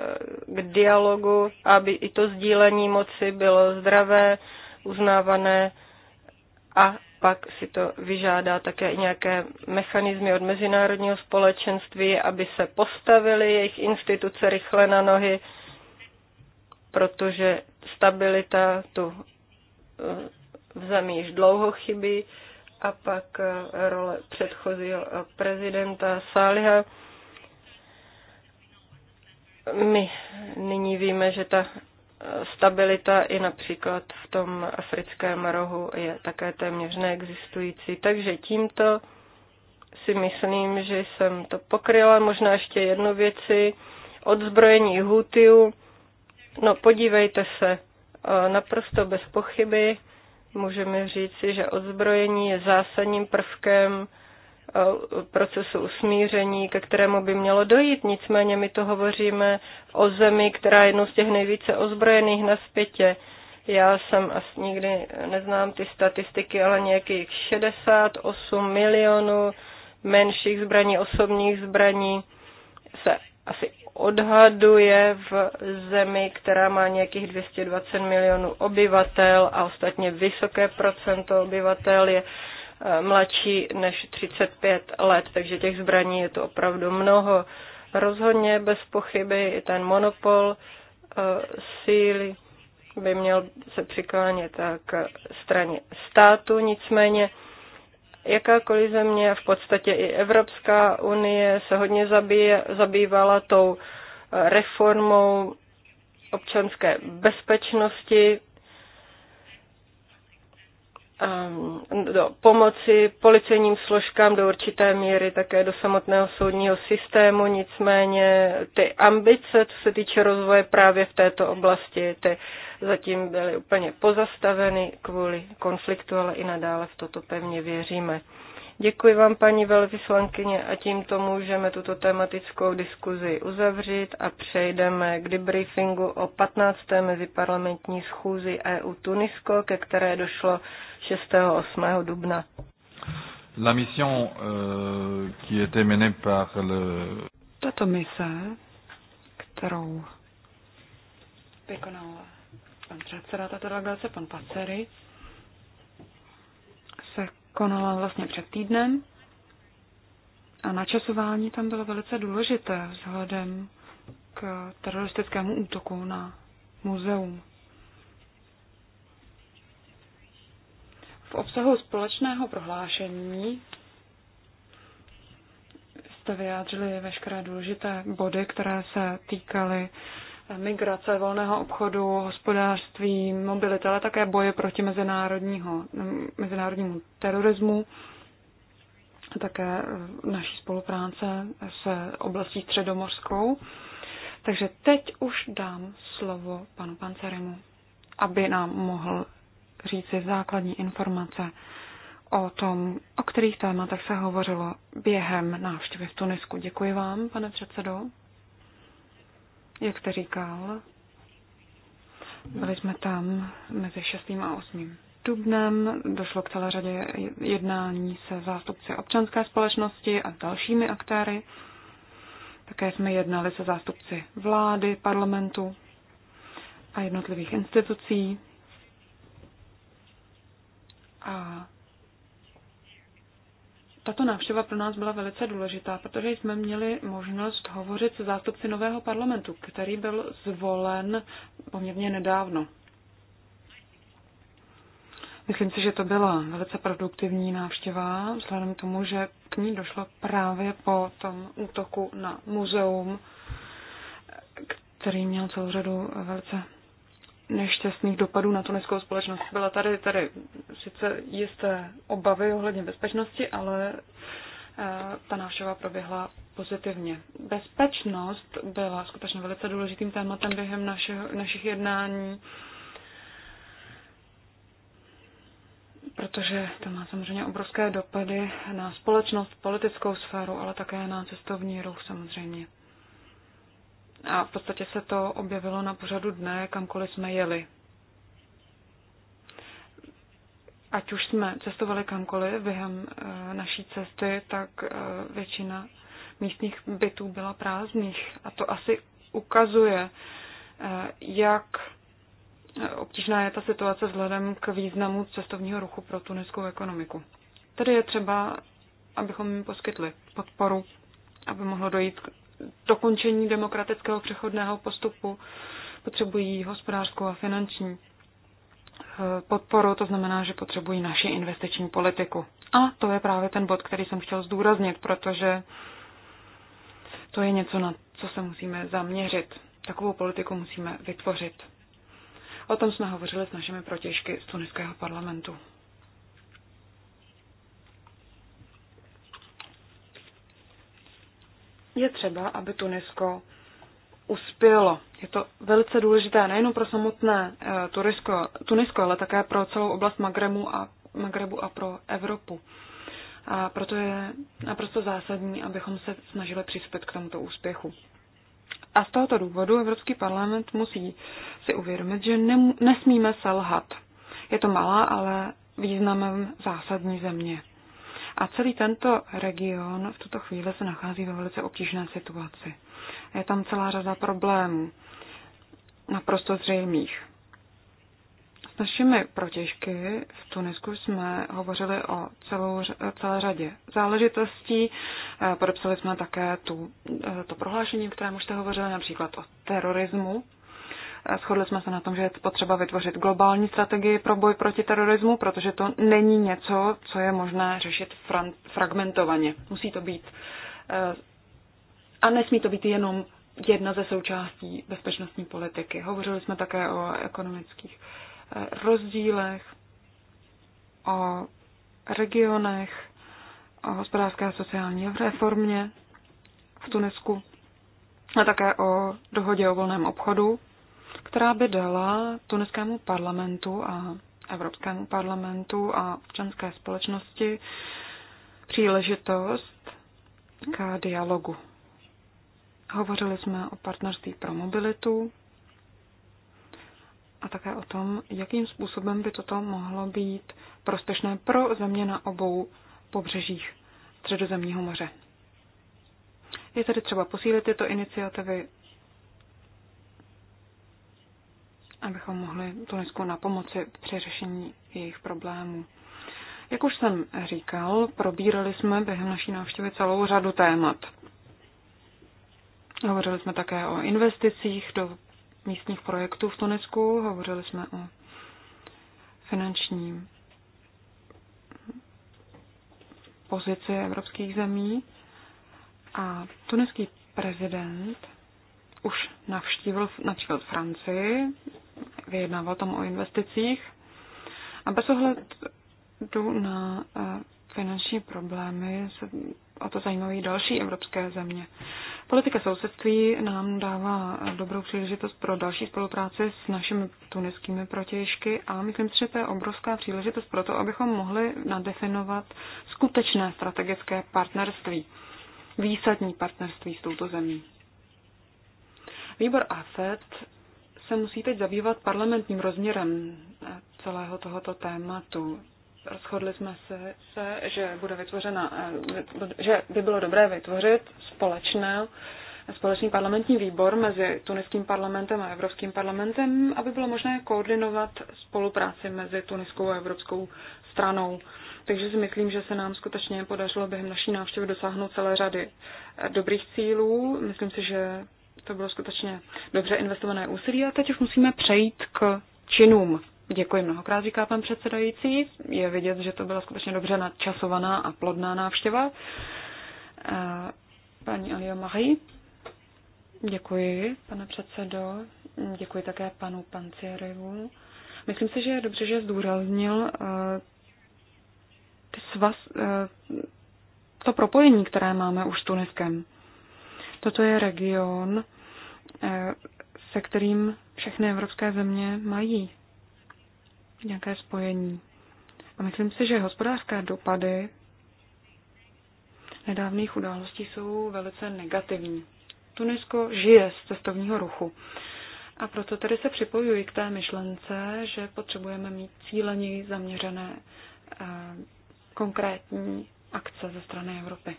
k dialogu, aby i to sdílení moci bylo zdravé, uznávané a pak si to vyžádá také nějaké mechanismy od mezinárodního společenství, aby se postavily jejich instituce rychle na nohy, protože stabilita tu eh, v zemi již dlouho chybí a pak eh, role předchozího prezidenta Sáliha my nyní víme, že ta stabilita i například v tom africkém rohu je také téměř neexistující. Takže tímto si myslím, že jsem to pokryla. Možná ještě jednu věci. Odzbrojení Hutiu. No podívejte se, e, naprosto bez pochyby můžeme říci, že odzbrojení je zásadním prvkem Eh, procesu usmíření, ke kterému by mělo dojít. Nicméně my to hovoříme o zemi, která je jednou z těch nejvíce ozbrojených na světě. Já jsem asi nikdy neznám ty statistiky, ale nějakých 68 milionů menších zbraní, osobních zbraní se asi odhaduje v zemi, která má nějakých 220 milionů obyvatel a ostatně vysoké procento obyvatel je Eh, mladší než 35 let, takže těch zbraní je to opravdu mnoho. Rozhodně bez pochyby i ten monopol eh, síly by měl se přiklánět k straně státu, nicméně jakákoliv země, v podstatě i Evropská unie se hodně zabíje, zabývala tou eh, reformou občanské bezpečnosti, Ehm, do pomoci policejním složkám do určité míry, také do samotného soudního systému, nicméně ty ambice, co se týče rozvoje právě v této oblasti, ty zatím byly úplně pozastaveny kvůli konfliktu, ale i nadále v toto pevně věříme. Děkuji vám, paní velvyslankyně, a tímto můžeme tuto tematickou diskuzi uzavřít a přejdeme k debriefingu o 15. meziparlamentní schůzi EU Tunisko, ke které došlo 6. a 8. dubna. La mission, euh, qui était menée par le... Tato mise, kterou vykonal pan předseda tato delegace, pan Pacery, konala vlastně před týdnem. A načasování tam bylo velice důležité vzhledem k teroristickému útoku na muzeum. V obsahu společného prohlášení jste vyjádřili veškeré důležité body, které se týkaly migrace, volného obchodu, hospodářství, mobility, ale také boje proti mezinárodního, mezinárodnímu terorismu a také naší spolupráce s oblastí středomorskou. Takže teď už dám slovo panu Pancerimu, aby nám mohl říci základní informace o tom, o kterých tématech se hovořilo během návštěvy v Tunisku. Děkuji vám, pane předsedo jak jste říkal. Byli jsme tam mezi 6. a 8. dubnem, došlo k celé řadě jednání se zástupci občanské společnosti a dalšími aktéry. Také jsme jednali se zástupci vlády, parlamentu a jednotlivých institucí. A tato návštěva pro nás byla velice důležitá, protože jsme měli možnost hovořit se zástupci nového parlamentu, který byl zvolen poměrně nedávno. Myslím si, že to byla velice produktivní návštěva, vzhledem k tomu, že k ní došlo právě po tom útoku na muzeum, který měl celou řadu velice nešťastných dopadů na tuniskou společnost. Byla tady, tady sice jisté obavy ohledně bezpečnosti, ale eh, ta návštěva proběhla pozitivně. Bezpečnost byla skutečně velice důležitým tématem během našeho, našich jednání, protože to má samozřejmě obrovské dopady na společnost, politickou sféru, ale také na cestovní ruch samozřejmě. A v podstatě se to objevilo na pořadu dne, kamkoliv jsme jeli. Ať už jsme cestovali kamkoliv během eh, naší cesty, tak eh, většina místních bytů byla prázdných. A to asi ukazuje, eh, jak obtížná je ta situace vzhledem k významu cestovního ruchu pro tuniskou ekonomiku. Tady je třeba, abychom jim poskytli podporu, aby mohlo dojít dokončení demokratického přechodného postupu potřebují hospodářskou a finanční eh, podporu, to znamená, že potřebují naši investiční politiku. A to je právě ten bod, který jsem chtěl zdůraznit, protože to je něco, na co se musíme zaměřit. Takovou politiku musíme vytvořit. O tom jsme hovořili s našimi protěžky z tuniského parlamentu. je třeba, aby Tunisko uspělo. Je to velice důležité nejen pro samotné eh, Tunisko, Tunisko ale také pro celou oblast Magrebu a, Magrebu a pro Evropu. A proto je naprosto zásadní, abychom se snažili přispět k tomuto úspěchu. A z tohoto důvodu Evropský parlament musí si uvědomit, že nesmíme selhat. Je to malá, ale významem zásadní země. A celý tento region v tuto chvíli se nachází ve velice obtížné situaci. Je tam celá řada problémů, naprosto zřejmých. S našimi protěžky v Tunisku jsme hovořili o celou, celé řadě záležitostí. Eh, podepsali jsme také tu, eh, to prohlášení, o kterém už jste hovořili, například o terorismu, Shodli jsme se na tom, že je potřeba vytvořit globální strategii pro boj proti terorismu, protože to není něco, co je možné řešit fragmentovaně. Musí to být eh, a nesmí to být jenom jedna ze součástí bezpečnostní politiky. Hovořili jsme také o ekonomických eh, rozdílech, o regionech, o hospodářské a sociální reformě v Tunisku a také o dohodě o volném obchodu která by dala tuniskému parlamentu a Evropskému parlamentu a občanské společnosti příležitost k dialogu. Hovořili jsme o partnerství pro mobilitu a také o tom, jakým způsobem by toto mohlo být prospěšné pro země na obou pobřežích Středozemního moře. Je tedy třeba posílit tyto iniciativy abychom mohli Tunisku na pomoci při řešení jejich problémů. Jak už jsem říkal, probírali jsme během naší návštěvy celou řadu témat. Hovořili jsme také o investicích do místních projektů v Tunisku, hovořili jsme o finančním pozici evropských zemí a tuniský prezident už navštívil například Francii, vyjednával tam o investicích a bez ohledu na eh, finanční problémy se o to zajímají další evropské země. Politika sousedství nám dává dobrou příležitost pro další spolupráci s našimi tuniskými protějšky a myslím si, že to je obrovská příležitost pro to, abychom mohli nadefinovat skutečné strategické partnerství, výsadní partnerství s touto zemí. Výbor AFET se musí teď zabývat parlamentním rozměrem celého tohoto tématu. Rozhodli jsme se, se že, bude vytvořena, eh, že by bylo dobré vytvořit společné společný parlamentní výbor mezi tuniským parlamentem a Evropským parlamentem, aby bylo možné koordinovat spolupráci mezi tuniskou a evropskou stranou. Takže si myslím, že se nám skutečně podařilo během naší návštěvy dosáhnout celé řady dobrých cílů. Myslím si, že to bylo skutečně dobře investované úsilí a teď už musíme přejít k činům. Děkuji mnohokrát, říká pan předsedající. Je vidět, že to byla skutečně dobře nadčasovaná a plodná návštěva. Eh, paní Alio Marie. Děkuji, pane předsedo. Děkuji také panu Pancierevu. Myslím si, že je dobře, že zdůraznil uh, ty svaz, uh, to propojení, které máme už s Tuniskem. Toto je region, eh, se kterým všechny evropské země mají nějaké spojení. A myslím si, že hospodářské dopady nedávných událostí jsou velice negativní. Tunisko žije z cestovního ruchu. A proto tedy se připojuji k té myšlence, že potřebujeme mít cíleně zaměřené eh, konkrétní akce ze strany Evropy.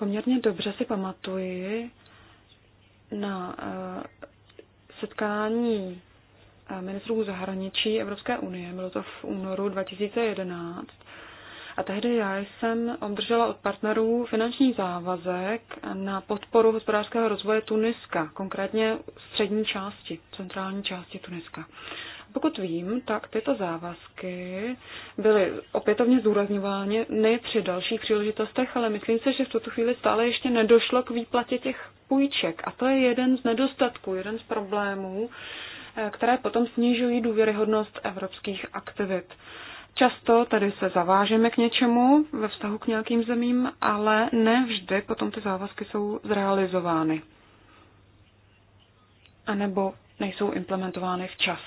Poměrně dobře si pamatuji na eh, setkání eh, ministrů zahraničí Evropské unie, bylo to v únoru 2011, a tehdy já jsem obdržela od partnerů finanční závazek na podporu hospodářského rozvoje Tuniska, konkrétně střední části, centrální části Tuniska. Pokud vím, tak tyto závazky byly opětovně zúrazňovány ne při dalších příležitostech, ale myslím se, že v tuto chvíli stále ještě nedošlo k výplatě těch půjček. A to je jeden z nedostatků, jeden z problémů, eh, které potom snižují důvěryhodnost evropských aktivit. Často tady se zavážeme k něčemu ve vztahu k nějakým zemím, ale ne vždy potom ty závazky jsou zrealizovány. A nebo nejsou implementovány včas.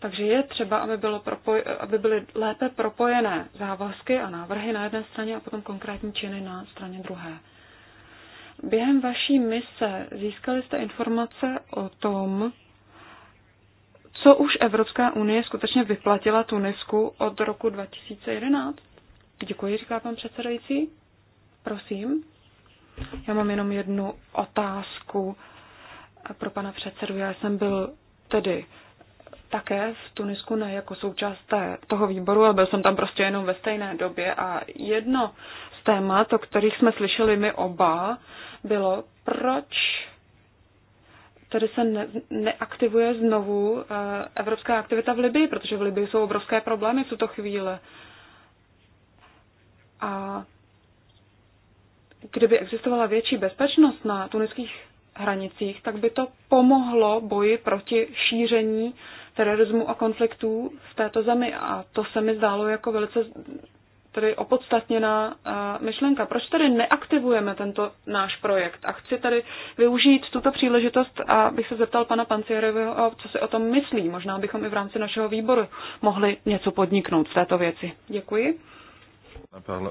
Takže je třeba, aby, bylo propoj, aby byly lépe propojené závazky a návrhy na jedné straně a potom konkrétní činy na straně druhé. Během vaší mise získali jste informace o tom, co už Evropská unie skutečně vyplatila Tunisku od roku 2011? Děkuji, říká pan předsedající. Prosím. Já mám jenom jednu otázku pro pana předsedu. Já jsem byl tedy také v Tunisku ne jako součást té, toho výboru, ale byl jsem tam prostě jenom ve stejné době a jedno z témat, o kterých jsme slyšeli my oba, bylo, proč tady se ne, neaktivuje znovu eh, evropská aktivita v Libii, protože v Libii jsou obrovské problémy v tuto chvíli. A kdyby existovala větší bezpečnost na tuniských hranicích, tak by to pomohlo boji proti šíření terorismu a konfliktů v této zemi. A to se mi zdálo jako velice tedy opodstatněná eh, myšlenka. Proč tedy neaktivujeme tento náš projekt? A chci tady využít tuto příležitost, abych se zeptal pana Pancierového, co si o tom myslí. Možná bychom i v rámci našeho výboru mohli něco podniknout z této věci. Děkuji.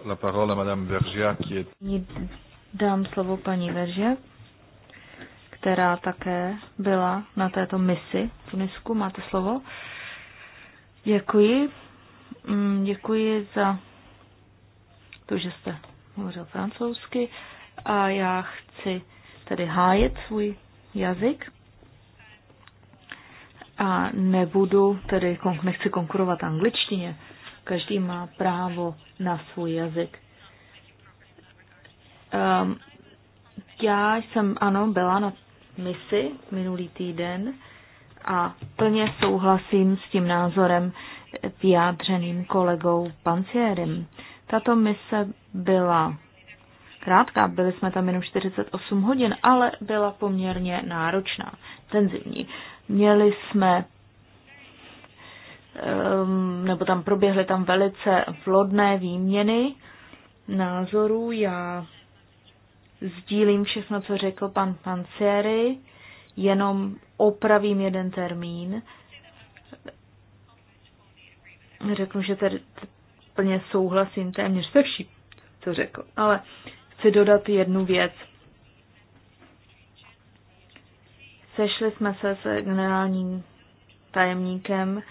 La parole à madame Vergia, qui est... Dám slovo paní Veržiak která také byla na této misi v Tunisku. Máte slovo. Děkuji. Mm, děkuji za to, že jste hovořil francouzsky a já chci tedy hájit svůj jazyk a nebudu, tedy nechci konkurovat angličtině. Každý má právo na svůj jazyk. Um, já jsem, ano, byla na misi minulý týden a plně souhlasím s tím názorem vyjádřeným kolegou Pancierem. Tato mise byla krátká, byli jsme tam jenom 48 hodin, ale byla poměrně náročná, tenzivní. Měli jsme, ehm, nebo tam proběhly tam velice vlodné výměny názorů. Já Sdílím všechno, co řekl pan Pancieri, jenom opravím jeden termín. Řeknu, že tady plně souhlasím téměř se vším, co řekl. Ale chci dodat jednu věc. Sešli jsme se s generálním tajemníkem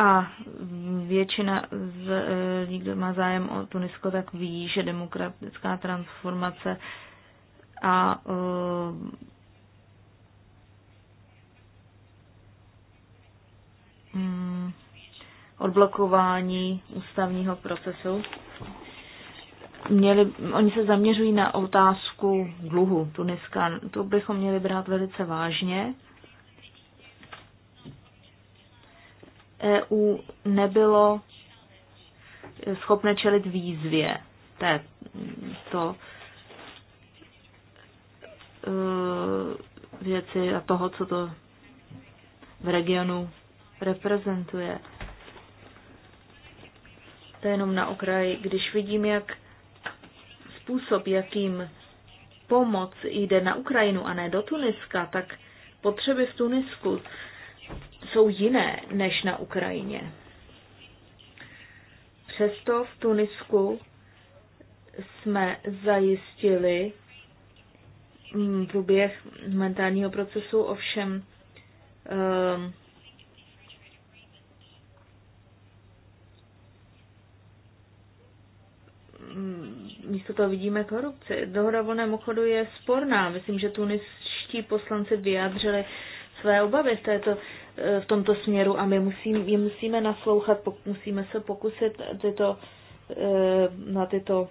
a většina z lidí, e, kdo má zájem o Tunisko, tak ví, že demokratická transformace a um, odblokování ústavního procesu. Měli, oni se zaměřují na otázku dluhu Tuniska. To bychom měli brát velice vážně EU nebylo schopné čelit výzvě. To je to e, věci a toho, co to v regionu reprezentuje. To je jenom na okraji. Když vidím, jak způsob, jakým pomoc jde na Ukrajinu a ne do Tuniska, tak potřeby v Tunisku jsou jiné než na Ukrajině. Přesto v Tunisku jsme zajistili mm, průběh mentálního procesu, ovšem um, místo toho vidíme korupci. Dohoda volném obchodu je sporná. Myslím, že tuniští poslanci vyjádřili své obavy v této v tomto směru a my musím, jim musíme naslouchat, musíme se pokusit tyto, eh, na tyto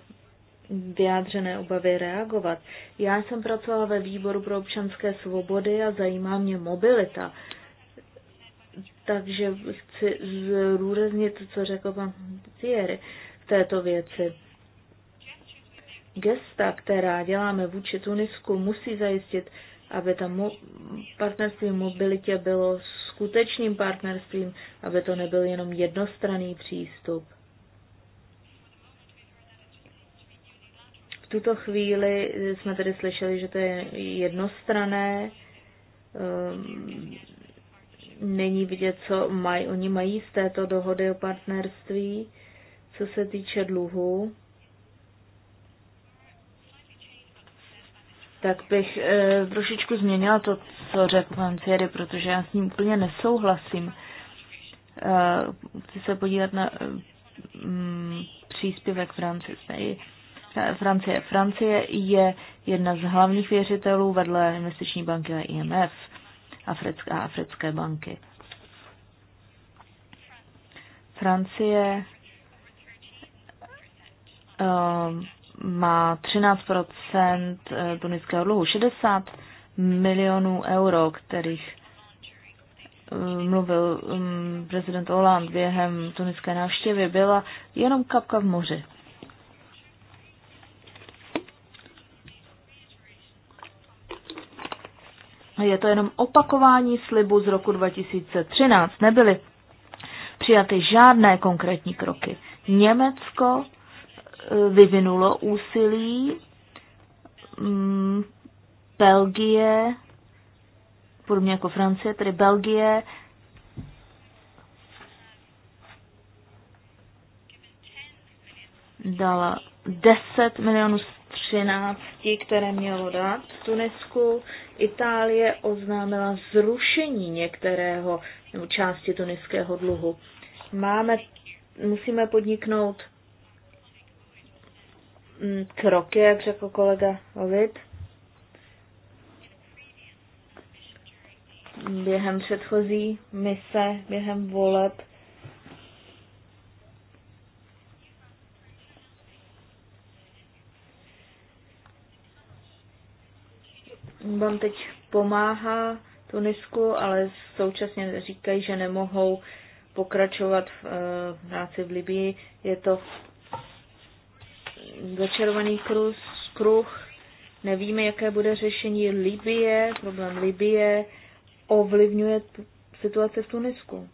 vyjádřené obavy reagovat. Já jsem pracovala ve výboru pro občanské svobody a zajímá mě mobilita. Takže chci zrůraznit to, co řekl pan Thierry v této věci. Gesta, která děláme vůči Tunisku, musí zajistit, aby tam partnerství mobilitě bylo skutečným partnerstvím, aby to nebyl jenom jednostranný přístup. V tuto chvíli jsme tedy slyšeli, že to je jednostrané, ehm, není vidět, co mají, oni mají z této dohody o partnerství, co se týče dluhu. tak bych e, trošičku změnila to, co řekl pan Ciery, protože já s ním úplně nesouhlasím. E, chci se podívat na e, příspěvek Francie. Francie. Francie je jedna z hlavních věřitelů vedle investiční banky a IMF a africké banky. Francie má 13 eh, tuniského dluhu, 60 milionů euro, kterých eh, mluvil mm, prezident Hollande během tuniské návštěvy, byla jenom kapka v moři. Je to jenom opakování slibu z roku 2013. Nebyly přijaty žádné konkrétní kroky. Německo vyvinulo úsilí. Mm, Belgie, podobně jako Francie, tedy Belgie, dala 10 milionů z 13, které mělo dát v Tunisku. Itálie oznámila zrušení některého nebo části tuniského dluhu. Máme, musíme podniknout Mm, kroky, jak řekl kolega Ovid. Během předchozí mise, během voleb, vám teď pomáhá Tunisku, ale současně říkají, že nemohou pokračovat v eh, práci v Libii. Je to začarovaný kruh, kruh. Nevíme, jaké bude řešení Libie, problém Libie ovlivňuje situace v Tunisku.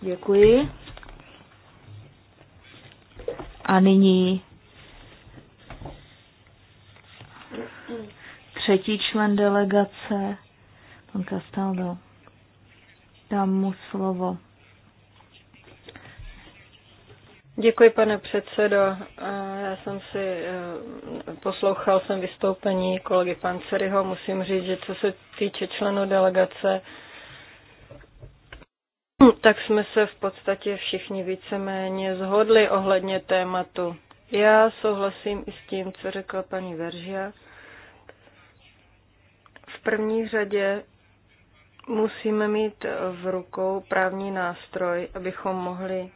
Děkuji. A nyní třetí člen delegace, pan Castaldo. Dám mu slovo. Děkuji, pane předsedo. Já jsem si eh, poslouchal jsem vystoupení kolegy Panceryho. Musím říct, že co se týče členů delegace, tak jsme se v podstatě všichni víceméně zhodli ohledně tématu. Já souhlasím i s tím, co řekla paní Veržia. V první řadě musíme mít v rukou právní nástroj, abychom mohli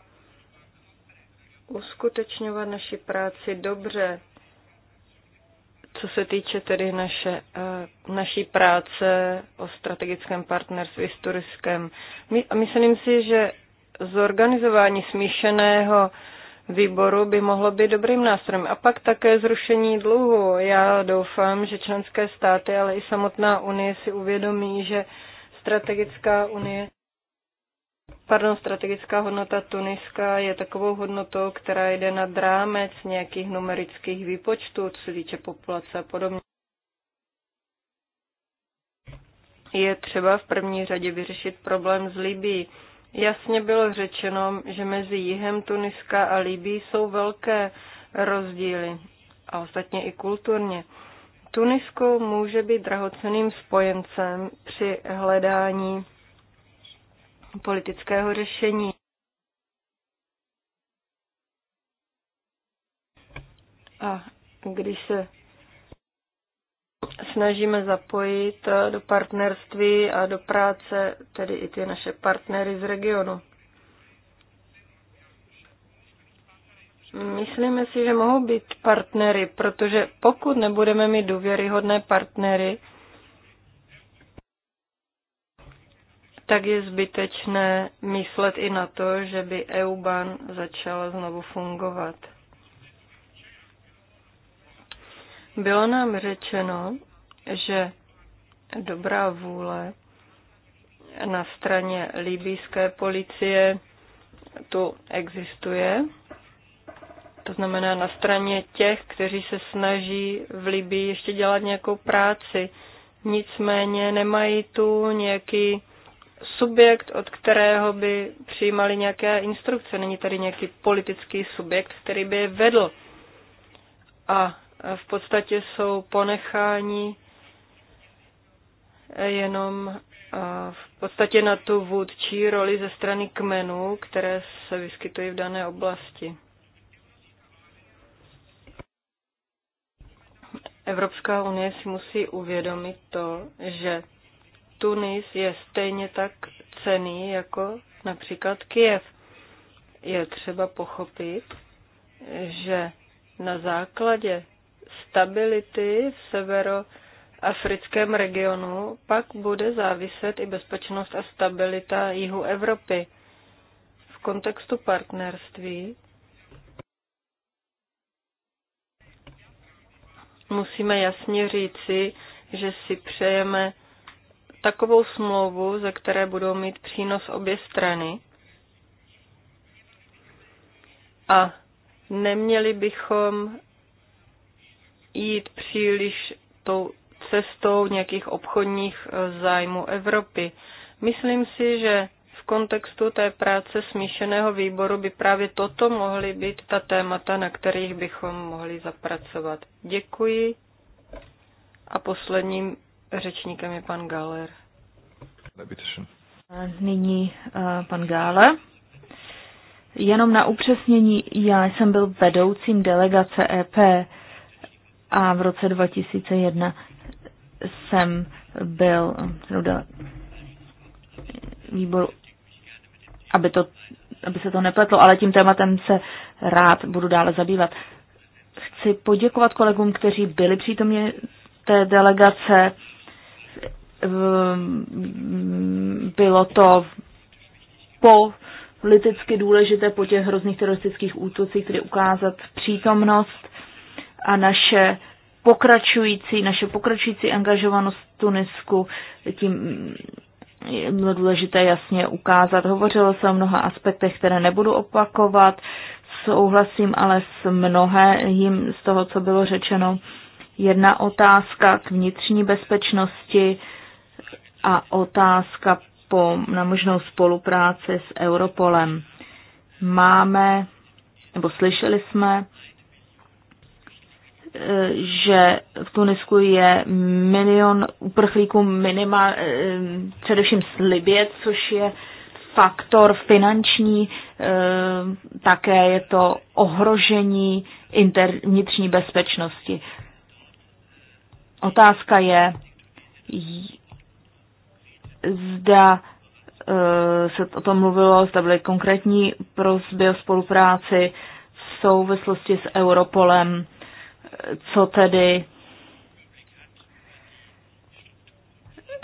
uskutečňovat naši práci dobře. Co se týče tedy naše, eh, naší práce o strategickém partnerství s Turiskem, my, myslím si, že zorganizování smíšeného výboru by mohlo být dobrým nástrojem. A pak také zrušení dluhu. Já doufám, že členské státy, ale i samotná Unie si uvědomí, že strategická unie Pardon, strategická hodnota Tuniska je takovou hodnotou, která jde na drámec nějakých numerických výpočtů, co se týče populace a podobně. Je třeba v první řadě vyřešit problém s Libií. Jasně bylo řečeno, že mezi jihem Tuniska a Libií jsou velké rozdíly a ostatně i kulturně. Tunisko může být drahoceným spojencem při hledání politického řešení. A když se snažíme zapojit do partnerství a do práce tedy i ty naše partnery z regionu. Myslíme si, že mohou být partnery, protože pokud nebudeme mít důvěryhodné partnery, tak je zbytečné myslet i na to, že by EUBAN začala znovu fungovat. Bylo nám řečeno, že dobrá vůle na straně libýské policie tu existuje. To znamená na straně těch, kteří se snaží v Libii ještě dělat nějakou práci. Nicméně nemají tu nějaký subjekt, od kterého by přijímali nějaké instrukce. Není tady nějaký politický subjekt, který by je vedl. A v podstatě jsou ponecháni jenom v podstatě na tu vůdčí roli ze strany kmenů, které se vyskytují v dané oblasti. Evropská unie si musí uvědomit to, že Tunis je stejně tak cený jako například Kiev. Je třeba pochopit, že na základě stability v severoafrickém regionu pak bude záviset i bezpečnost a stabilita jihu Evropy. V kontextu partnerství musíme jasně říci, že si přejeme takovou smlouvu, ze které budou mít přínos obě strany. A neměli bychom jít příliš tou cestou nějakých obchodních e, zájmů Evropy. Myslím si, že v kontextu té práce smíšeného výboru by právě toto mohly být ta témata, na kterých bychom mohli zapracovat. Děkuji. A posledním Řečníkem je pan Galer. Nyní uh, pan Gále. Jenom na upřesnění, já jsem byl vedoucím delegace EP a v roce 2001 jsem byl výboru, aby, to, aby se to nepletlo, ale tím tématem se rád budu dále zabývat. Chci poděkovat kolegům, kteří byli přítomně té delegace, Ehm, bylo to po politicky důležité po těch hrozných teroristických útocích, tedy ukázat přítomnost a naše pokračující, naše pokračující angažovanost v Tunisku, tím bylo důležité jasně ukázat. Hovořilo se o mnoha aspektech, které nebudu opakovat, souhlasím ale s jim z toho, co bylo řečeno. Jedna otázka k vnitřní bezpečnosti, a otázka po, na možnou spolupráci s Europolem. Máme, nebo slyšeli jsme, e, že v Tunisku je milion uprchlíků minima, e, především z Libie, což je faktor finanční, e, také je to ohrožení inter, vnitřní bezpečnosti. Otázka je, zda eh, se o tom mluvilo, zda byly konkrétní prozby o spolupráci v souvislosti s Europolem, eh, co tedy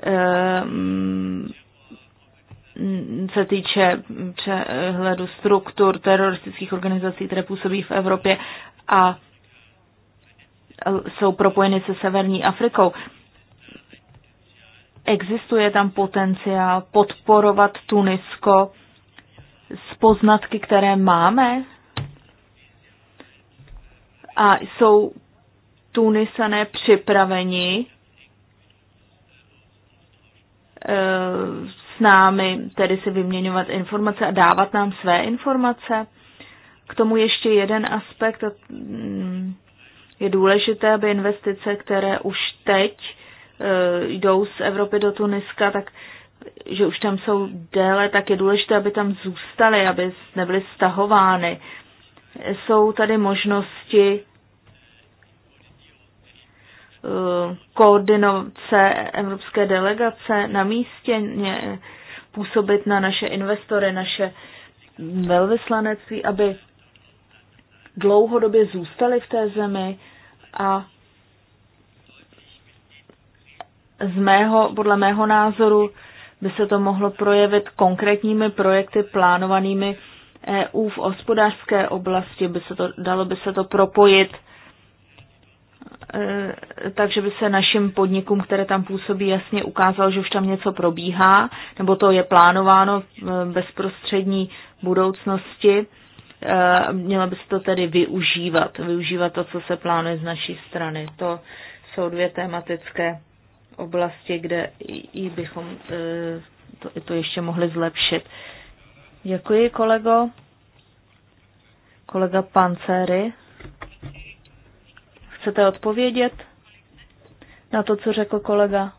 ehm, se týče přehledu struktur teroristických organizací, které působí v Evropě a jsou propojeny se Severní Afrikou. Existuje tam potenciál podporovat Tunisko z poznatky, které máme? A jsou Tunisané připraveni eh, s námi, tedy si vyměňovat informace a dávat nám své informace. K tomu ještě jeden aspekt. Mm, je důležité, aby investice, které už teď Eh, jdou z Evropy do Tuniska, tak že už tam jsou déle, tak je důležité, aby tam zůstaly, aby nebyly stahovány. Jsou tady možnosti eh, koordinace evropské delegace na místě, působit na naše investory, naše velvyslanectví, aby dlouhodobě zůstali v té zemi a z mého, podle mého názoru by se to mohlo projevit konkrétními projekty plánovanými EU v hospodářské oblasti, by se to, dalo by se to propojit, e, takže by se našim podnikům, které tam působí, jasně ukázalo, že už tam něco probíhá, nebo to je plánováno v e, bezprostřední budoucnosti. E, Měla by se to tedy využívat, využívat to, co se plánuje z naší strany. To jsou dvě tematické oblasti, kde i bychom e, to, to ještě mohli zlepšit. Děkuji, kolego. Kolega Pancery. Chcete odpovědět na to, co řekl kolega?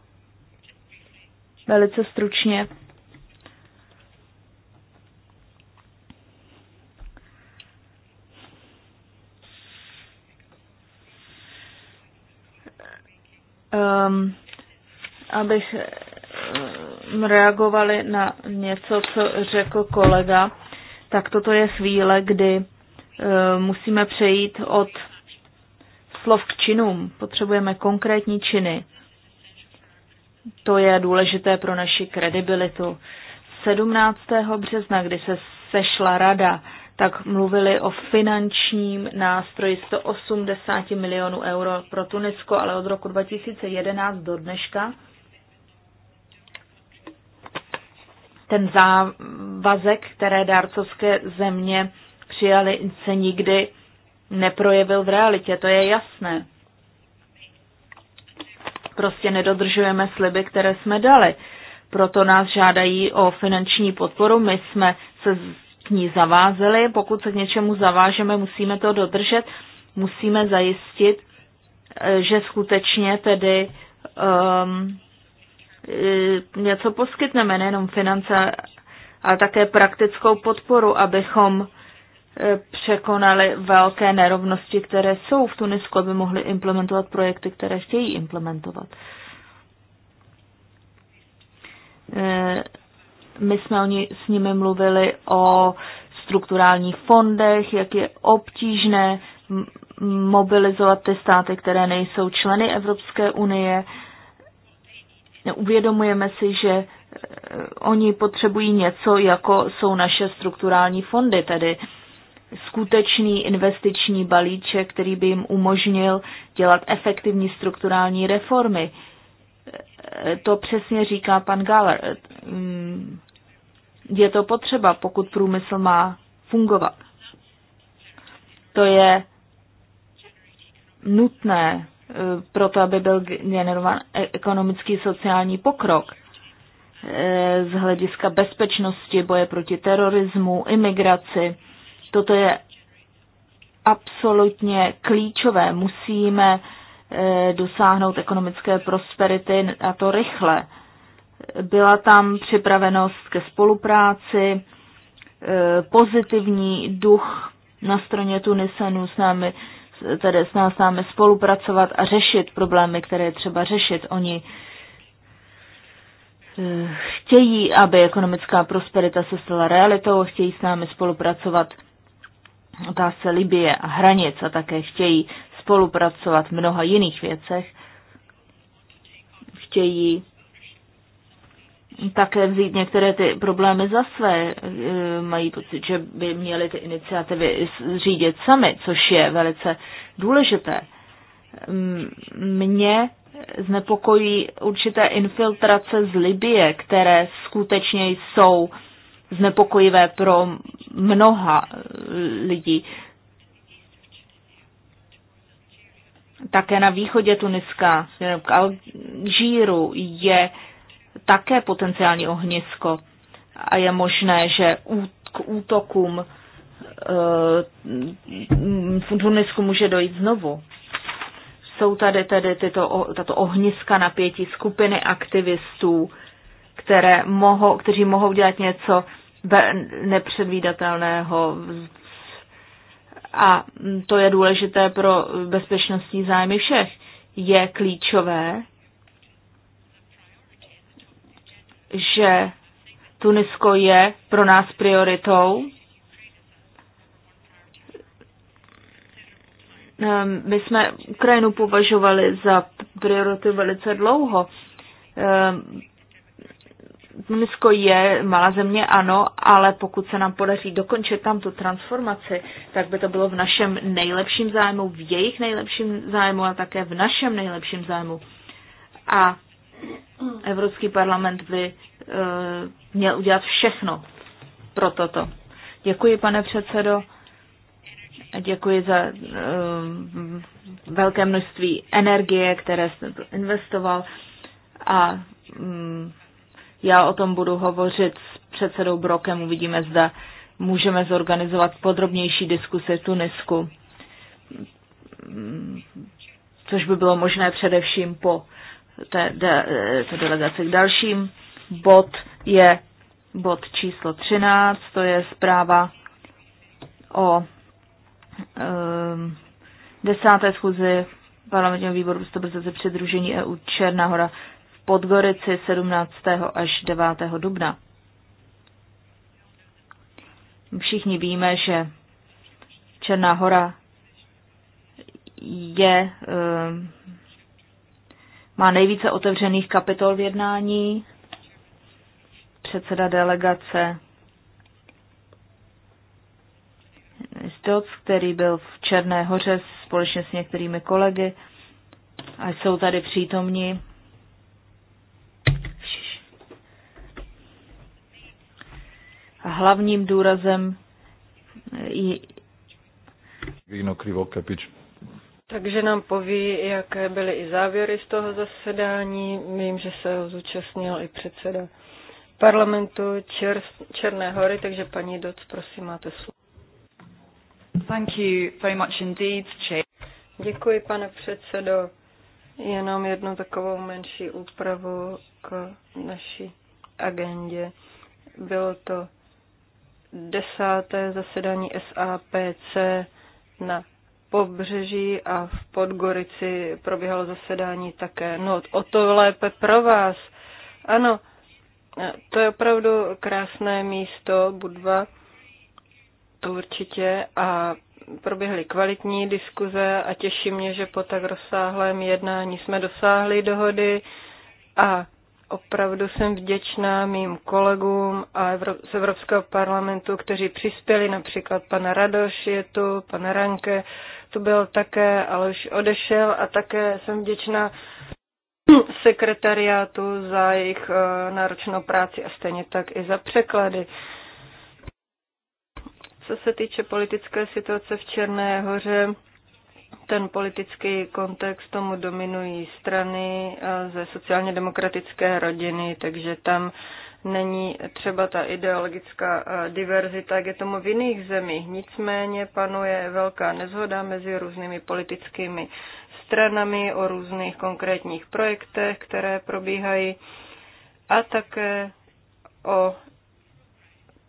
Velice stručně. Um, abych eh, reagovali na něco, co řekl kolega, tak toto je chvíle, kdy eh, musíme přejít od slov k činům. Potřebujeme konkrétní činy. To je důležité pro naši kredibilitu. 17. března, kdy se sešla rada, tak mluvili o finančním nástroji 180 milionů euro pro Tunisko, ale od roku 2011 do dneška ten závazek, které dárcovské země přijali, se nikdy neprojevil v realitě, to je jasné. Prostě nedodržujeme sliby, které jsme dali. Proto nás žádají o finanční podporu. My jsme se k ní zavázeli. Pokud se k něčemu zavážeme, musíme to dodržet. Musíme zajistit, eh, že skutečně tedy um, Eh, něco poskytneme, nejenom finance, ale také praktickou podporu, abychom eh, překonali velké nerovnosti, které jsou v Tunisku, aby mohli implementovat projekty, které chtějí implementovat. Eh, my jsme oni, s nimi mluvili o strukturálních fondech, jak je obtížné mobilizovat ty státy, které nejsou členy Evropské unie, Uvědomujeme si, že eh, oni potřebují něco, jako jsou naše strukturální fondy, tedy skutečný investiční balíček, který by jim umožnil dělat efektivní strukturální reformy. Eh, to přesně říká pan Galler. Eh, mm, je to potřeba, pokud průmysl má fungovat. To je nutné Eh, proto, aby byl generován e- ekonomický sociální pokrok eh, z hlediska bezpečnosti, boje proti terorismu, imigraci. Toto je absolutně klíčové. Musíme eh, dosáhnout ekonomické prosperity a to rychle. Byla tam připravenost ke spolupráci, pozitivní duch na straně Tunisanů s námi tedy s nás námi spolupracovat a řešit problémy, které je třeba řešit. Oni eh, chtějí, aby ekonomická prosperita se stala realitou, chtějí s námi spolupracovat otázce Libie a hranic a také chtějí spolupracovat v mnoha jiných věcech. Chtějí také vzít některé ty problémy za své. E, mají pocit, že by měli ty iniciativy řídit sami, což je velice důležité. Mně znepokojí určité infiltrace z Libie, které skutečně jsou znepokojivé pro mnoha e, lidí. Také na východě Tuniska, k Alžíru, je uh, také potenciální ohnisko a je možné, že k útokům v eh, Tunisku může dojít znovu. Jsou tady tedy tyto, tato ohniska napětí skupiny aktivistů, které mohou, kteří mohou dělat něco nepředvídatelného a to je důležité pro bezpečnostní zájmy všech. Je klíčové, že Tunisko je pro nás prioritou. Ehm, my jsme Ukrajinu považovali za prioritu velice dlouho. Ehm, Tunisko je malá země, ano, ale pokud se nám podaří dokončit tam tu transformaci, tak by to bylo v našem nejlepším zájmu, v jejich nejlepším zájmu a také v našem nejlepším zájmu. A Evropský parlament by eh, měl udělat všechno pro toto. Děkuji, pane předsedo. Děkuji za uh, velké množství energie, které jste investoval. A um, já o tom budu hovořit s předsedou Brokem. Uvidíme, zda můžeme zorganizovat podrobnější diskusi v Tunisku, mm, což by bylo možné především po té, de, té delegace. Dalším bod je bod číslo 13, to je zpráva o e, desáté schůzi parlamentního výboru pro stabilizaci přidružení EU Černá hora v Podgorici 17. až 9. dubna. Všichni víme, že Černá hora je ehm, má nejvíce otevřených kapitol v jednání, předseda delegace Stoc, který byl v Černé hoře společně s některými kolegy a jsou tady přítomní. A hlavním důrazem Gino Krivokapič takže nám poví, jaké byly i závěry z toho zasedání. Vím, že se ho zúčastnil i předseda parlamentu Čer, Černé hory, takže paní Doc, prosím, máte slovo. Thank you very much indeed, Chair. Děkuji, pane předsedo. Jenom jednu takovou menší úpravu k naší agendě. Bylo to desáté zasedání SAPC na pobřeží a v Podgorici probíhalo zasedání také. No, o to lépe pro vás. Ano, to je opravdu krásné místo, Budva, to určitě. A proběhly kvalitní diskuze a těší mě, že po tak rozsáhlém jednání jsme dosáhli dohody a opravdu jsem vděčná mým kolegům a Evrop- z Evropského parlamentu, kteří přispěli, například pan Radoš je tu, pan Ranke, tu byl také, ale už odešel a také jsem vděčná sekretariátu za jejich eh, náročnou práci a stejně tak i za překlady. Co se týče politické situace v Černé hoře, ten politický kontext tomu dominují strany eh, ze sociálně demokratické rodiny, takže tam není třeba ta ideologická eh, diverzita, jak je tomu v jiných zemích. Nicméně panuje velká nezhoda mezi různými politickými stranami o různých konkrétních projektech, které probíhají a také o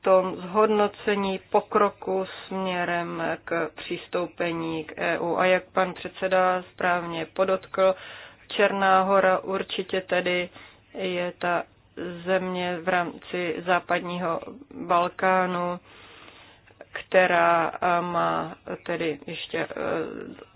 tom zhodnocení pokroku směrem k přistoupení k EU. A jak pan předseda správně podotkl, Černá hora určitě tedy je ta země v rámci západního Balkánu, která eh, má tedy ještě eh,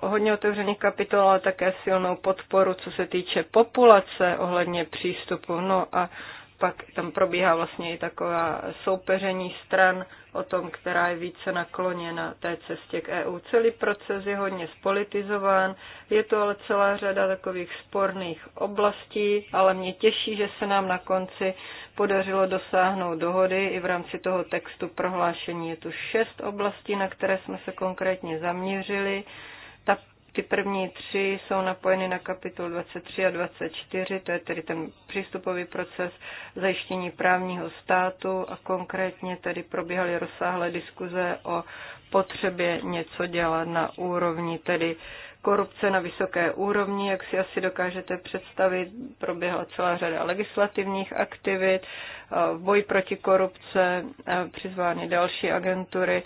hodně otevřených kapitol, ale také silnou podporu, co se týče populace ohledně přístupu. No a pak tam probíhá vlastně i taková soupeření stran o tom, která je více nakloněna té cestě k EU. Celý proces je hodně spolitizován, je to ale celá řada takových sporných oblastí, ale mě těší, že se nám na konci podařilo dosáhnout dohody i v rámci toho textu prohlášení. Je tu šest oblastí, na které jsme se konkrétně zaměřili. Ty první tři jsou napojeny na kapitol 23 a 24, to je tedy ten přístupový proces zajištění právního státu a konkrétně tady probíhaly rozsáhlé diskuze o potřebě něco dělat na úrovni tedy korupce na vysoké úrovni, jak si asi dokážete představit, proběhla celá řada legislativních aktivit, v boji proti korupce eh, přizvány další agentury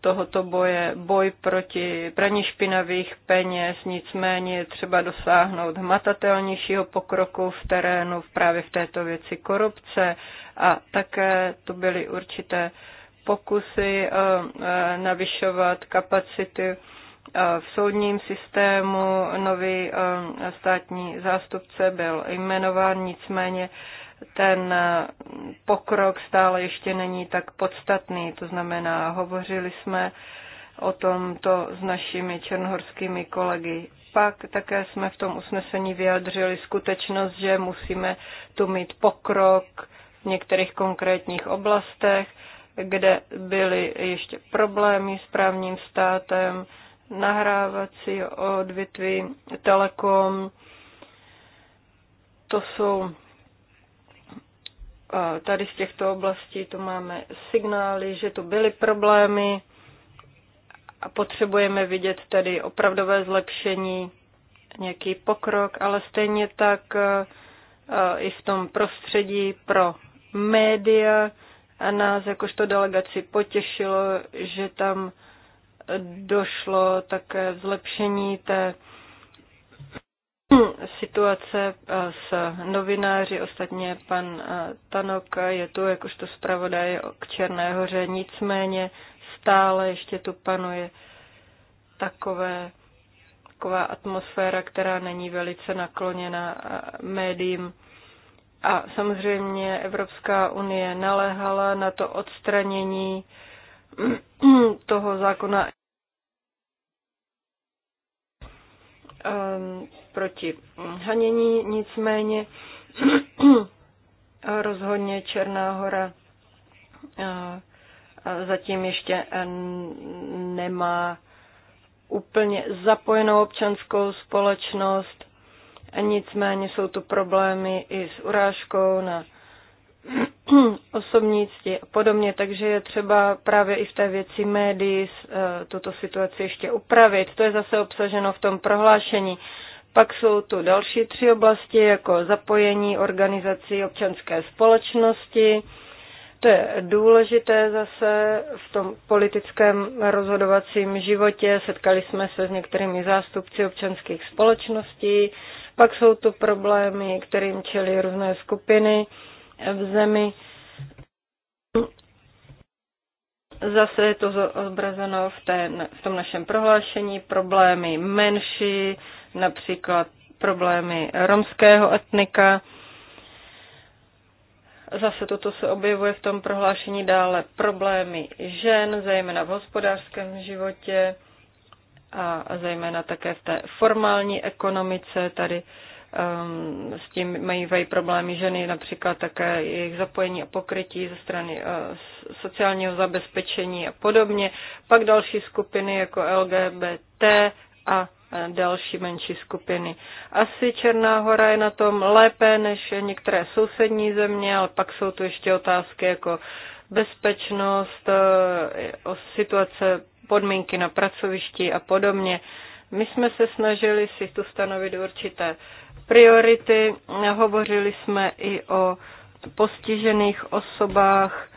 tohoto boje, boj proti praní špinavých peněz, nicméně je třeba dosáhnout hmatatelnějšího pokroku v terénu právě v této věci korupce a také to byly určité pokusy eh, eh, navyšovat kapacity eh, v soudním systému. Nový státní zástupce byl jmenován, nicméně ten eh, pokrok stále ještě není tak podstatný. To znamená, hovořili jsme o tomto s našimi černohorskými kolegy. Pak také jsme v tom usnesení vyjadřili skutečnost, že musíme tu mít pokrok v některých konkrétních oblastech, kde byly ještě problémy s právním státem, nahrávací odvětví, telekom. To jsou tady z těchto oblastí to máme signály, že tu byly problémy a potřebujeme vidět tady opravdové zlepšení, nějaký pokrok, ale stejně tak e, e, i v tom prostředí pro média a nás jakožto delegaci potěšilo, že tam došlo také zlepšení té situace eh, s novináři, ostatně pan eh, Tanok je tu jakožto zpravodaj k Černé hoře, nicméně stále ještě tu panuje takové, taková atmosféra, která není velice nakloněna eh, médiím. A samozřejmě Evropská unie naléhala na to odstranění <clears throat> toho zákona Um, proti hanění, nicméně <clears throat> rozhodně Černá hora uh, zatím ještě uh, nemá úplně zapojenou občanskou společnost, nicméně jsou tu problémy i s urážkou na <clears throat> osobní cti a podobně, takže je třeba právě i v té věci médií eh, tuto situaci ještě upravit. To je zase obsaženo v tom prohlášení. Pak jsou tu další tři oblasti, jako zapojení organizací občanské společnosti. To je důležité zase v tom politickém rozhodovacím životě. Setkali jsme se s některými zástupci občanských společností. Pak jsou tu problémy, kterým čelí různé skupiny v zemi. Zase je to zobrazeno v, té, v tom našem prohlášení, problémy menší, například problémy romského etnika. Zase toto se objevuje v tom prohlášení dále problémy žen, zejména v hospodářském životě a zejména také v té formální ekonomice. Tady Ehm, s tím mají problémy ženy, například také jejich zapojení a pokrytí ze strany eh, sociálního zabezpečení a podobně. Pak další skupiny jako LGBT a eh, další menší skupiny. Asi Černá hora je na tom lépe než některé sousední země, ale pak jsou tu ještě otázky jako bezpečnost, eh, situace, podmínky na pracovišti a podobně. My jsme se snažili si tu stanovit určité priority, hovořili jsme i o postižených osobách,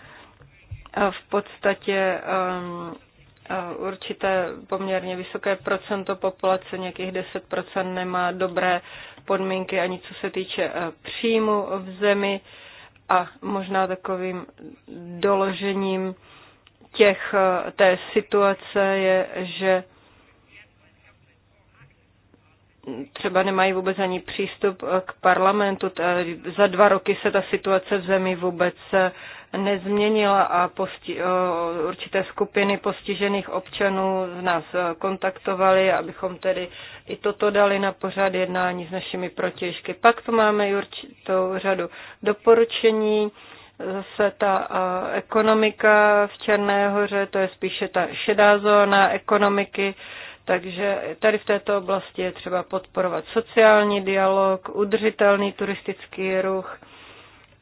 v podstatě um, uh, určité poměrně vysoké procento populace, nějakých 10% nemá dobré podmínky ani co se týče uh, příjmu v zemi a možná takovým doložením těch, uh, té situace je, že třeba nemají vůbec ani přístup eh, k parlamentu. Za dva roky se ta situace v zemi vůbec eh, nezměnila a posti- eh, určité skupiny postižených občanů z nás kontaktovali, abychom tedy i toto dali na pořad jednání s našimi protěžky. Pak tu máme i určitou řadu doporučení zase ta ekonomika v Černé hoře, to je spíše ta šedá zóna ekonomiky, takže tady v této oblasti je třeba podporovat sociální dialog, udržitelný turistický ruch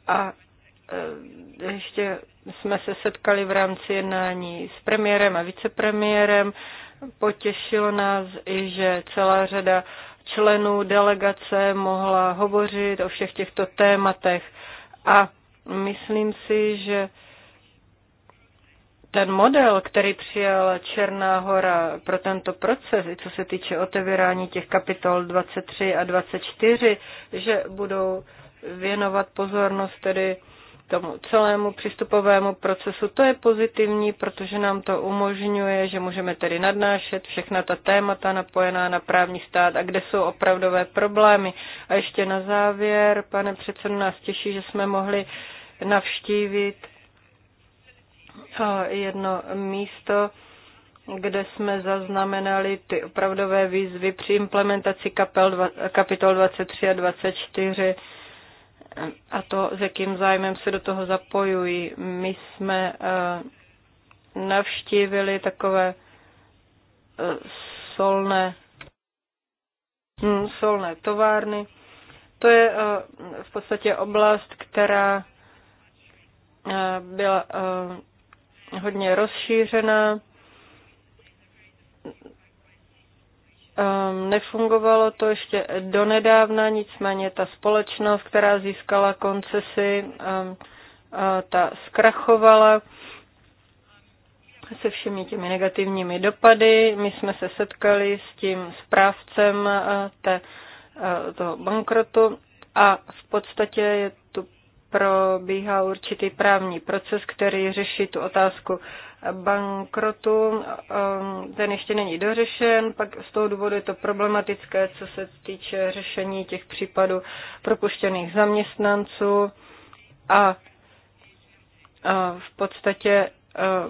a eh, ještě jsme se setkali v rámci jednání s premiérem a vicepremiérem. Potěšilo nás i, že celá řada členů delegace mohla hovořit o všech těchto tématech a myslím si, že ten model, který přijal Černá hora pro tento proces, i co se týče otevírání těch kapitol 23 a 24, že budou věnovat pozornost tedy tomu celému přístupovému procesu. To je pozitivní, protože nám to umožňuje, že můžeme tedy nadnášet všechna ta témata napojená na právní stát a kde jsou opravdové problémy. A ještě na závěr, pane předsedu, nás těší, že jsme mohli navštívit jedno místo, kde jsme zaznamenali ty opravdové výzvy při implementaci kapel, kapitol 23 a 24 a to, s jakým zájmem se do toho zapojují. My jsme eh, navštívili takové eh, solné, hm, solné továrny. To je eh, v podstatě oblast, která byla hodně rozšířená. Ehm, nefungovalo to ještě donedávna, nicméně ta společnost, která získala koncesy, ehm, eh, ta zkrachovala se všemi těmi negativními dopady. My jsme se setkali s tím správcem eh, té, eh, toho bankrotu a v podstatě je tu probíhá určitý právní proces, který řeší tu otázku bankrotu. Ehm, ten ještě není dořešen, pak z toho důvodu je to problematické, co se týče řešení těch případů propuštěných zaměstnanců a v podstatě Eh,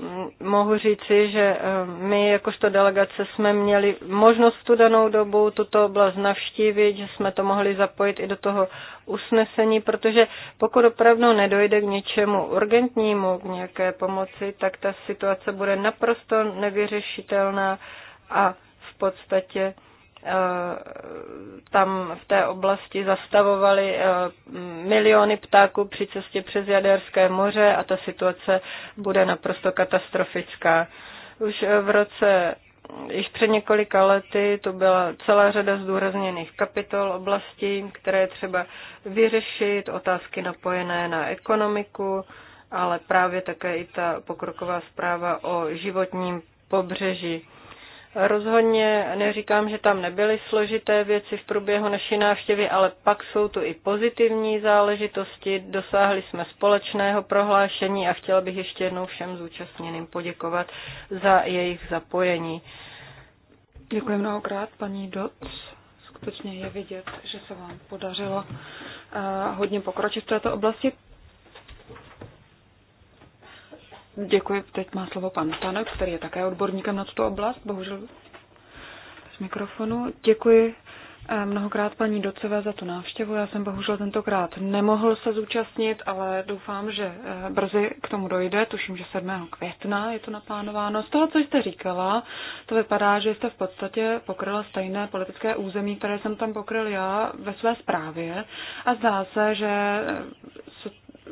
mohu říci, že eh, my jakožto delegace jsme měli možnost tu danou dobu tuto oblast navštívit, že jsme to mohli zapojit i do toho usnesení, protože pokud opravdu nedojde k něčemu urgentnímu, k nějaké pomoci, tak ta situace bude naprosto nevyřešitelná a v podstatě Eh, tam v té oblasti zastavovali eh, miliony ptáků při cestě přes Jaderské moře a ta situace bude naprosto katastrofická. Už eh, v roce již před několika lety to byla celá řada zdůrazněných kapitol oblastí, které třeba vyřešit, otázky napojené na ekonomiku, ale právě také i ta pokroková zpráva o životním pobřeží. Rozhodně neříkám, že tam nebyly složité věci v průběhu naší návštěvy, ale pak jsou tu i pozitivní záležitosti. Dosáhli jsme společného prohlášení a chtěla bych ještě jednou všem zúčastněným poděkovat za jejich zapojení. Děkuji mnohokrát, paní Dot. Skutečně je vidět, že se vám podařilo eh, hodně pokročit v této oblasti. Děkuji. Teď má slovo pan Tanek, který je také odborníkem na tuto oblast, bohužel z mikrofonu. Děkuji eh, mnohokrát paní Docové za tu návštěvu. Já jsem bohužel tentokrát nemohl se zúčastnit, ale doufám, že eh, brzy k tomu dojde. Tuším, že 7. května je to naplánováno. Z toho, co jste říkala, to vypadá, že jste v podstatě pokryla stejné politické území, které jsem tam pokryl já ve své zprávě. A zdá se, že eh,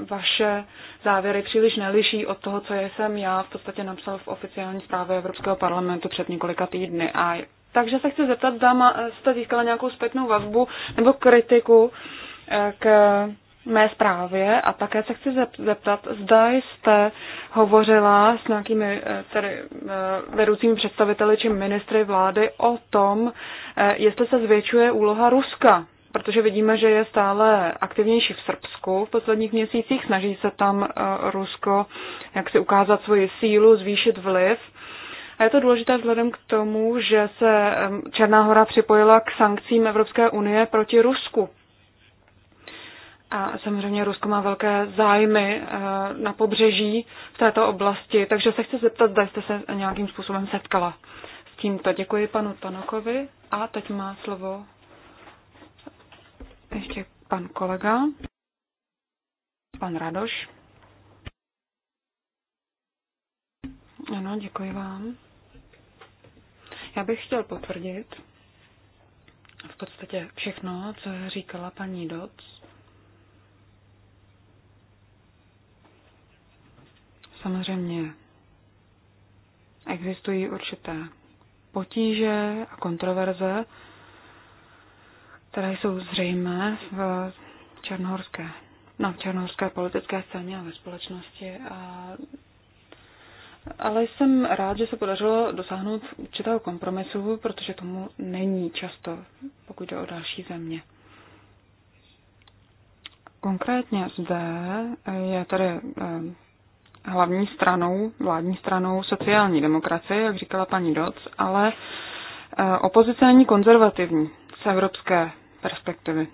vaše závěry příliš neliší od toho, co jsem já v podstatě napsal v oficiální zprávě Evropského parlamentu před několika týdny. A takže se chci zeptat, dáma, jste získala nějakou zpětnou vazbu nebo kritiku eh, k mé zprávě a také se chci zeptat, zda jste hovořila s nějakými eh, tedy, eh, vedoucími představiteli či ministry vlády o tom, jestli se zvětšuje úloha Ruska protože vidíme, že je stále aktivnější v Srbsku v posledních měsících. Snaží se tam eh, Rusko jak si ukázat svoji sílu, zvýšit vliv. A je to důležité vzhledem k tomu, že se Černá hora připojila k sankcím Evropské unie proti Rusku. A samozřejmě Rusko má velké zájmy eh, na pobřeží v této oblasti, takže se chci zeptat, zda jste se nějakým způsobem setkala s tímto. Děkuji panu Tanokovi a teď má slovo ještě pan kolega, pan Radoš. Ano, děkuji vám. Já bych chtěl potvrdit v podstatě všechno, co říkala paní Doc. Samozřejmě existují určité potíže a kontroverze, které jsou zřejmé v černohorské, na černohorské politické scéně a ve společnosti. A, ale jsem rád, že se podařilo dosáhnout určitého kompromisu, protože tomu není často, pokud jde o další země. Konkrétně zde je tady eh, hlavní stranou, vládní stranou sociální demokracie, jak říkala paní Doc, ale eh, opozice není konzervativní z evropské perspektivy.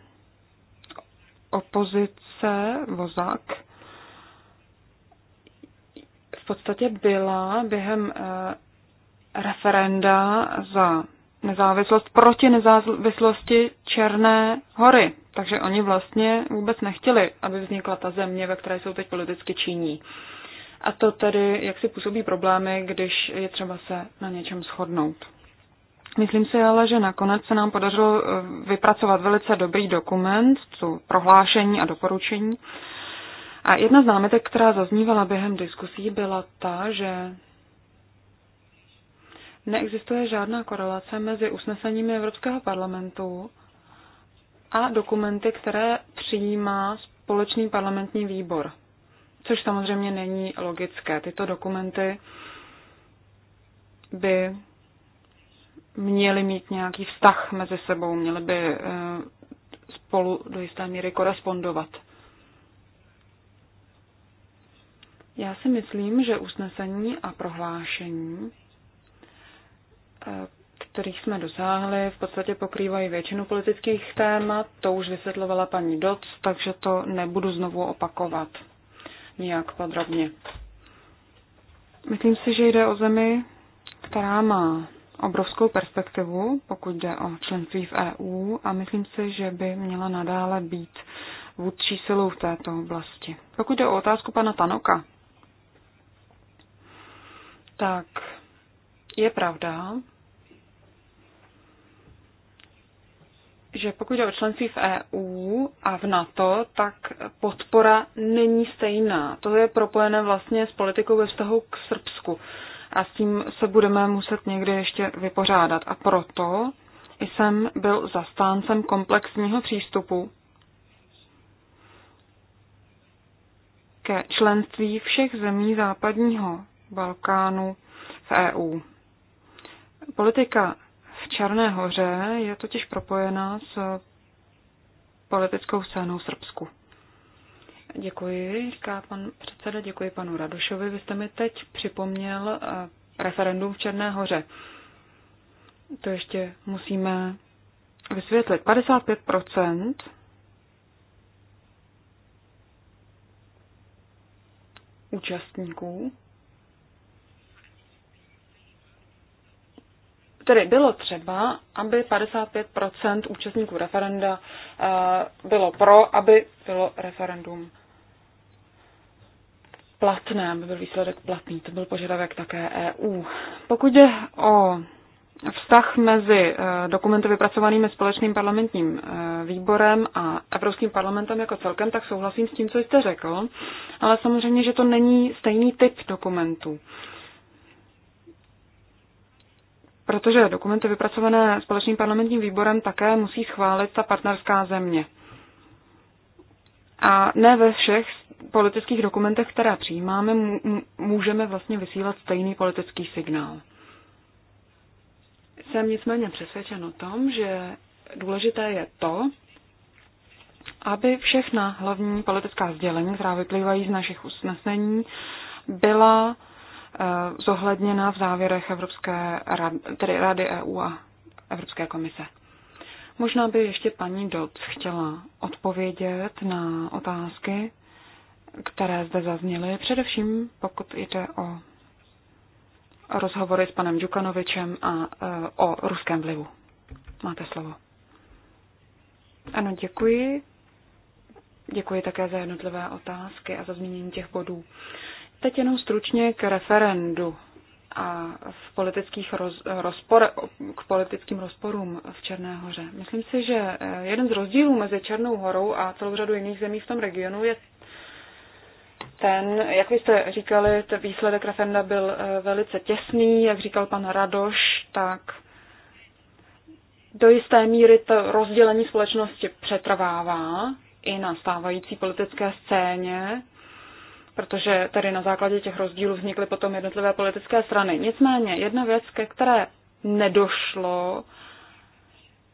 Opozice, vozák, v podstatě byla během eh, referenda za nezávislost proti nezávislosti Černé hory. Takže oni vlastně vůbec nechtěli, aby vznikla ta země, ve které jsou teď politicky činní. A to tedy, jak si působí problémy, když je třeba se na něčem shodnout. Myslím si ale, že nakonec se nám podařilo eh, vypracovat velice dobrý dokument, tu prohlášení a doporučení. A jedna z námitek, která zaznívala během diskusí, byla ta, že neexistuje žádná korelace mezi usneseními Evropského parlamentu a dokumenty, které přijímá společný parlamentní výbor. Což samozřejmě není logické. Tyto dokumenty by měli mít nějaký vztah mezi sebou, měli by eh, spolu do jisté míry korespondovat. Já si myslím, že usnesení a prohlášení, eh, kterých jsme dosáhli, v podstatě pokrývají většinu politických témat. To už vysvětlovala paní Doc, takže to nebudu znovu opakovat nijak podrobně. Myslím si, že jde o zemi, která má obrovskou perspektivu, pokud jde o členství v EU a myslím si, že by měla nadále být vůdčí silou v této oblasti. Pokud jde o otázku pana Tanoka, tak je pravda, že pokud jde o členství v EU a v NATO, tak podpora není stejná. To je propojené vlastně s politikou ve vztahu k Srbsku a s tím se budeme muset někdy ještě vypořádat. A proto jsem byl zastáncem komplexního přístupu ke členství všech zemí západního Balkánu v EU. Politika v Černé hoře je totiž propojená s politickou scénou v Srbsku. Děkuji, říká pan předseda, děkuji panu Radošovi. Vy jste mi teď připomněl eh, referendum v Černé hoře. To ještě musíme vysvětlit. 55 účastníků Tedy bylo třeba, aby 55 účastníků referenda eh, bylo pro, aby bylo referendum platné, aby byl výsledek platný. To byl požadavek také EU. Pokud je o vztah mezi eh, dokumenty vypracovanými společným parlamentním eh, výborem a Evropským parlamentem jako celkem, tak souhlasím s tím, co jste řekl, ale samozřejmě, že to není stejný typ dokumentů protože dokumenty vypracované společným parlamentním výborem také musí schválit ta partnerská země. A ne ve všech politických dokumentech, které přijímáme, můžeme vlastně vysílat stejný politický signál. Jsem nicméně přesvědčen o tom, že důležité je to, aby všechna hlavní politická sdělení, která vyplývají z našich usnesení, byla Eh, zohledněna v závěrech Evropské rady, tedy Rady EU a Evropské komise. Možná by ještě paní Doc chtěla odpovědět na otázky, které zde zazněly, především pokud jde o rozhovory s panem Džukanovičem a eh, o ruském vlivu. Máte slovo. Ano, děkuji. Děkuji také za jednotlivé otázky a za zmínění těch bodů. Teď jenom stručně k referendu a v politických roz, rozpor, k politickým rozporům v Černé hoře. Myslím si, že eh, jeden z rozdílů mezi Černou horou a celou řadu jiných zemí v tom regionu je ten, jak vy jste říkali, ten výsledek referenda byl eh, velice těsný, jak říkal pan Radoš, tak do jisté míry to rozdělení společnosti přetrvává i na stávající politické scéně protože tady na základě těch rozdílů vznikly potom jednotlivé politické strany. Nicméně jedna věc, ke které nedošlo,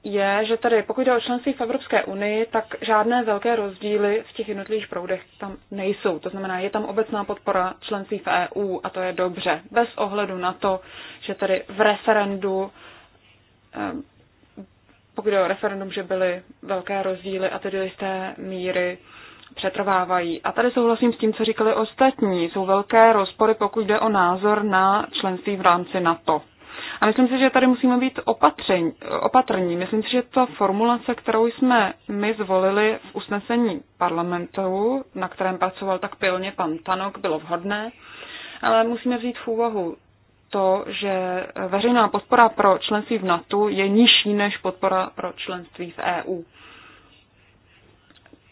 je, že tady pokud jde o členství v Evropské unii, tak žádné velké rozdíly v těch jednotlivých proudech tam nejsou. To znamená, je tam obecná podpora členství v EU a to je dobře. Bez ohledu na to, že tady v referendu, ehm, pokud jde o referendum, že byly velké rozdíly a tedy jisté míry přetrvávají. A tady souhlasím s tím, co říkali ostatní. Jsou velké rozpory, pokud jde o názor na členství v rámci NATO. A myslím si, že tady musíme být opatření, opatrní. Myslím si, že ta formulace, kterou jsme my zvolili v usnesení parlamentu, na kterém pracoval tak pilně pan Tanok, bylo vhodné, ale musíme vzít v úvahu to, že veřejná podpora pro členství v NATO je nižší než podpora pro členství v EU.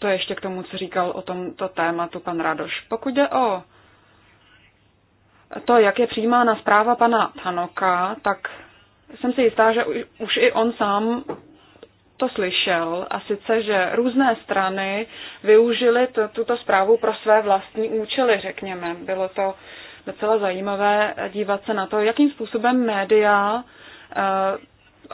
To je ještě k tomu, co říkal o tomto tématu pan Radoš. Pokud jde o to, jak je přijímána zpráva pana Tanoka, tak jsem si jistá, že už i on sám to slyšel, a sice, že různé strany využily tuto zprávu pro své vlastní účely, řekněme. Bylo to docela zajímavé dívat se na to, jakým způsobem média eh,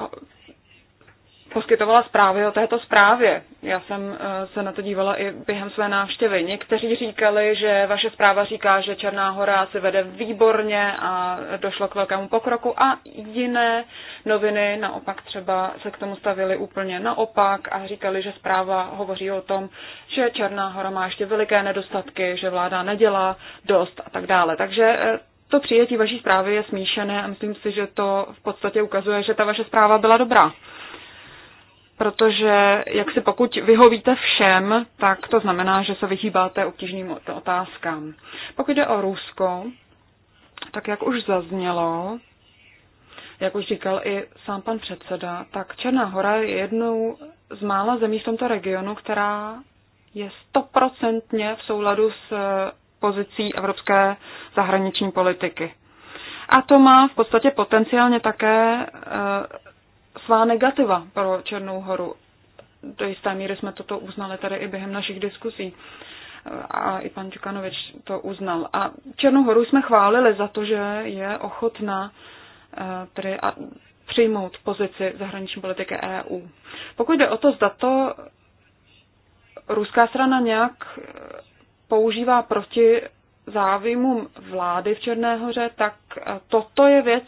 poskytovala zprávy o této zprávě. Já jsem eh, se na to dívala i během své návštěvy. Někteří říkali, že vaše zpráva říká, že Černá hora se vede výborně a došlo k velkému pokroku a jiné noviny naopak třeba se k tomu stavili úplně naopak a říkali, že zpráva hovoří o tom, že Černá hora má ještě veliké nedostatky, že vláda nedělá dost a tak dále. Takže eh, to přijetí vaší zprávy je smíšené a myslím si, že to v podstatě ukazuje, že ta vaše zpráva byla dobrá protože jak si pokud vyhovíte všem, tak to znamená, že se vyhýbáte obtížným otázkám. Pokud jde o Rusko, tak jak už zaznělo, jak už říkal i sám pan předseda, tak Černá hora je jednou z mála zemí v tomto regionu, která je stoprocentně v souladu s pozicí evropské zahraniční politiky. A to má v podstatě potenciálně také eh, svá negativa pro Černou horu. Do jisté míry jsme toto uznali tady i během našich diskusí. a i pan Čukanovič to uznal. A Černou horu jsme chválili za to, že je ochotná eh, tedy a přijmout pozici zahraniční politiky EU. Pokud jde o to, zda to ruská strana nějak eh, používá proti závimům vlády v Černé hoře, tak eh, toto je věc,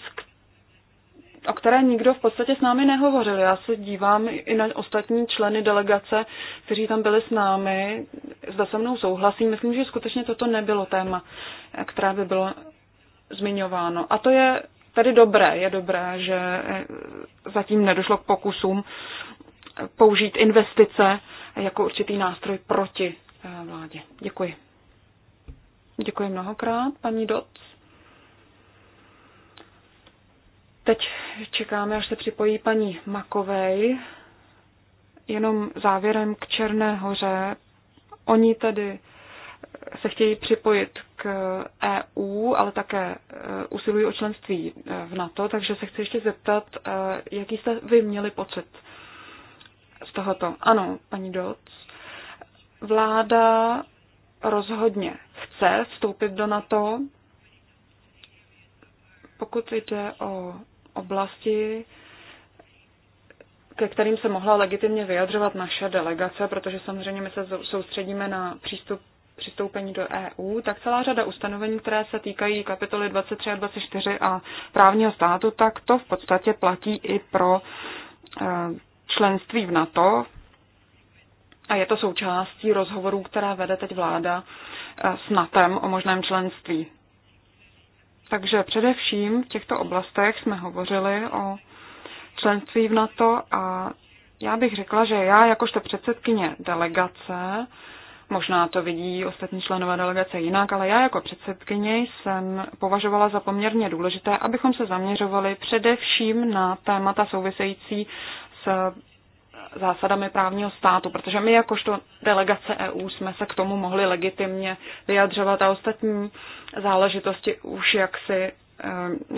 o které nikdo v podstatě s námi nehovořil. Já se dívám i na ostatní členy delegace, kteří tam byli s námi, zda se mnou souhlasí. Myslím, že skutečně toto nebylo téma, které by bylo zmiňováno. A to je tedy dobré, je dobré, že zatím nedošlo k pokusům použít investice jako určitý nástroj proti eh, vládě. Děkuji. Děkuji mnohokrát, paní Doc. Teď čekáme, až se připojí paní Makovej. Jenom závěrem k Černé hoře. Oni tedy se chtějí připojit k EU, ale také e, usilují o členství e, v NATO, takže se chci ještě zeptat, e, jaký jste vy měli pocit z tohoto. Ano, paní Doc, vláda rozhodně chce vstoupit do NATO, pokud jde o oblasti, ke kterým se mohla legitimně vyjadřovat naše delegace, protože samozřejmě my se soustředíme na přístup přistoupení do EU, tak celá řada ustanovení, které se týkají kapitoly 23 a 24 a právního státu, tak to v podstatě platí i pro e, členství v NATO. A je to součástí rozhovorů, které vede teď vláda e, s NATO o možném členství. Takže především v těchto oblastech jsme hovořili o členství v NATO a já bych řekla, že já jakožto předsedkyně delegace, možná to vidí ostatní členové delegace jinak, ale já jako předsedkyně jsem považovala za poměrně důležité, abychom se zaměřovali především na témata související s zásadami právního státu, protože my jakožto delegace EU jsme se k tomu mohli legitimně vyjadřovat a ostatní záležitosti už jaksi eh,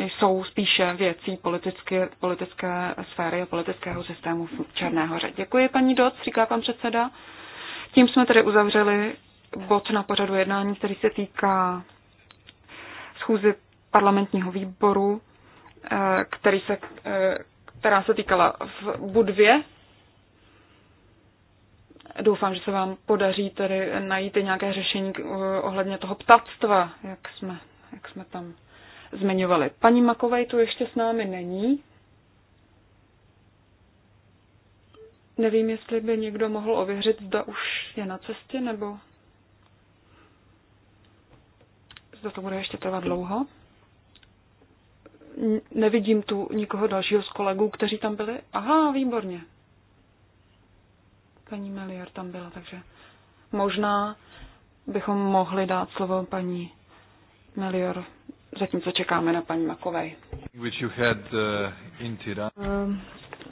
jsou spíše věcí politické, politické sféry a politického systému v Černé Děkuji, paní Doc, říká pan předseda. Tím jsme tedy uzavřeli bod na pořadu jednání, který se týká schůzy parlamentního výboru, eh, který se, eh, která se týkala v Budvě Doufám, že se vám podaří tedy najít i nějaké řešení ohledně toho ptactva, jak jsme, jak jsme tam zmiňovali. Paní Makovej tu ještě s námi není. Nevím, jestli by někdo mohl ověřit, zda už je na cestě, nebo zda to bude ještě trvat dlouho. Nevidím tu nikoho dalšího z kolegů, kteří tam byli. Aha, výborně paní Meliar tam byla, takže možná bychom mohli dát slovo paní Melior, zatímco čekáme na paní Makovej. Which you had, uh, in um,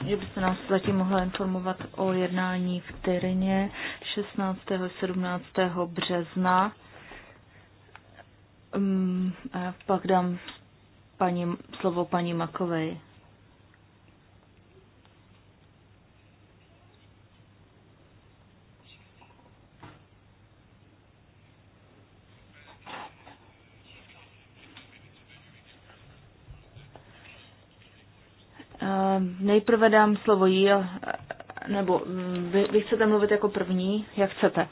že byste nás zatím mohla informovat o jednání v Tyrině 16. a 17. března. Um, pak dám paní, slovo paní Makovej. Eh, nejprve dám slovo jí, nebo mm, vy, vy chcete mluvit jako první, jak chcete.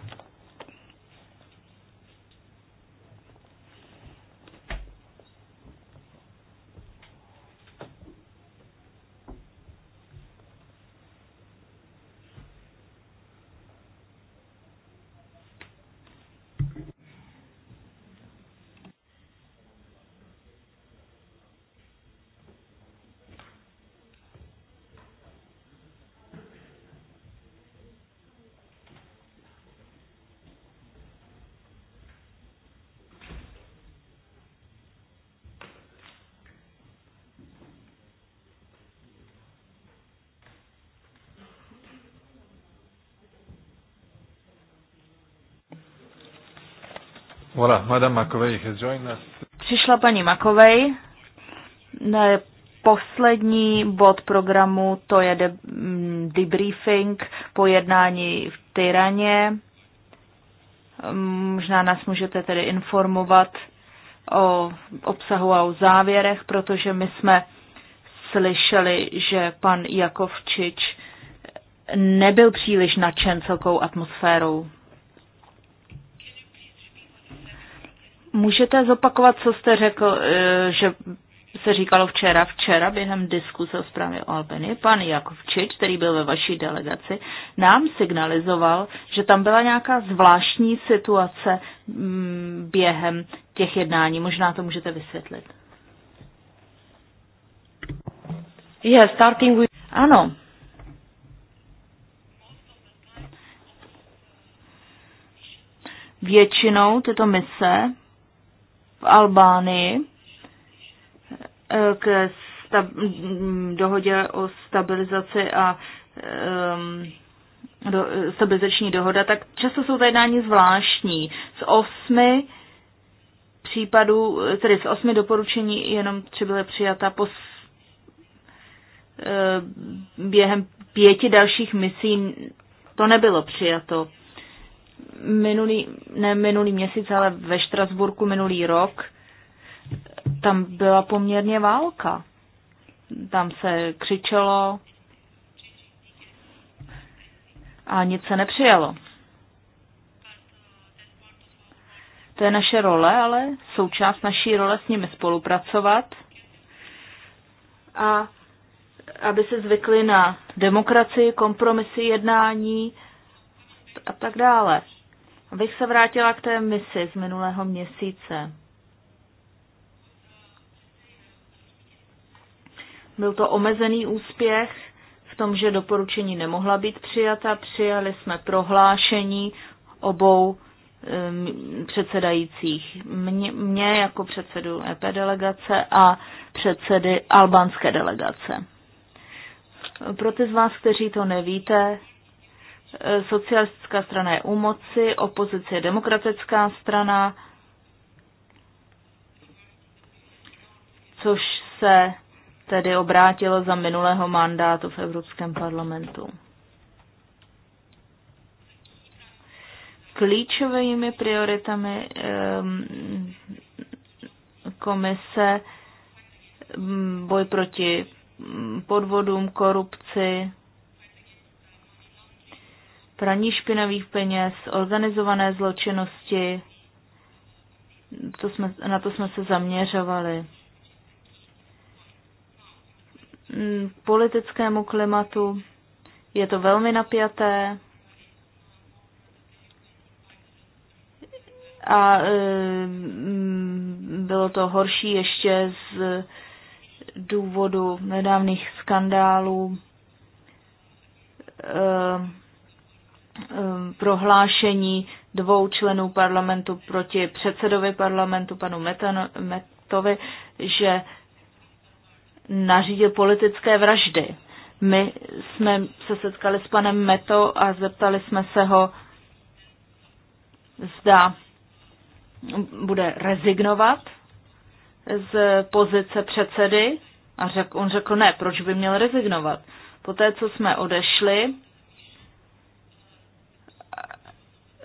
Voilà, Madame McAvey has joined us. Přišla paní Makovej. Ne, poslední bod programu, to je de- mm, debriefing po jednání v Tyraně. Mm, možná nás můžete tedy informovat o obsahu a o závěrech, protože my jsme slyšeli, že pan Jakovčič nebyl příliš nadšen celkou atmosférou Můžete zopakovat, co jste řekl, eh, že se říkalo včera, včera během diskuse o zprávě o Albany, pan Jakovčič, který byl ve vaší delegaci, nám signalizoval, že tam byla nějaká zvláštní situace mm, během těch jednání. Možná to můžete vysvětlit. Yeah, starting with... Ano. Většinou tyto mise v Albánii eh, k stab- dohodě o stabilizaci a um, do, stabilizační dohoda, tak často jsou ta jednání zvláštní. Z osmi případů, tedy z osmi doporučení jenom tři byly přijata po eh, během pěti dalších misí to nebylo přijato minulý, ne minulý měsíc, ale ve Štrasburku minulý rok, tam byla poměrně válka. Tam se křičelo a nic se nepřijalo. To je naše role, ale součást naší role s nimi spolupracovat a aby se zvykli na demokracii, kompromisy, jednání, a tak dále. Abych se vrátila k té misi z minulého měsíce. Byl to omezený úspěch v tom, že doporučení nemohla být přijata. Přijali jsme prohlášení obou předsedajících. Mě, mě jako předsedu EP delegace a předsedy albánské delegace. Pro ty z vás, kteří to nevíte, Eh, socialistická strana je u moci, opozice je demokratická strana, což se tedy obrátilo za minulého mandátu v Evropském parlamentu. Klíčovými prioritami ehm, komise mm, boj proti mm, podvodům, korupci, praní špinavých peněz, organizované zločinnosti. To jsme, na to jsme se zaměřovali. Mm, politickému klimatu je to velmi napjaté. A e, mm, bylo to horší ještě z důvodu nedávných skandálů. E, Um, prohlášení dvou členů parlamentu proti předsedovi parlamentu, panu Metovi, že nařídil politické vraždy. My jsme se setkali s panem Meto a zeptali jsme se ho, zda bude rezignovat z pozice předsedy a řek, on řekl ne, proč by měl rezignovat. Poté, co jsme odešli,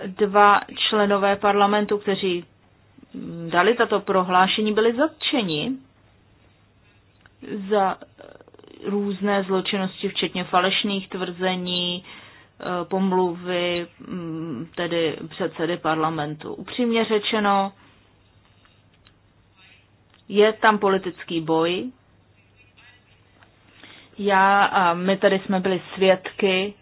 dva členové parlamentu, kteří dali tato prohlášení, byli zatčeni za různé zločinnosti, včetně falešných tvrzení, eh, pomluvy mm, tedy předsedy parlamentu. Upřímně řečeno, je tam politický boj. Já a my tady jsme byli svědky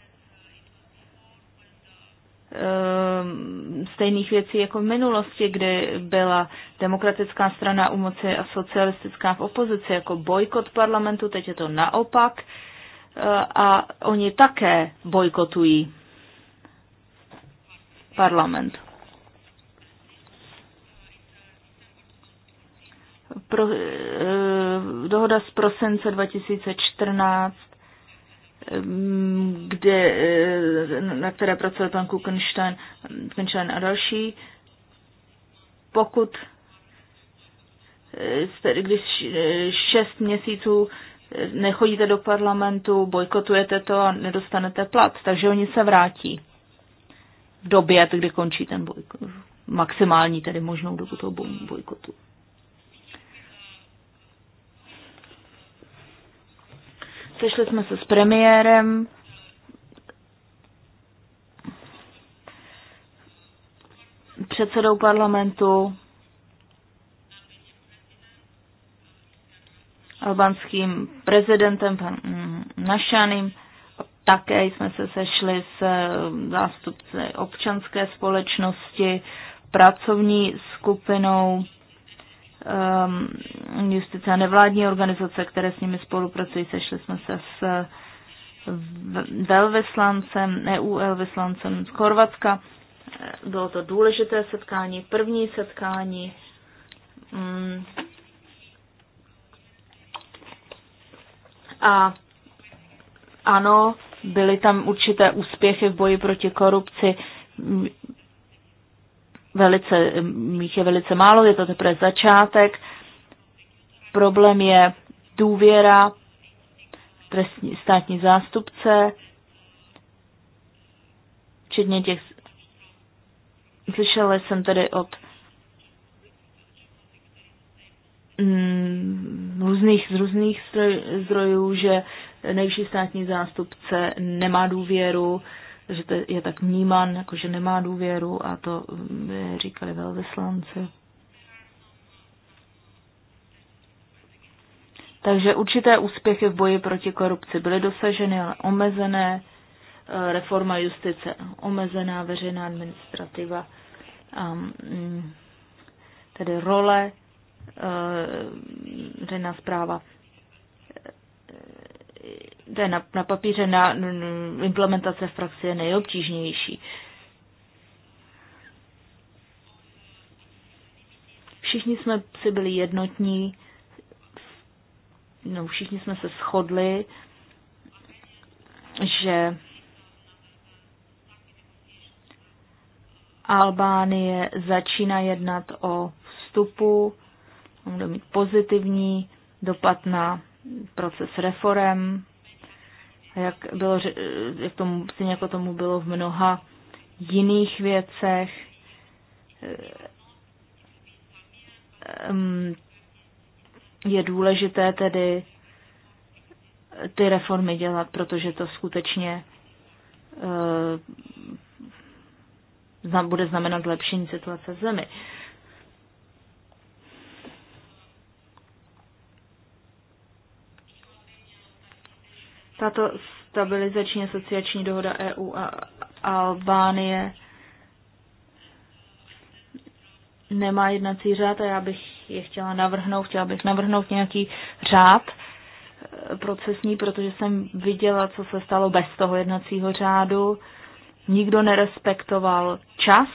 Um, stejných věcí jako v minulosti, kdy byla demokratická strana u moci a socialistická v opozici, jako bojkot parlamentu, teď je to naopak uh, a oni také bojkotují parlament. Pro, uh, dohoda z prosince 2014 kde, eh, na které pracuje pan Kukenstein, Kukenstein a další. Pokud eh, když eh, šest měsíců nechodíte do parlamentu, bojkotujete to a nedostanete plat, takže oni se vrátí v době, kdy končí ten bojkot, maximální tedy možnou dobu toho bojkotu. Sešli jsme se s premiérem. předsedou parlamentu, albánským prezidentem pan mm, Našanem. Také jsme se sešli s eh, zástupci občanské společnosti, pracovní skupinou um, justice a nevládní organizace, které s nimi spolupracují. Sešli jsme se s velvyslancem, EU velvyslancem z Chorvatska. Bylo to důležité setkání, první setkání. Mm. a ano, byly tam určité úspěchy v boji proti korupci velice, mých je velice málo, je to teprve začátek. Problém je důvěra trestní, státní zástupce, včetně těch, slyšela jsem tedy od mm, různých, z různých zdrojů, že nejvyšší státní zástupce nemá důvěru, že to je tak vnímán, jako že nemá důvěru a to mm, říkali velvyslanci. Takže určité úspěchy v boji proti korupci byly dosaženy, ale omezené, e, reforma justice omezená, veřejná administrativa, mm, tedy role, e, veřejná zpráva to na, na papíře, na implementace v praxi je nejobtížnější. Všichni jsme si byli jednotní, no, všichni jsme se shodli, že Albánie začíná jednat o vstupu, bude mít pozitivní dopad na proces reform, jak, bylo, jak tomu, stejně jako tomu bylo v mnoha jiných věcech. Ehm, je důležité tedy ty reformy dělat, protože to skutečně eh, bude znamenat zlepšení situace v zemi. Tato stabilizační asociační dohoda EU a Albánie nemá jednací řád a já bych je chtěla navrhnout, chtěla bych navrhnout nějaký řád eh, procesní, protože jsem viděla, co se stalo bez toho jednacího řádu. Nikdo nerespektoval čas,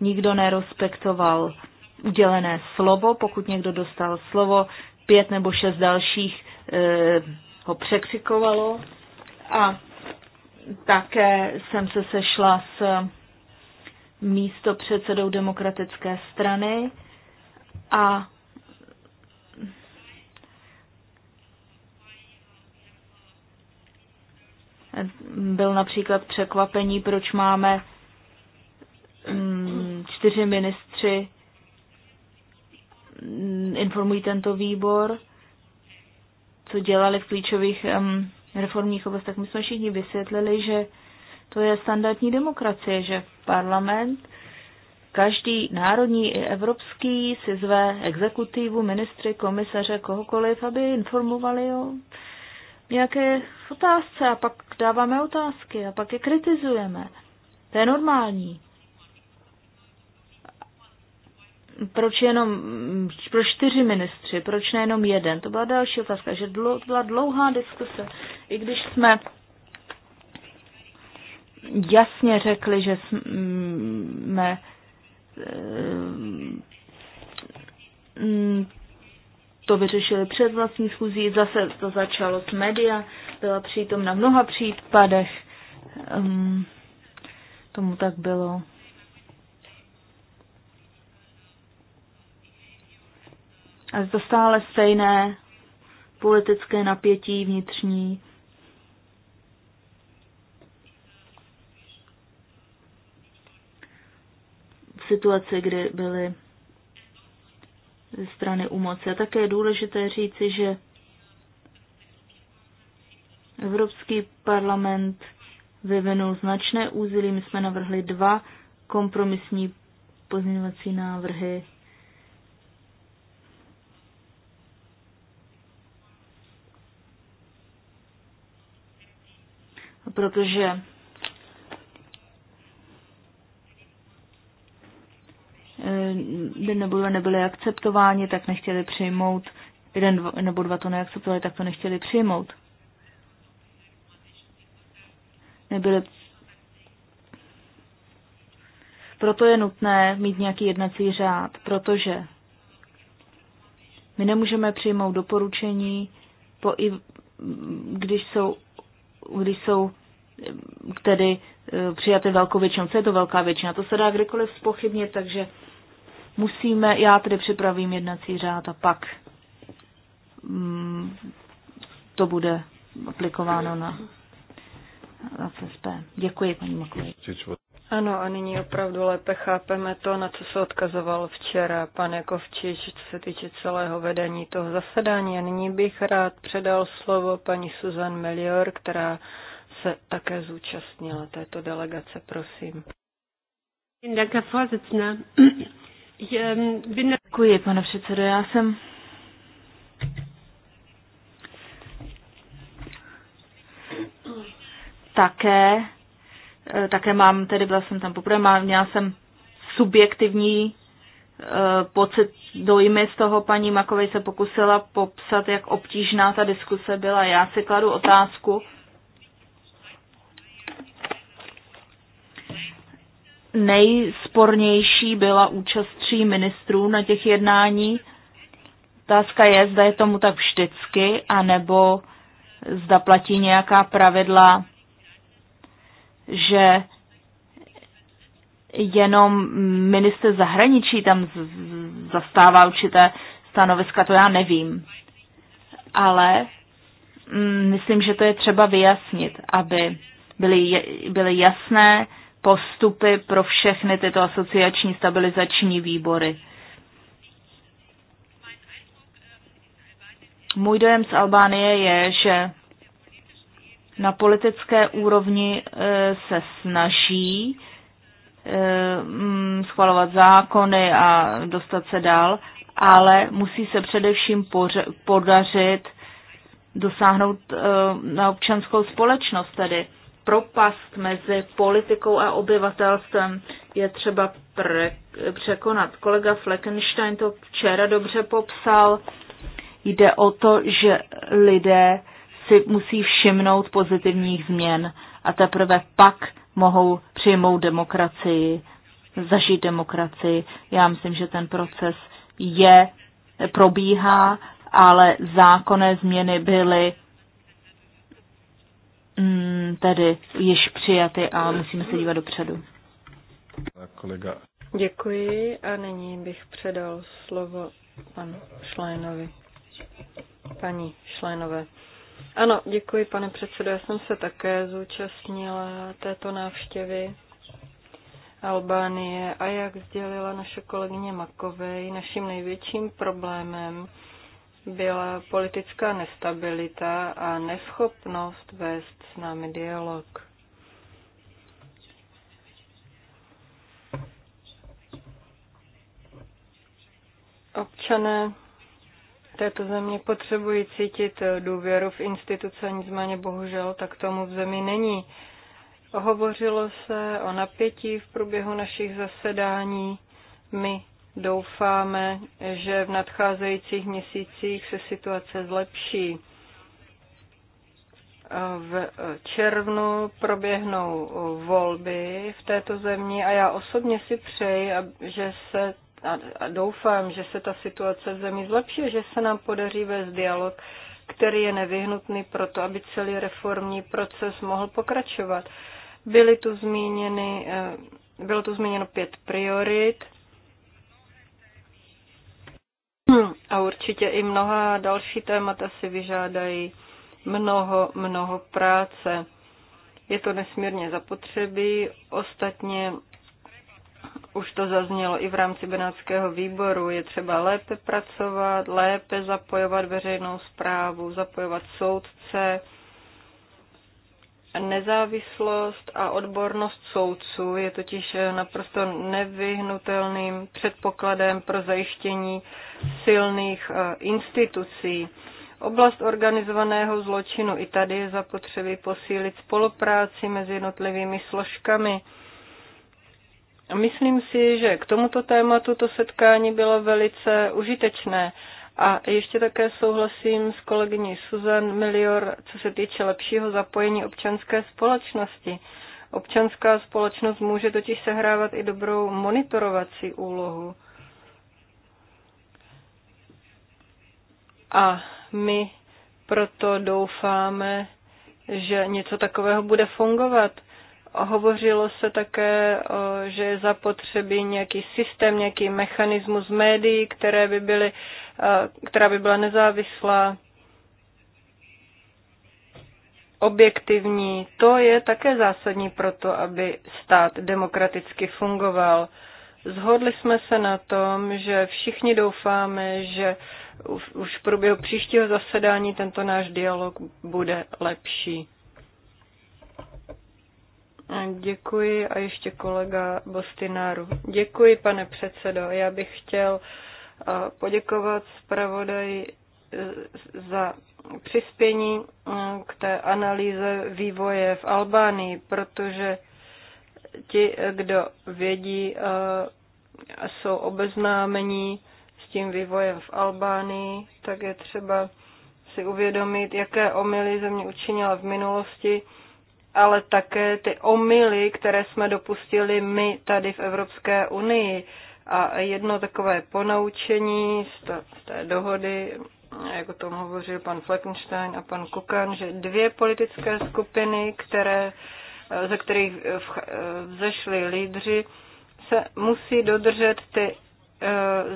nikdo nerespektoval udělené slovo. Pokud někdo dostal slovo, pět nebo šest dalších e, ho překřikovalo a také jsem se sešla s místo předsedou demokratické strany a byl například překvapení, proč máme mm, čtyři ministři mm, informují tento výbor co dělali v klíčových um, reformních oblastech. My jsme všichni vysvětlili, že to je standardní demokracie, že parlament, každý národní i evropský si zve exekutivu, ministry, komisaře, kohokoliv, aby informovali o nějaké otázce a pak dáváme otázky a pak je kritizujeme. To je normální. proč jenom, pro čtyři ministři, proč nejenom jeden? To byla další otázka, že dlo, to byla dlouhá diskuse. I když jsme jasně řekli, že jsme eh, to vyřešili před vlastní schůzí, zase to začalo s média, byla přítomna v mnoha případech, ehm, tomu tak bylo. A to stále stejné politické napětí vnitřní. V situaci, kdy byly ze strany u moci. A také je důležité říci, že Evropský parlament vyvinul značné úsilí. My jsme navrhli dva kompromisní pozměňovací návrhy protože eh, by nebyly, nebyly akceptováni, tak nechtěli přijmout, jeden dva, nebo dva to neakceptovali, tak to nechtěli přijmout. Nebyly proto je nutné mít nějaký jednací řád, protože my nemůžeme přijmout doporučení, po i, když, jsou, když jsou tedy eh, přijaty velkou většinou. Co je to velká většina? To se dá kdykoliv spochybnit, takže musíme, já tedy připravím jednací řád a pak mm, to bude aplikováno na, na CSP. Děkuji, paní Makovi. Ano, a nyní opravdu lépe chápeme to, na co se odkazoval včera pan Jakovčič, co se týče celého vedení toho zasedání. A nyní bych rád předal slovo paní Susan Melior, která se také zúčastnila této delegace, prosím. Děkuji, pane předsedo. Já jsem také, eh, také mám, tedy byla jsem tam poprvé, mám, měla jsem subjektivní eh, pocit, dojmy z toho paní Makovej se pokusila popsat, jak obtížná ta diskuse byla. Já si kladu otázku, nejspornější byla účast tří ministrů na těch jednání. Otázka je, zda je tomu tak vždycky, anebo zda platí nějaká pravidla, že jenom minister zahraničí tam zastává určité stanoviska, to já nevím. Ale mm, myslím, že to je třeba vyjasnit, aby byly, byly jasné postupy pro všechny tyto asociační stabilizační výbory. Můj dojem z Albánie je, že na politické úrovni e, se snaží e, mm, schvalovat zákony a dostat se dál, ale musí se především podařit dosáhnout e, na občanskou společnost tedy propast mezi politikou a obyvatelstvem je třeba pre, překonat. Kolega Fleckenstein to včera dobře popsal. Jde o to, že lidé si musí všimnout pozitivních změn a teprve pak mohou přijmout demokracii, zažít demokracii. Já myslím, že ten proces je, probíhá, ale zákonné změny byly Mm, tedy již přijaty a musíme se dívat dopředu. Kolega. Děkuji a nyní bych předal slovo panu Šlénovi. Paní Šlénové. Ano, děkuji, pane předsedo. Já jsem se také zúčastnila této návštěvy Albánie a jak sdělila naše kolegyně Makovej, naším největším problémem byla politická nestabilita a neschopnost vést s námi dialog. Občané této země potřebují cítit důvěru v instituce, nicméně bohužel tak tomu v zemi není. Hovořilo se o napětí v průběhu našich zasedání. My Doufáme, že v nadcházejících měsících se situace zlepší. V červnu proběhnou volby v této zemi a já osobně si přeji, že se a doufám, že se ta situace v zemi zlepší, že se nám podaří vést dialog, který je nevyhnutný pro to, aby celý reformní proces mohl pokračovat. Byly tu zmíněny, eh, bylo tu zmíněno pět priorit, a určitě i mnoha další témata si vyžádají mnoho, mnoho práce. Je to nesmírně zapotřebí. Ostatně už to zaznělo i v rámci Benátského výboru. Je třeba lépe pracovat, lépe zapojovat veřejnou zprávu, zapojovat soudce, Nezávislost a odbornost soudců je totiž eh, naprosto nevyhnutelným předpokladem pro zajištění silných eh, institucí. Oblast organizovaného zločinu i tady je zapotřebí posílit spolupráci mezi jednotlivými složkami. Myslím si, že k tomuto tématu to setkání bylo velice užitečné a ještě také souhlasím s kolegyní Susan Milior, co se týče lepšího zapojení občanské společnosti. Občanská společnost může totiž sehrávat i dobrou monitorovací úlohu. A my proto doufáme, že něco takového bude fungovat. Hovořilo se také, že je zapotřebí nějaký systém, nějaký mechanismus médií, které by byly Eh, která by byla nezávislá, objektivní, to je také zásadní pro to, aby stát demokraticky fungoval. Zhodli jsme se na tom, že všichni doufáme, že už v průběhu příštího zasedání tento náš dialog bude lepší. Děkuji a ještě kolega Bostináru. Děkuji, pane předsedo. Já bych chtěl uh, poděkovat zpravodaji e, za přispění k té analýze vývoje v Albánii, protože ti, kdo vědí, e, jsou obeznámení s tím vývojem v Albánii, tak je třeba si uvědomit, jaké omily země učinila v minulosti, ale také ty omily, které jsme dopustili my tady v Evropské unii. A jedno takové ponaučení z, ta, z té dohody, jak o tom hovořil pan Fleckenstein a pan Kukan, že dvě politické skupiny, které, ze kterých vzešli lídři, se musí dodržet ty e,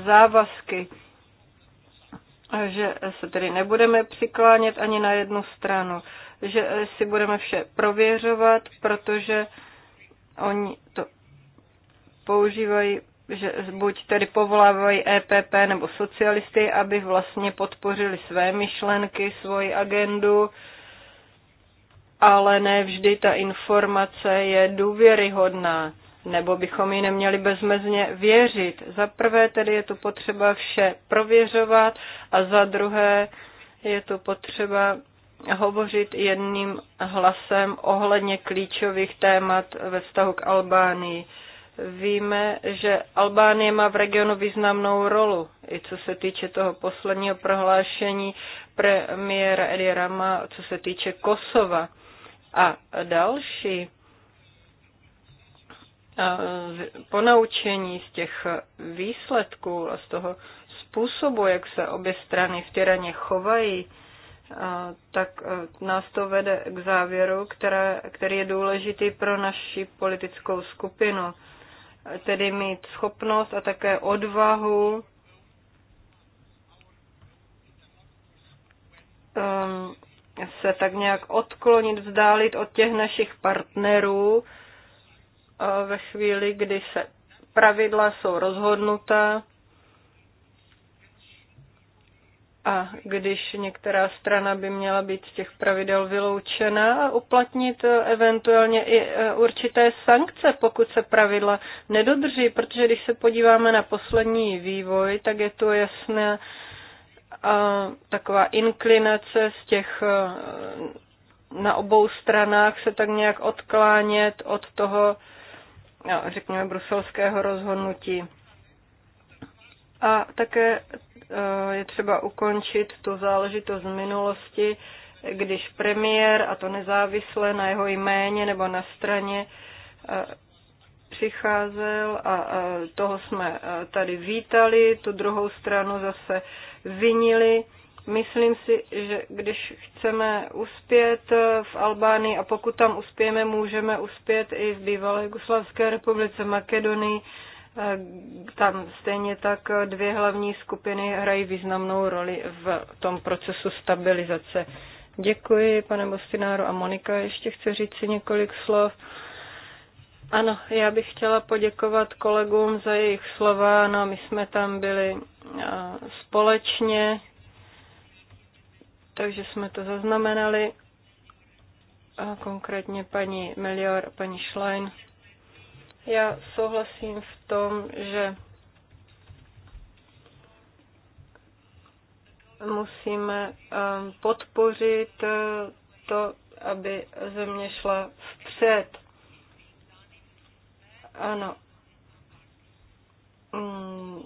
závazky, že se tedy nebudeme přiklánět ani na jednu stranu, že si budeme vše prověřovat, protože oni to používají že buď tedy povolávají EPP nebo socialisty, aby vlastně podpořili své myšlenky, svoji agendu, ale ne vždy ta informace je důvěryhodná, nebo bychom ji neměli bezmezně věřit. Za prvé tedy je tu potřeba vše prověřovat a za druhé je tu potřeba hovořit jedním hlasem ohledně klíčových témat ve vztahu k Albánii. Víme, že Albánie má v regionu významnou rolu, i co se týče toho posledního prohlášení premiéra Edi Rama, co se týče Kosova. A další ponaučení z těch výsledků a z toho způsobu, jak se obě strany v Tyraně chovají, tak nás to vede k závěru, které, který je důležitý pro naši politickou skupinu tedy mít schopnost a také odvahu um, se tak nějak odklonit, vzdálit od těch našich partnerů uh, ve chvíli, kdy se pravidla jsou rozhodnuta A když některá strana by měla být z těch pravidel vyloučena, uplatnit eh, eventuálně i eh, určité sankce, pokud se pravidla nedodrží, protože když se podíváme na poslední vývoj, tak je to jasné taková inklinace z těch eh, na obou stranách se tak nějak odklánět od toho, no, řekněme, bruselského rozhodnutí. A také Eh, je třeba ukončit tu záležitost z minulosti, když premiér, a to nezávisle na jeho jméně nebo na straně, eh, přicházel a eh, toho jsme tady vítali, tu druhou stranu zase vinili. Myslím si, že když chceme uspět v Albánii a pokud tam uspějeme, můžeme uspět i v bývalé Jugoslavské republice Makedonii, Eh, tam stejně tak dvě hlavní skupiny hrají významnou roli v tom procesu stabilizace. Děkuji, pane Bostináru a Monika, ještě chce říct si několik slov. Ano, já bych chtěla poděkovat kolegům za jejich slova. No, my jsme tam byli eh, společně, takže jsme to zaznamenali. A konkrétně paní Melior a paní Schlein. Já souhlasím v tom, že musíme um, podpořit uh, to, aby země šla vpřed. Ano. Mm,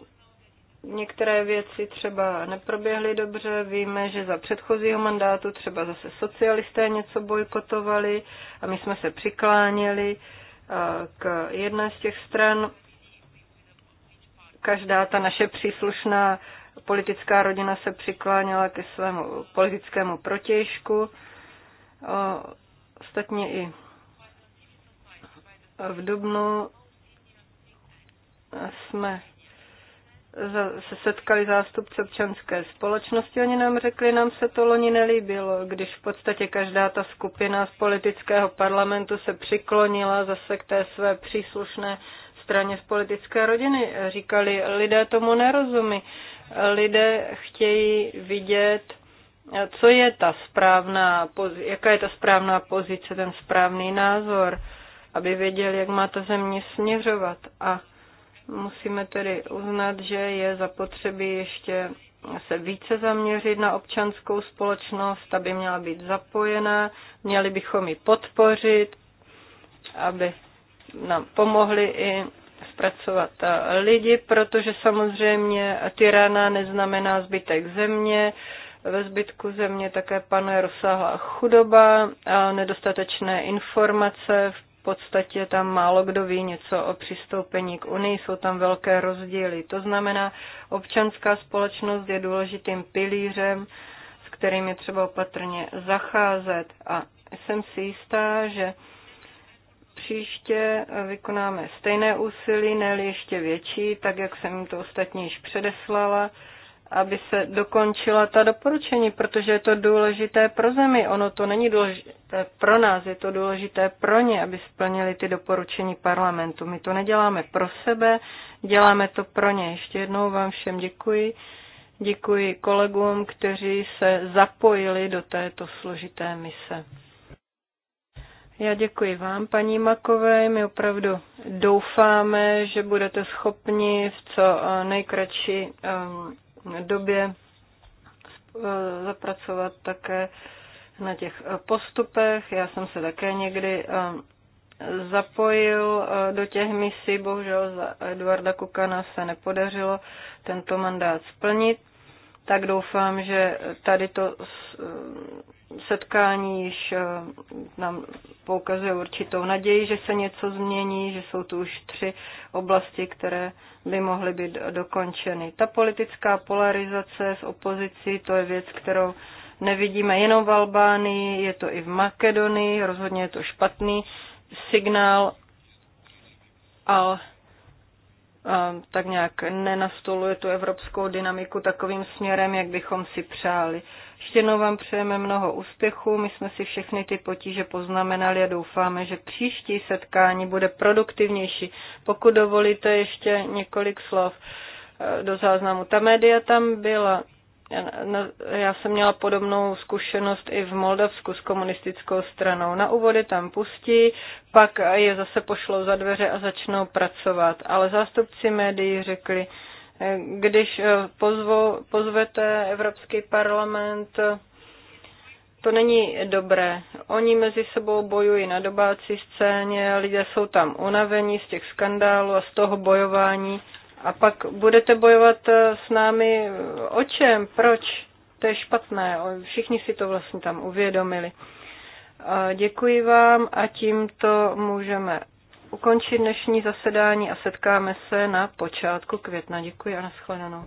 některé věci třeba neproběhly dobře. Víme, že za předchozího mandátu třeba zase socialisté něco bojkotovali a my jsme se přikláněli. Uh, k jedné z těch stran. Každá ta naše příslušná politická rodina se přikláněla ke svému politickému protěžku. Ostatně i v Dubnu jsme se setkali zástupci občanské společnosti, oni nám řekli, nám se to loni nelíbilo, když v podstatě každá ta skupina z politického parlamentu se přiklonila zase k té své příslušné straně z politické rodiny. Říkali, lidé tomu nerozumí. Lidé chtějí vidět, co je ta správná, jaká je ta správná pozice, ten správný názor, aby věděli, jak má ta země směřovat. A Musíme tedy uznat, že je zapotřebí ještě se více zaměřit na občanskou společnost, aby měla být zapojená, měli bychom ji podpořit, aby nám pomohli i zpracovat eh, lidi, protože samozřejmě tyrana neznamená zbytek země, ve zbytku země také panuje rozsáhlá chudoba, a nedostatečné informace v podstatě tam málo kdo ví něco o přistoupení k Unii, jsou tam velké rozdíly. To znamená, občanská společnost je důležitým pilířem, s kterým je třeba opatrně zacházet. A jsem si jistá, že příště vykonáme stejné úsilí, ne ještě větší, tak jak jsem to ostatně již předeslala aby se dokončila ta doporučení, protože je to důležité pro zemi. Ono to není důležité pro nás, je to důležité pro ně, aby splnili ty doporučení parlamentu. My to neděláme pro sebe, děláme to pro ně. Ještě jednou vám všem děkuji. Děkuji kolegům, kteří se zapojili do této složité mise. Já děkuji vám, paní Makové. My opravdu doufáme, že budete schopni v co nejkratší um, době eh, zapracovat také na těch eh, postupech. Já jsem se také někdy eh, zapojil do těch misí, bohužel za Eduarda Kukana se nepodařilo tento mandát splnit, tak doufám, že tady to setkání již eh, nám poukazuje určitou naději, že se něco změní, že jsou tu už tři oblasti, které by mohly být dokončeny. Ta politická polarizace s opozicí, to je věc, kterou nevidíme jenom v Albánii, je to i v Makedonii, rozhodně je to špatný signál, ale eh, tak nějak nenastoluje tu evropskou dynamiku takovým směrem, jak bychom si přáli. Ještě jednou vám přejeme mnoho úspěchů. My jsme si všechny ty potíže poznamenali a doufáme, že příští setkání bude produktivnější. Pokud dovolíte ještě několik slov eh, do záznamu. Ta média tam byla. Já jsem měla podobnou zkušenost i v Moldavsku s komunistickou stranou. Na úvody tam pustí, pak je zase pošlou za dveře a začnou pracovat. Ale zástupci médií řekli, když eh, pozvo, pozvete Evropský parlament, to není dobré. Oni mezi sebou bojují na dobácí scéně, lidé jsou tam unavení z těch skandálů a z toho bojování. A pak budete bojovat eh, s námi eh, o čem, proč? To je špatné. Všichni si to vlastně tam uvědomili. Děkuji vám a tímto můžeme ukončit dnešní zasedání a setkáme se na počátku května. Děkuji a nashledanou.